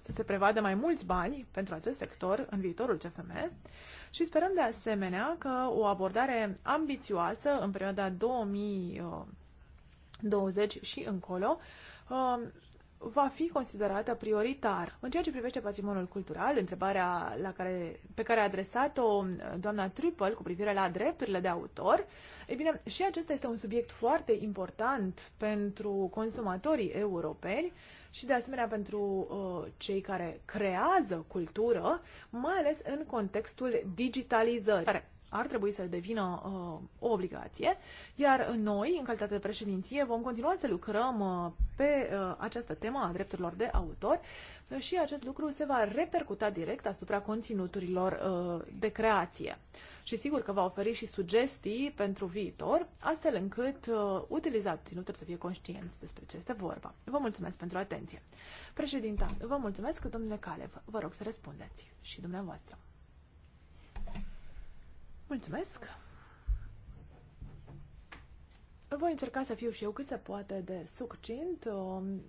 să se prevadă mai mulți bani pentru acest sector în viitorul CFM și sperăm de asemenea că o abordare ambițioasă în perioada 2020 uh, și încolo uh, va fi considerată prioritar. În ceea ce privește patrimoniul cultural, întrebarea la care, pe care a adresat-o uh, doamna Triple cu privire la drepturile de autor, e bine, și acesta este un subiect foarte important pentru consumatorii europeni și de asemenea pentru uh, cei care creează cultură, mai ales în contextul digitalizării, ar trebui să devină uh, o obligație, iar noi, în calitate de președinție, vom continua să lucrăm uh, pe uh, această temă a drepturilor de autor și acest lucru se va repercuta direct asupra conținuturilor uh, de creație. Și sigur că va oferi și sugestii pentru viitor, astfel încât uh, utilizați nu să fie conștienți despre ce este vorba. Vă mulțumesc pentru atenție. Președinta, vă mulțumesc, domnule Calev. Vă rog să răspundeți și dumneavoastră. Mulțumesc! Voi încerca să fiu și eu cât se poate de succint. Um,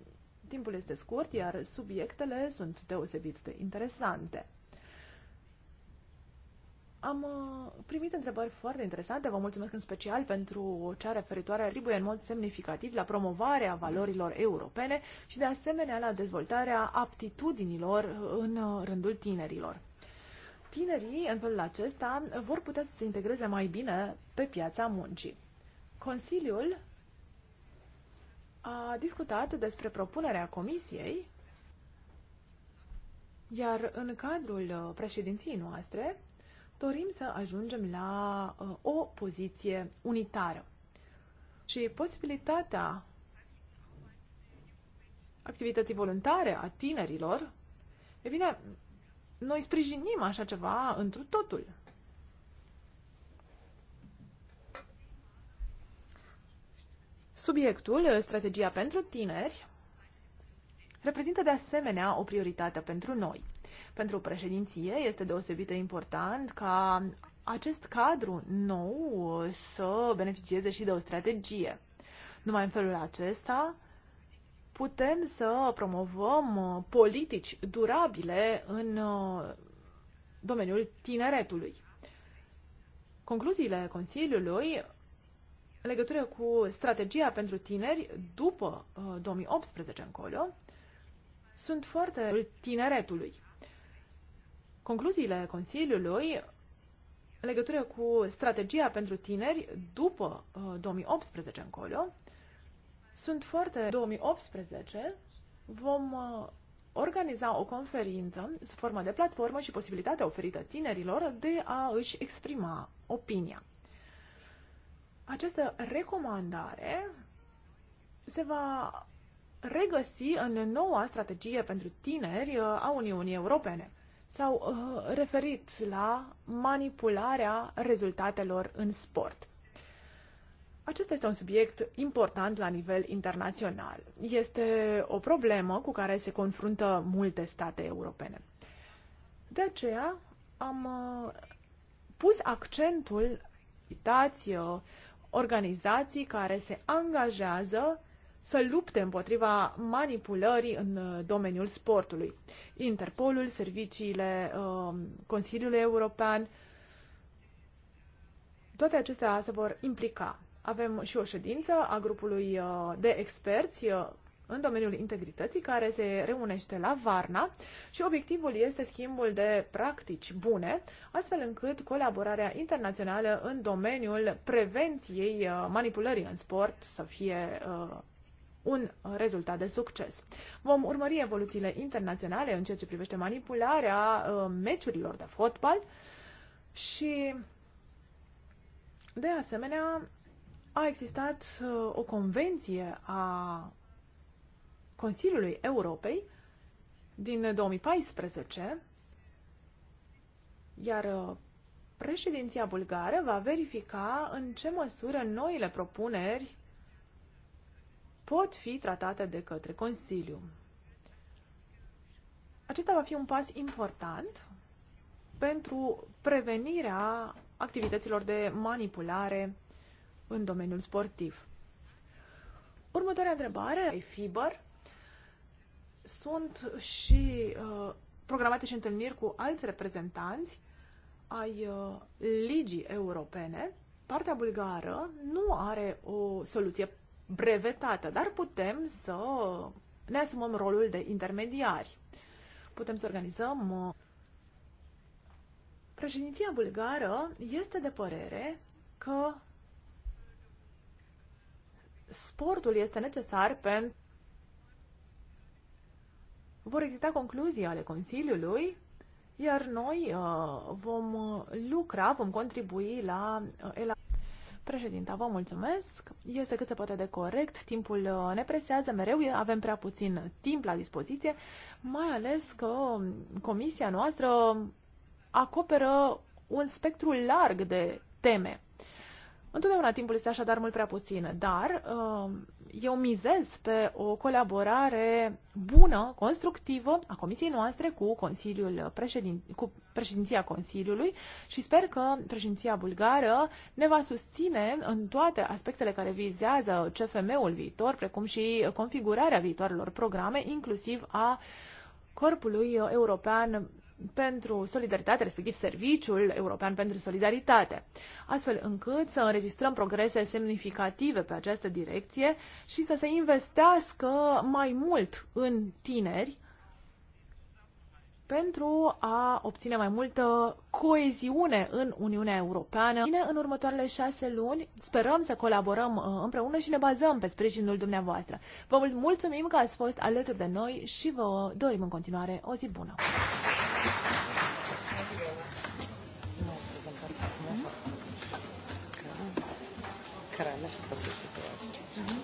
Timpul este scurt, iar subiectele sunt deosebit de interesante. Am uh, primit întrebări foarte interesante. Vă mulțumesc în special pentru cea referitoare atribuie în mod semnificativ la promovarea valorilor europene și de asemenea la dezvoltarea aptitudinilor în uh, rândul tinerilor tinerii, în felul acesta, vor putea să se integreze mai bine pe piața muncii. Consiliul a discutat despre propunerea Comisiei, iar în cadrul uh, președinției noastre dorim să ajungem la uh, o poziție unitară. Și posibilitatea activității voluntare a tinerilor, e bine, noi sprijinim așa ceva întru totul. Subiectul, strategia pentru tineri, reprezintă de asemenea o prioritate pentru noi. Pentru președinție este deosebit de important ca acest cadru nou să beneficieze și de o strategie. Numai în felul acesta putem să promovăm uh, politici durabile în uh, domeniul tineretului. Concluziile Consiliului în legătură cu strategia pentru tineri după 2018 uh, încolo sunt foarte tineretului. Concluziile Consiliului în legătură cu strategia pentru tineri după 2018 încolo sunt foarte 2018, vom uh, organiza o conferință sub formă de platformă și posibilitatea oferită tinerilor de a își exprima opinia. Această recomandare se va regăsi în noua strategie pentru tineri uh, a Uniunii Europene. S-au uh, referit la manipularea rezultatelor în sport. Acesta este un subiect important la nivel internațional. Este o problemă cu care se confruntă multe state europene. De aceea am uh, pus accentul uitați, uh, organizații care se angajează să lupte împotriva manipulării în uh, domeniul sportului. Interpolul, serviciile Consiliului European, toate acestea se vor implica. Avem și o ședință a grupului uh, de experți uh, în domeniul integrității, care se reunește la Varna și obiectivul este schimbul de practici bune, astfel încât colaborarea internațională în domeniul prevenției uh, manipulării în sport să fie un rezultat de succes. Vom urmări evoluțiile internaționale în ceea ce privește manipularea meciurilor de fotbal și de asemenea, a existat uh, o convenție a Consiliului Europei din 2014, iar uh, președinția bulgară va verifica în ce măsură noile propuneri pot fi tratate de către Consiliu. Acesta va fi un pas important pentru prevenirea activităților de manipulare în domeniul sportiv. Următoarea întrebare, ai FIBER, sunt și uh, programate și întâlniri cu alți reprezentanți ai uh, ligii europene. Partea bulgară nu are o soluție brevetată, dar putem să ne asumăm rolul de intermediari. Putem să organizăm. Uh, Președinția bulgară este de părere că sportul este necesar pentru... Vor exista concluzii ale Consiliului, iar noi uh, vom uh, lucra, vom contribui la... Uh, la... Președinta, vă mulțumesc. Este cât se poate de corect. Timpul uh, ne presează mereu, avem prea puțin timp la dispoziție, mai ales că comisia noastră acoperă un spectru larg de teme. Întotdeauna timpul este așadar mult prea puțin, dar um, eu mizez pe o colaborare bună, constructivă a comisiei noastre cu, Consiliul președin, cu președinția Consiliului și sper că președinția bulgară ne va susține în toate aspectele care vizează CFM-ul viitor, precum și configurarea viitoarelor programe, inclusiv a Corpului European pentru solidaritate, respectiv Serviciul European pentru Solidaritate, astfel încât să înregistrăm progrese semnificative pe această direcție și să se investească mai mult în tineri pentru a obține mai multă coeziune în Uniunea Europeană. Bine, în următoarele șase luni sperăm să colaborăm uh, împreună și ne bazăm pe sprijinul dumneavoastră. Vă mulțumim că ați fost alături de noi și vă dorim în continuare o zi bună! Kramer se pa se situacija. Mm -hmm.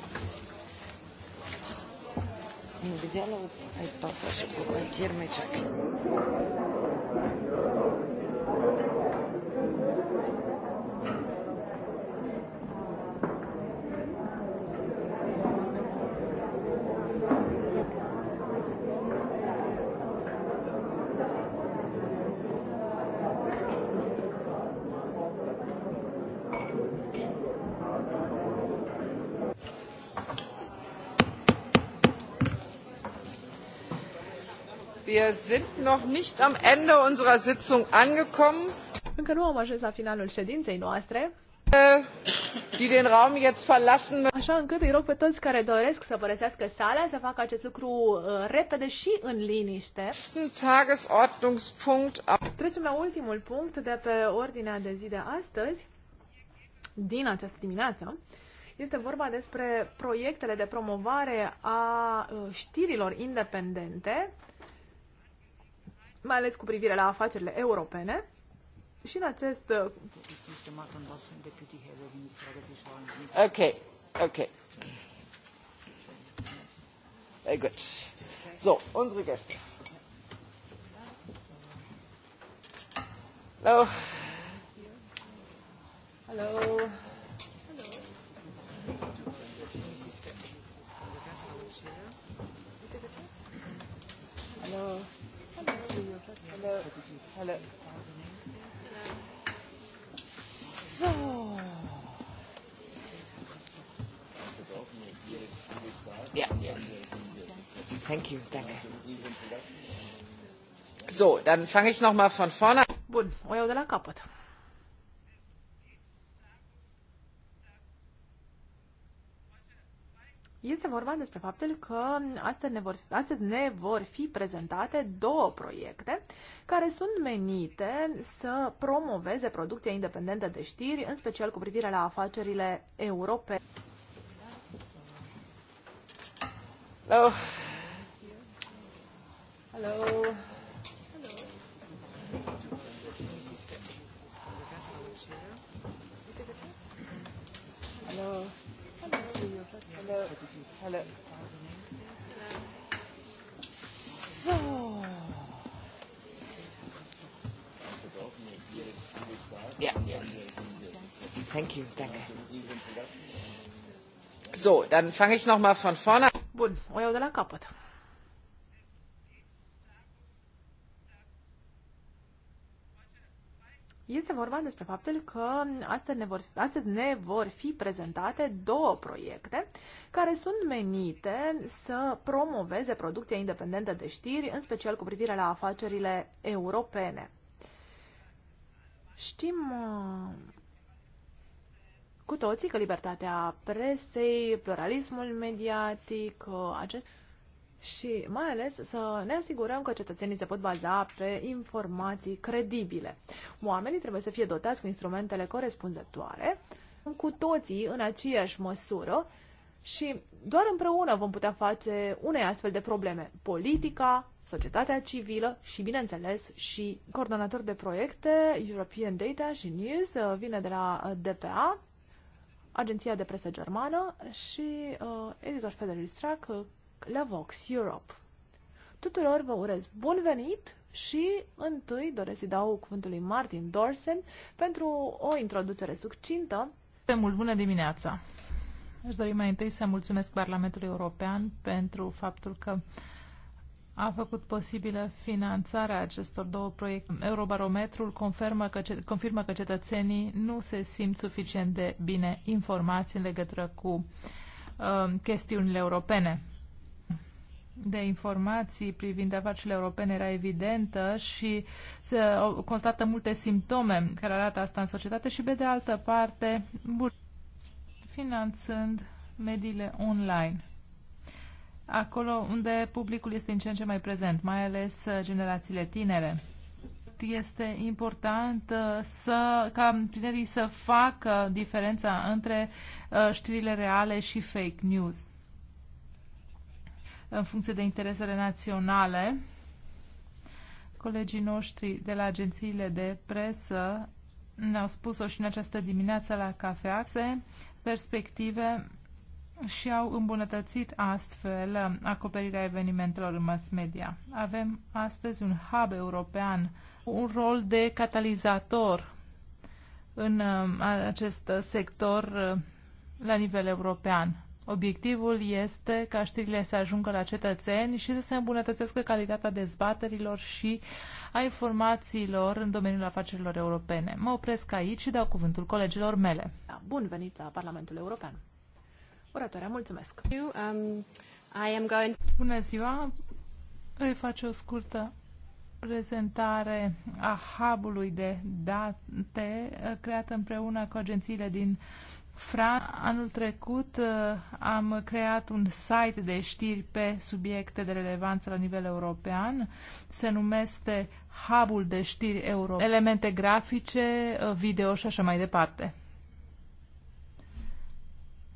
In videla, aj pa, pa še komentir me čakaj. sind noch nicht am Ende unserer Sitzung angekommen. Încă nu am ajuns la finalul ședinței noastre. Äh, die den Raum jetzt verlassen. Așa încât îi rog pe toți care doresc să părăsească sala să facă acest lucru uh, repede și în liniște. Trecem la ultimul punct de pe ordinea de zi de astăzi, din această dimineață. Este vorba despre proiectele de promovare a uh, știrilor independente mai ales cu privire la afacerile europene. Și în acest... Uh, ok, ok. Very good. So, unsere Gäste. Hello. Hello. Hello. Hello. Hello. So. Ja. Yeah. Thank you. Danke. So, dann fange ich von vorne. Bun, o iau de la capăt. Este vorba despre faptul că astăzi ne, vor, astăzi ne vor fi prezentate două proiecte care sunt menite să promoveze producția independentă de știri, în special cu privire la afacerile europene. Hello. Hello. Hello. Hello. Hello. So. Ja. Thank you. Danke. So, dann fange ich von vorne. Bun, o iau de la capăt. Este vorba despre faptul că astăzi ne vor, astăzi ne vor fi prezentate două proiecte care sunt menite să promoveze producția independentă de știri, în special cu privire la afacerile europene. Știm uh, cu toții că libertatea presei, pluralismul mediatic, uh, acest și mai ales să ne asigurăm că cetățenii se pot baza pe informații credibile. Oamenii trebuie să fie dotați cu instrumentele corespunzătoare, cu toții în aceeași măsură și doar împreună vom putea face unei astfel de probleme. Politica, societatea civilă și, bineînțeles, și coordonator de proiecte European Data și News vine de la DPA, agenția de presă germană și uh, editor Federer Strack, la Vox Europe. Tuturor vă urez bun venit și întâi doresc să dau cuvântul lui Martin Dorsen pentru o introducere succintă. Mult bună dimineața! Aș dori mai întâi să mulțumesc Parlamentului European pentru faptul că a făcut posibilă finanțarea acestor două proiecte. Eurobarometrul confirmă că, confirmă că cetățenii nu se simt suficient de bine informați în legătură cu uh, chestiunile europene de informații privind afacerile europene era evidentă și se constată multe simptome care arată asta în societate și, pe de altă parte, finanțând mediile online. Acolo unde publicul este în ce în ce mai prezent, mai ales uh, generațiile tinere este important uh, să, ca tinerii să facă diferența între uh, știrile reale și fake news în funcție de interesele naționale. Colegii noștri de la agențiile de presă ne-au spus-o și în această dimineață la cafea, perspective și au îmbunătățit astfel acoperirea evenimentelor în mass media. Avem astăzi un hub european, un rol de catalizator în uh, acest sector uh, la nivel european. Obiectivul este ca știrile să ajungă la cetățeni și să se îmbunătățească calitatea dezbaterilor și a informațiilor în domeniul afacerilor europene. Mă opresc aici și dau cuvântul colegilor mele. Da, bun venit la Parlamentul European. Oratoarea, mulțumesc. You, um, I am going... Bună ziua. Îi face o scurtă prezentare a hub-ului de date creat împreună cu agențiile din Fran, anul trecut uh, am creat un site de știri pe subiecte de relevanță la nivel european. Se numește Hubul de știri euro. Elemente grafice, uh, video și așa mai departe.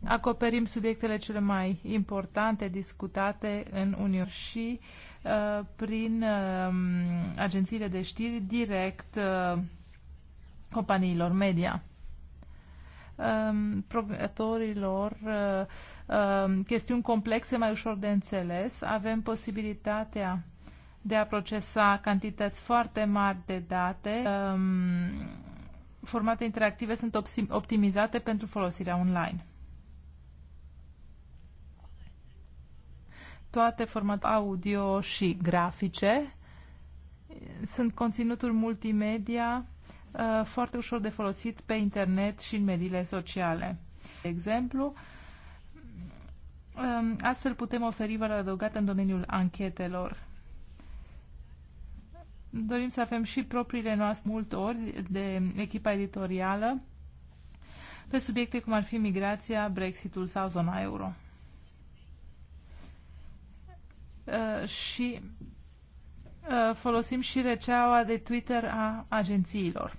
Acoperim subiectele cele mai importante discutate în Uniune și uh, prin uh, agențiile de știri direct uh, companiilor media. Um, procuratorilor um, chestiuni complexe mai ușor de înțeles. Avem posibilitatea de a procesa cantități foarte mari de date. Um, formate interactive sunt optimizate pentru folosirea online. Toate formate audio și grafice sunt conținuturi multimedia Uh, foarte ușor de folosit pe internet și în mediile sociale. De exemplu, um, astfel putem oferi valoare adăugată în domeniul anchetelor. Dorim să avem și propriile noastre multe ori de echipa editorială pe subiecte cum ar fi migrația, Brexitul sau zona euro. Uh, și uh, folosim și rețeaua de Twitter a agențiilor.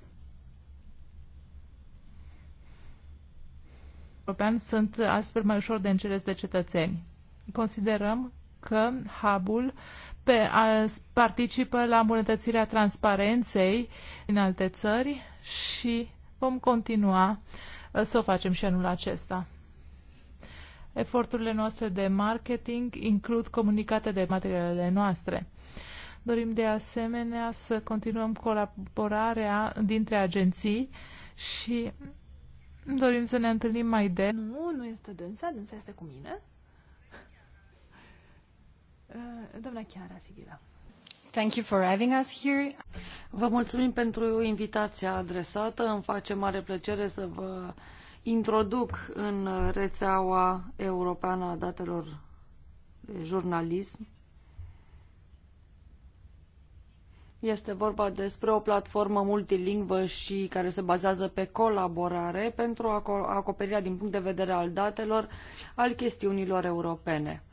european sunt astfel mai ușor de înțeles de cetățeni. Considerăm că hub-ul pe, a, participă la îmbunătățirea transparenței în alte țări și vom continua uh, să o facem și anul acesta. Eforturile noastre de marketing includ comunicate de materialele noastre. Dorim de asemenea să continuăm colaborarea dintre agenții și Dorim să ne întâlnim mai de. Nu, nu este dânsa, dânsa este cu mine. Uh, doamna Chiara Sigila. Thank you for having us here. Vă mulțumim pentru invitația adresată. Îmi face mare plăcere să vă introduc în rețeaua europeană a datelor de jurnalism Este vorba despre o platformă multilingvă și care se bazează pe colaborare pentru acoperirea din punct de vedere al datelor al chestiunilor europene.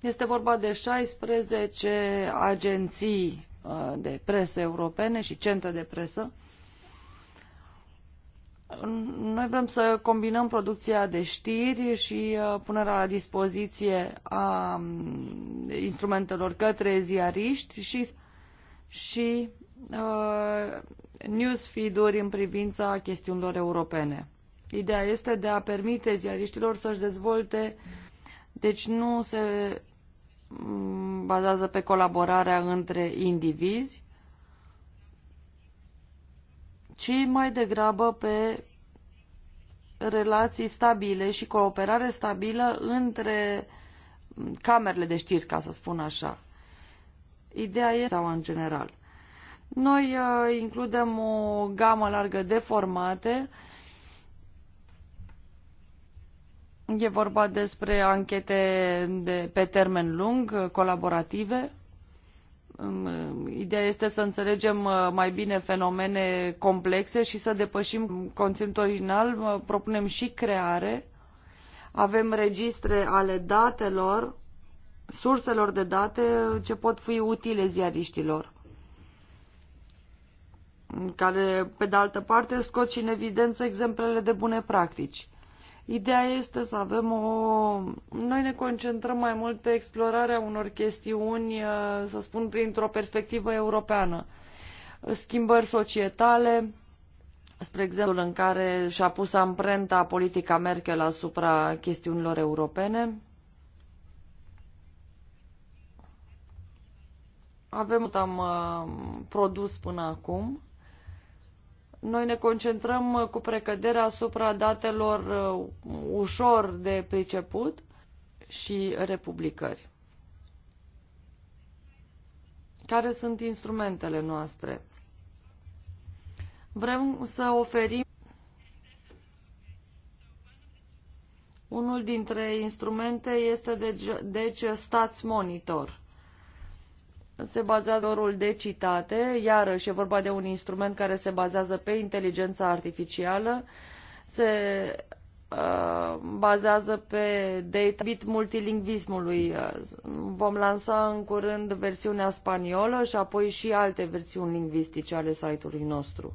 Este vorba de 16 agenții uh, de presă europene și centre de presă. Noi vrem să combinăm producția de știri și uh, punerea la dispoziție a um, instrumentelor către ziariști și și uh, newsfeed-uri în privința chestiunilor europene. Ideea este de a permite ziariștilor să-și dezvolte, deci nu se mm, bazează pe colaborarea între indivizi, ci mai degrabă pe relații stabile și cooperare stabilă între camerele de știri, ca să spun așa. Ideea e sau în general. Noi uh, includem o gamă largă de formate. E vorba despre anchete de, pe termen lung, uh, colaborative. Um, uh, ideea este să înțelegem uh, mai bine fenomene complexe și să depășim conținutul original. Propunem și creare. Avem registre ale datelor surselor de date ce pot fi utile ziariștilor care, pe de altă parte, scot și în evidență exemplele de bune practici. Ideea este să avem o... Noi ne concentrăm mai mult pe explorarea unor chestiuni, uh, să spun, printr-o perspectivă europeană. Schimbări societale, spre exemplu, în care și-a pus amprenta politica Merkel asupra chestiunilor europene, avem tot am produs până acum. Noi ne concentrăm uh, cu precădere asupra datelor uh, ușor de priceput și republicări. Care sunt instrumentele noastre? Vrem să oferim Unul dintre instrumente este deci, deci Stats Monitor se bazează orul de citate, iarăși e vorba de un instrument care se bazează pe inteligența artificială, se uh, bazează pe data bit multilingvismului. Vom lansa în curând versiunea spaniolă și apoi și alte versiuni lingvistice ale site-ului nostru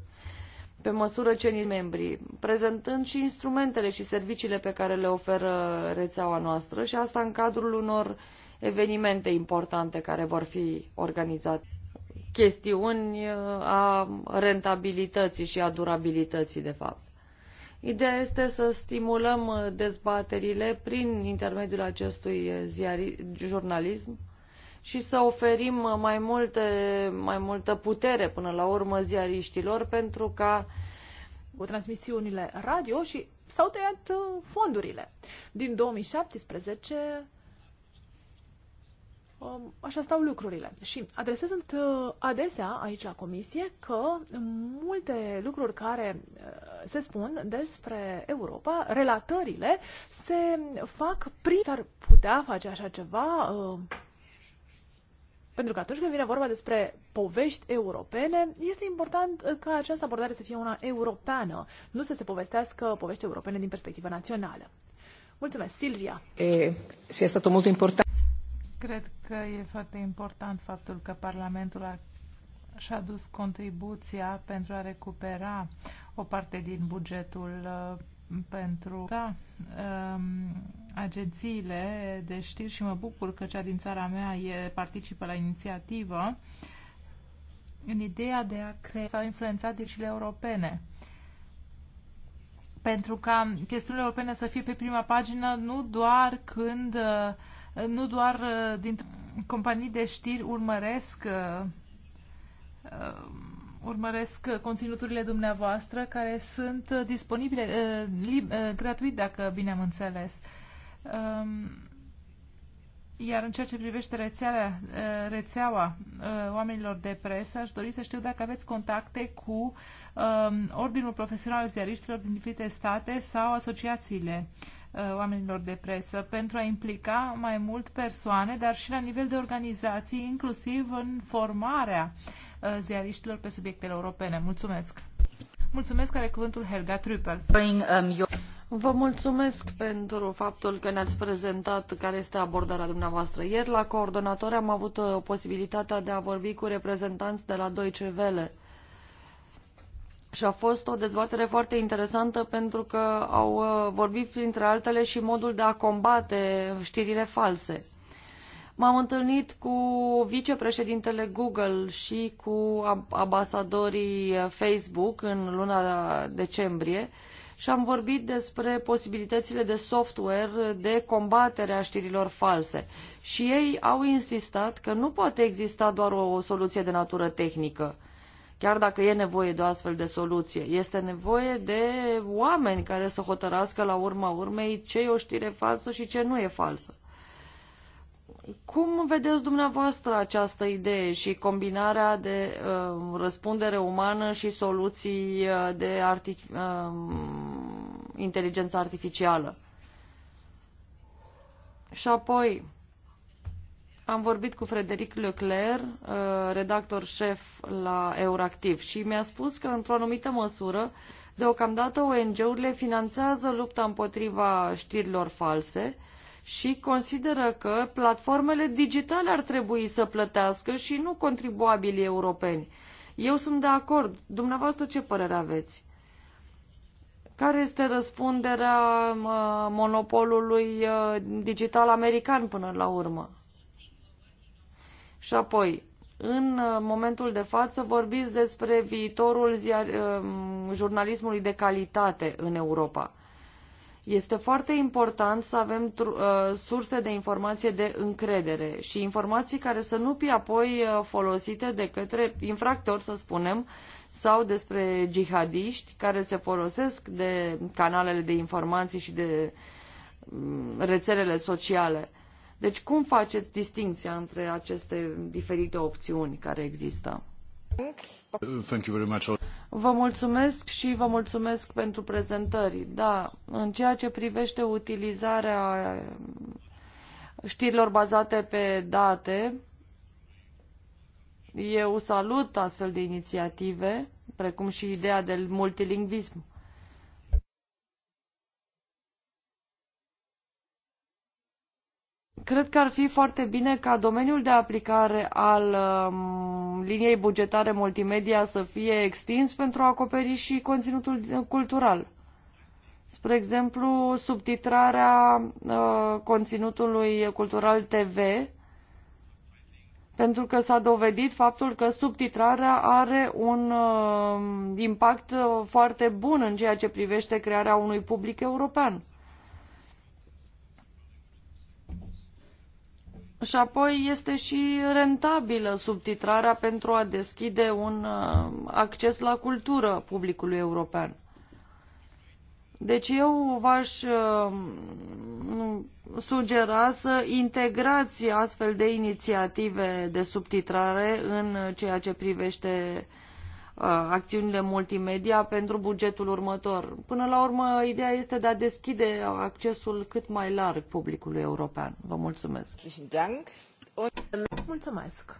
pe măsură ce ni membrii, prezentând și instrumentele și serviciile pe care le oferă rețeaua noastră și asta în cadrul unor evenimente importante care vor fi organizate. Chestiuni uh, a rentabilității și a durabilității, de fapt. Ideea este să stimulăm uh, dezbaterile prin intermediul acestui ziari, jurnalism și să oferim uh, mai, multe, mai multă putere până la urmă ziariștilor pentru ca cu transmisiunile radio și s-au tăiat fondurile. Din 2017 Um, așa stau lucrurile. Și adresez uh, adesea aici la comisie că multe lucruri care uh, se spun despre Europa, relatările se fac prin... S-ar putea face așa ceva uh, pentru că atunci când vine vorba despre povești europene, este important ca această abordare să fie una europeană, nu să se povestească povești europene din perspectivă națională. Mulțumesc, Silvia! E, si è mult important. Cred că e foarte important faptul că Parlamentul a și-a dus contribuția pentru a recupera o parte din bugetul uh, pentru da, um, agențiile de știri și mă bucur că cea din țara mea e, participă la inițiativă în ideea de a crea sau influența deciziile europene. Pentru ca chestiunile europene să fie pe prima pagină nu doar când uh, nu doar uh, din companii de știri urmăresc uh, uh, urmăresc conținuturile dumneavoastră care sunt disponibile gratuit, dacă bine am înțeles. Um, iar în ceea ce privește rețeala, rețeaua oamenilor de presă, aș dori să știu dacă aveți contacte cu um, Ordinul Profesional al Ziariștilor din diferite state sau asociațiile Uh, oamenilor de presă pentru a implica mai mult persoane, dar și la nivel de organizații, inclusiv în formarea uh, ziariștilor pe subiectele europene. Mulțumesc! Mulțumesc, are cuvântul Helga Trüppel. Um, Vă mulțumesc pentru faptul că ne-ați prezentat care este abordarea dumneavoastră. Ieri la coordonatori am avut uh, posibilitatea de a vorbi cu reprezentanți de la Deutsche Welle și a fost o dezbatere foarte interesantă pentru că au uh, vorbit printre altele și modul de a combate știrile false. M-am întâlnit cu vicepreședintele Google și cu ambasadorii Facebook în luna decembrie și am vorbit despre posibilitățile de software de combatere a știrilor false. Și ei au insistat că nu poate exista doar o soluție de natură tehnică chiar dacă e nevoie de o astfel de soluție. Este nevoie de oameni care să hotărască la urma urmei ce e o știre falsă și ce nu e falsă. Cum vedeți dumneavoastră această idee și combinarea de uh, răspundere umană și soluții uh, de arti- uh, inteligență artificială? Și apoi, am vorbit cu Frederic Leclerc, uh, redactor șef la Euractiv și mi-a spus că, într-o anumită măsură, deocamdată ONG-urile finanțează lupta împotriva știrilor false și consideră că platformele digitale ar trebui să plătească și nu contribuabilii europeni. Eu sunt de acord. Dumneavoastră ce părere aveți? Care este răspunderea monopolului uh, digital american până la urmă? Și apoi, în uh, momentul de față, vorbiți despre viitorul ziar, um, jurnalismului de calitate în Europa. Este foarte important să avem uh, surse de informație de încredere și informații care să nu fie apoi uh, folosite de către infractori, să spunem, sau despre jihadiști care se folosesc de canalele de informații și de mm, rețelele sociale. Deci cum faceți distinția între aceste diferite opțiuni care există? Thank you very much. Vă mulțumesc și vă mulțumesc pentru prezentări. Da, în ceea ce privește utilizarea știrilor bazate pe date, eu salut astfel de inițiative, precum și ideea de multilingvism. Cred că ar fi foarte bine ca domeniul de aplicare al um, liniei bugetare multimedia să fie extins pentru a acoperi și conținutul cultural. Spre exemplu, subtitrarea uh, conținutului cultural TV, pentru că s-a dovedit faptul că subtitrarea are un um, impact foarte bun în ceea ce privește crearea unui public european. Și apoi este și rentabilă subtitrarea pentru a deschide un uh, acces la cultură publicului european. Deci eu v-aș uh, sugera să integrați astfel de inițiative de subtitrare în ceea ce privește uh, Uh, acțiunile multimedia pentru bugetul următor. Până la urmă, ideea este de a deschide accesul cât mai larg publicului european. Vă mulțumesc! Mulțumesc!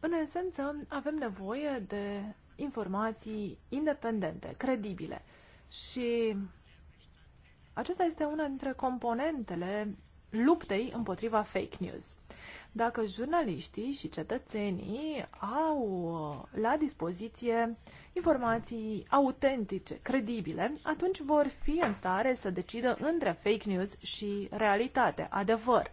În esență, avem nevoie de informații independente, credibile și acesta este una dintre componentele luptei împotriva fake news dacă jurnaliștii și cetățenii au la dispoziție informații autentice, credibile, atunci vor fi în stare să decidă între fake news și realitate, adevăr.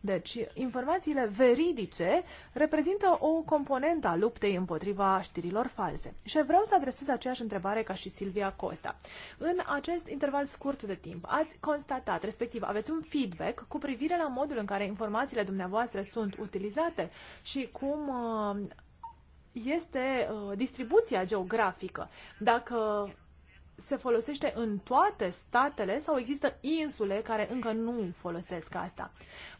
Deci, informațiile veridice reprezintă o componentă a luptei împotriva știrilor false. Și vreau să adresez aceeași întrebare ca și Silvia Costa. În acest interval scurt de timp, ați constatat, respectiv aveți un feedback cu privire la modul în care informațiile dumneavoastră sunt sunt utilizate și cum uh, este uh, distribuția geografică. Dacă se folosește în toate statele sau există insule care încă nu folosesc asta.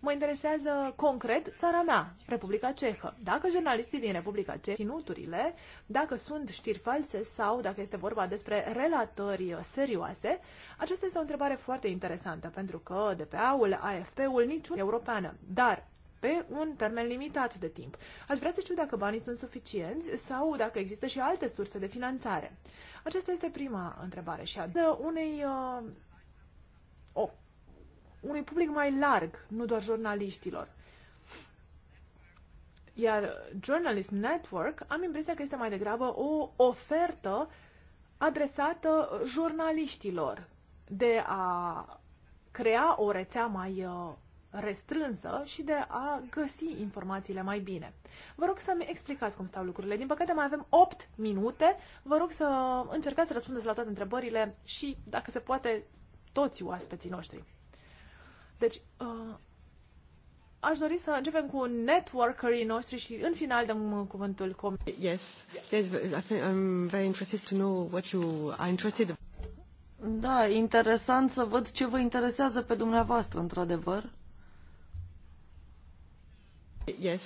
Mă interesează concret țara mea, Republica Cehă. Dacă jurnalistii din Republica Cehă, ținuturile, dacă sunt știri false sau dacă este vorba despre relatări serioase, aceasta este o întrebare foarte interesantă, pentru că DPA-ul, AFP-ul, niciun europeană. Dar pe un termen limitat de timp. Aș vrea să știu dacă banii sunt suficienți sau dacă există și alte surse de finanțare. Aceasta este prima întrebare și a unei uh, o, unui public mai larg, nu doar jurnaliștilor. Iar Journalist Network am impresia că este mai degrabă o ofertă adresată jurnaliștilor de a crea o rețea mai uh, restrânsă și de a găsi informațiile mai bine. Vă rog să-mi explicați cum stau lucrurile. Din păcate mai avem 8 minute. Vă rog să încercați să răspundeți la toate întrebările și, dacă se poate, toți oaspeții noștri. Deci, uh, aș dori să începem cu networkerii noștri și în final dăm cuvântul com. Yes. Yes, I'm very interested to know what you are interested in. Da, interesant să văd ce vă interesează pe dumneavoastră, într-adevăr. Yes,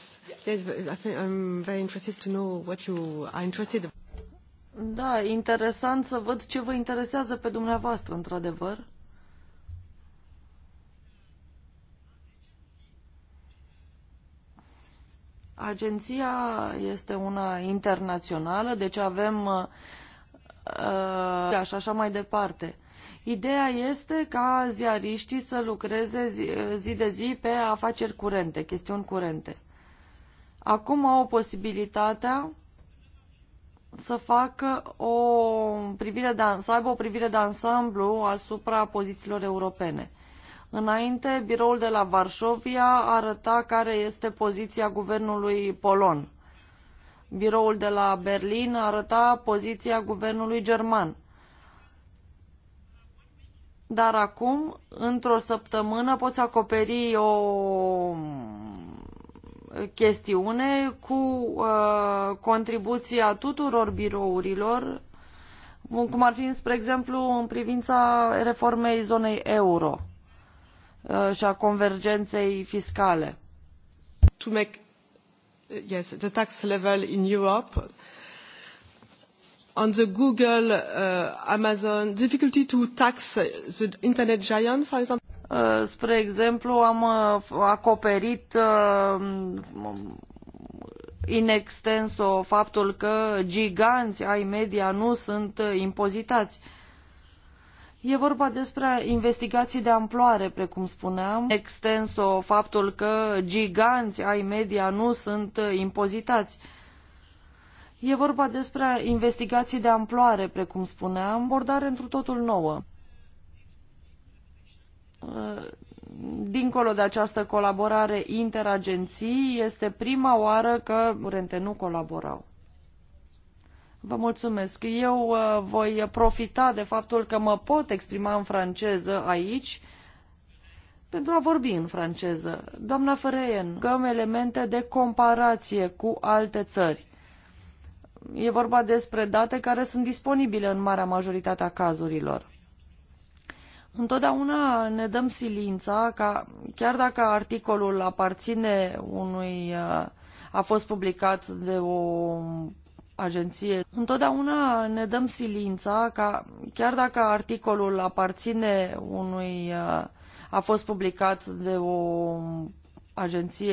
yes, I think I'm very interested to know what you are interested Da, interesant să văd ce vă interesează pe dumneavoastră, într-adevăr. Agenția este una internațională, deci avem uh, uh și așa mai departe. Ideea este ca ziariștii să lucreze zi, zi de zi pe afaceri curente, chestiuni curente. Acum au posibilitatea să facă o privire de, să aibă o privire de ansamblu asupra pozițiilor europene. Înainte, biroul de la Varșovia arăta care este poziția guvernului polon. Biroul de la Berlin arăta poziția guvernului german. Dar acum, într-o săptămână, poți acoperi o chestiune cu uh, contribuția tuturor birourilor, cum ar fi, spre exemplu, în privința reformei zonei euro uh, și a convergenței fiscale. To make uh, yes, the tax level in Europe on the Google, uh, Amazon, difficulty to tax the internet giant, for example? Uh, spre exemplu, am uh, acoperit uh, in extenso faptul că giganți ai media nu sunt uh, impozitați. E vorba despre investigații de amploare, precum spuneam, extenso faptul că giganți ai media nu sunt uh, impozitați. E vorba despre investigații de amploare, precum spuneam, abordare într-un totul nouă. Dincolo de această colaborare interagenții, este prima oară că rente nu colaborau. Vă mulțumesc. Eu uh, voi profita de faptul că mă pot exprima în franceză aici pentru a vorbi în franceză. Doamna Fereien, găm elemente de comparație cu alte țări e vorba despre date care sunt disponibile în marea majoritate a cazurilor. Întotdeauna ne dăm silința ca, chiar dacă articolul aparține unui, uh, a fost publicat de o agenție, întotdeauna ne dăm silința ca, chiar dacă articolul aparține unui, uh, a fost publicat de o agenție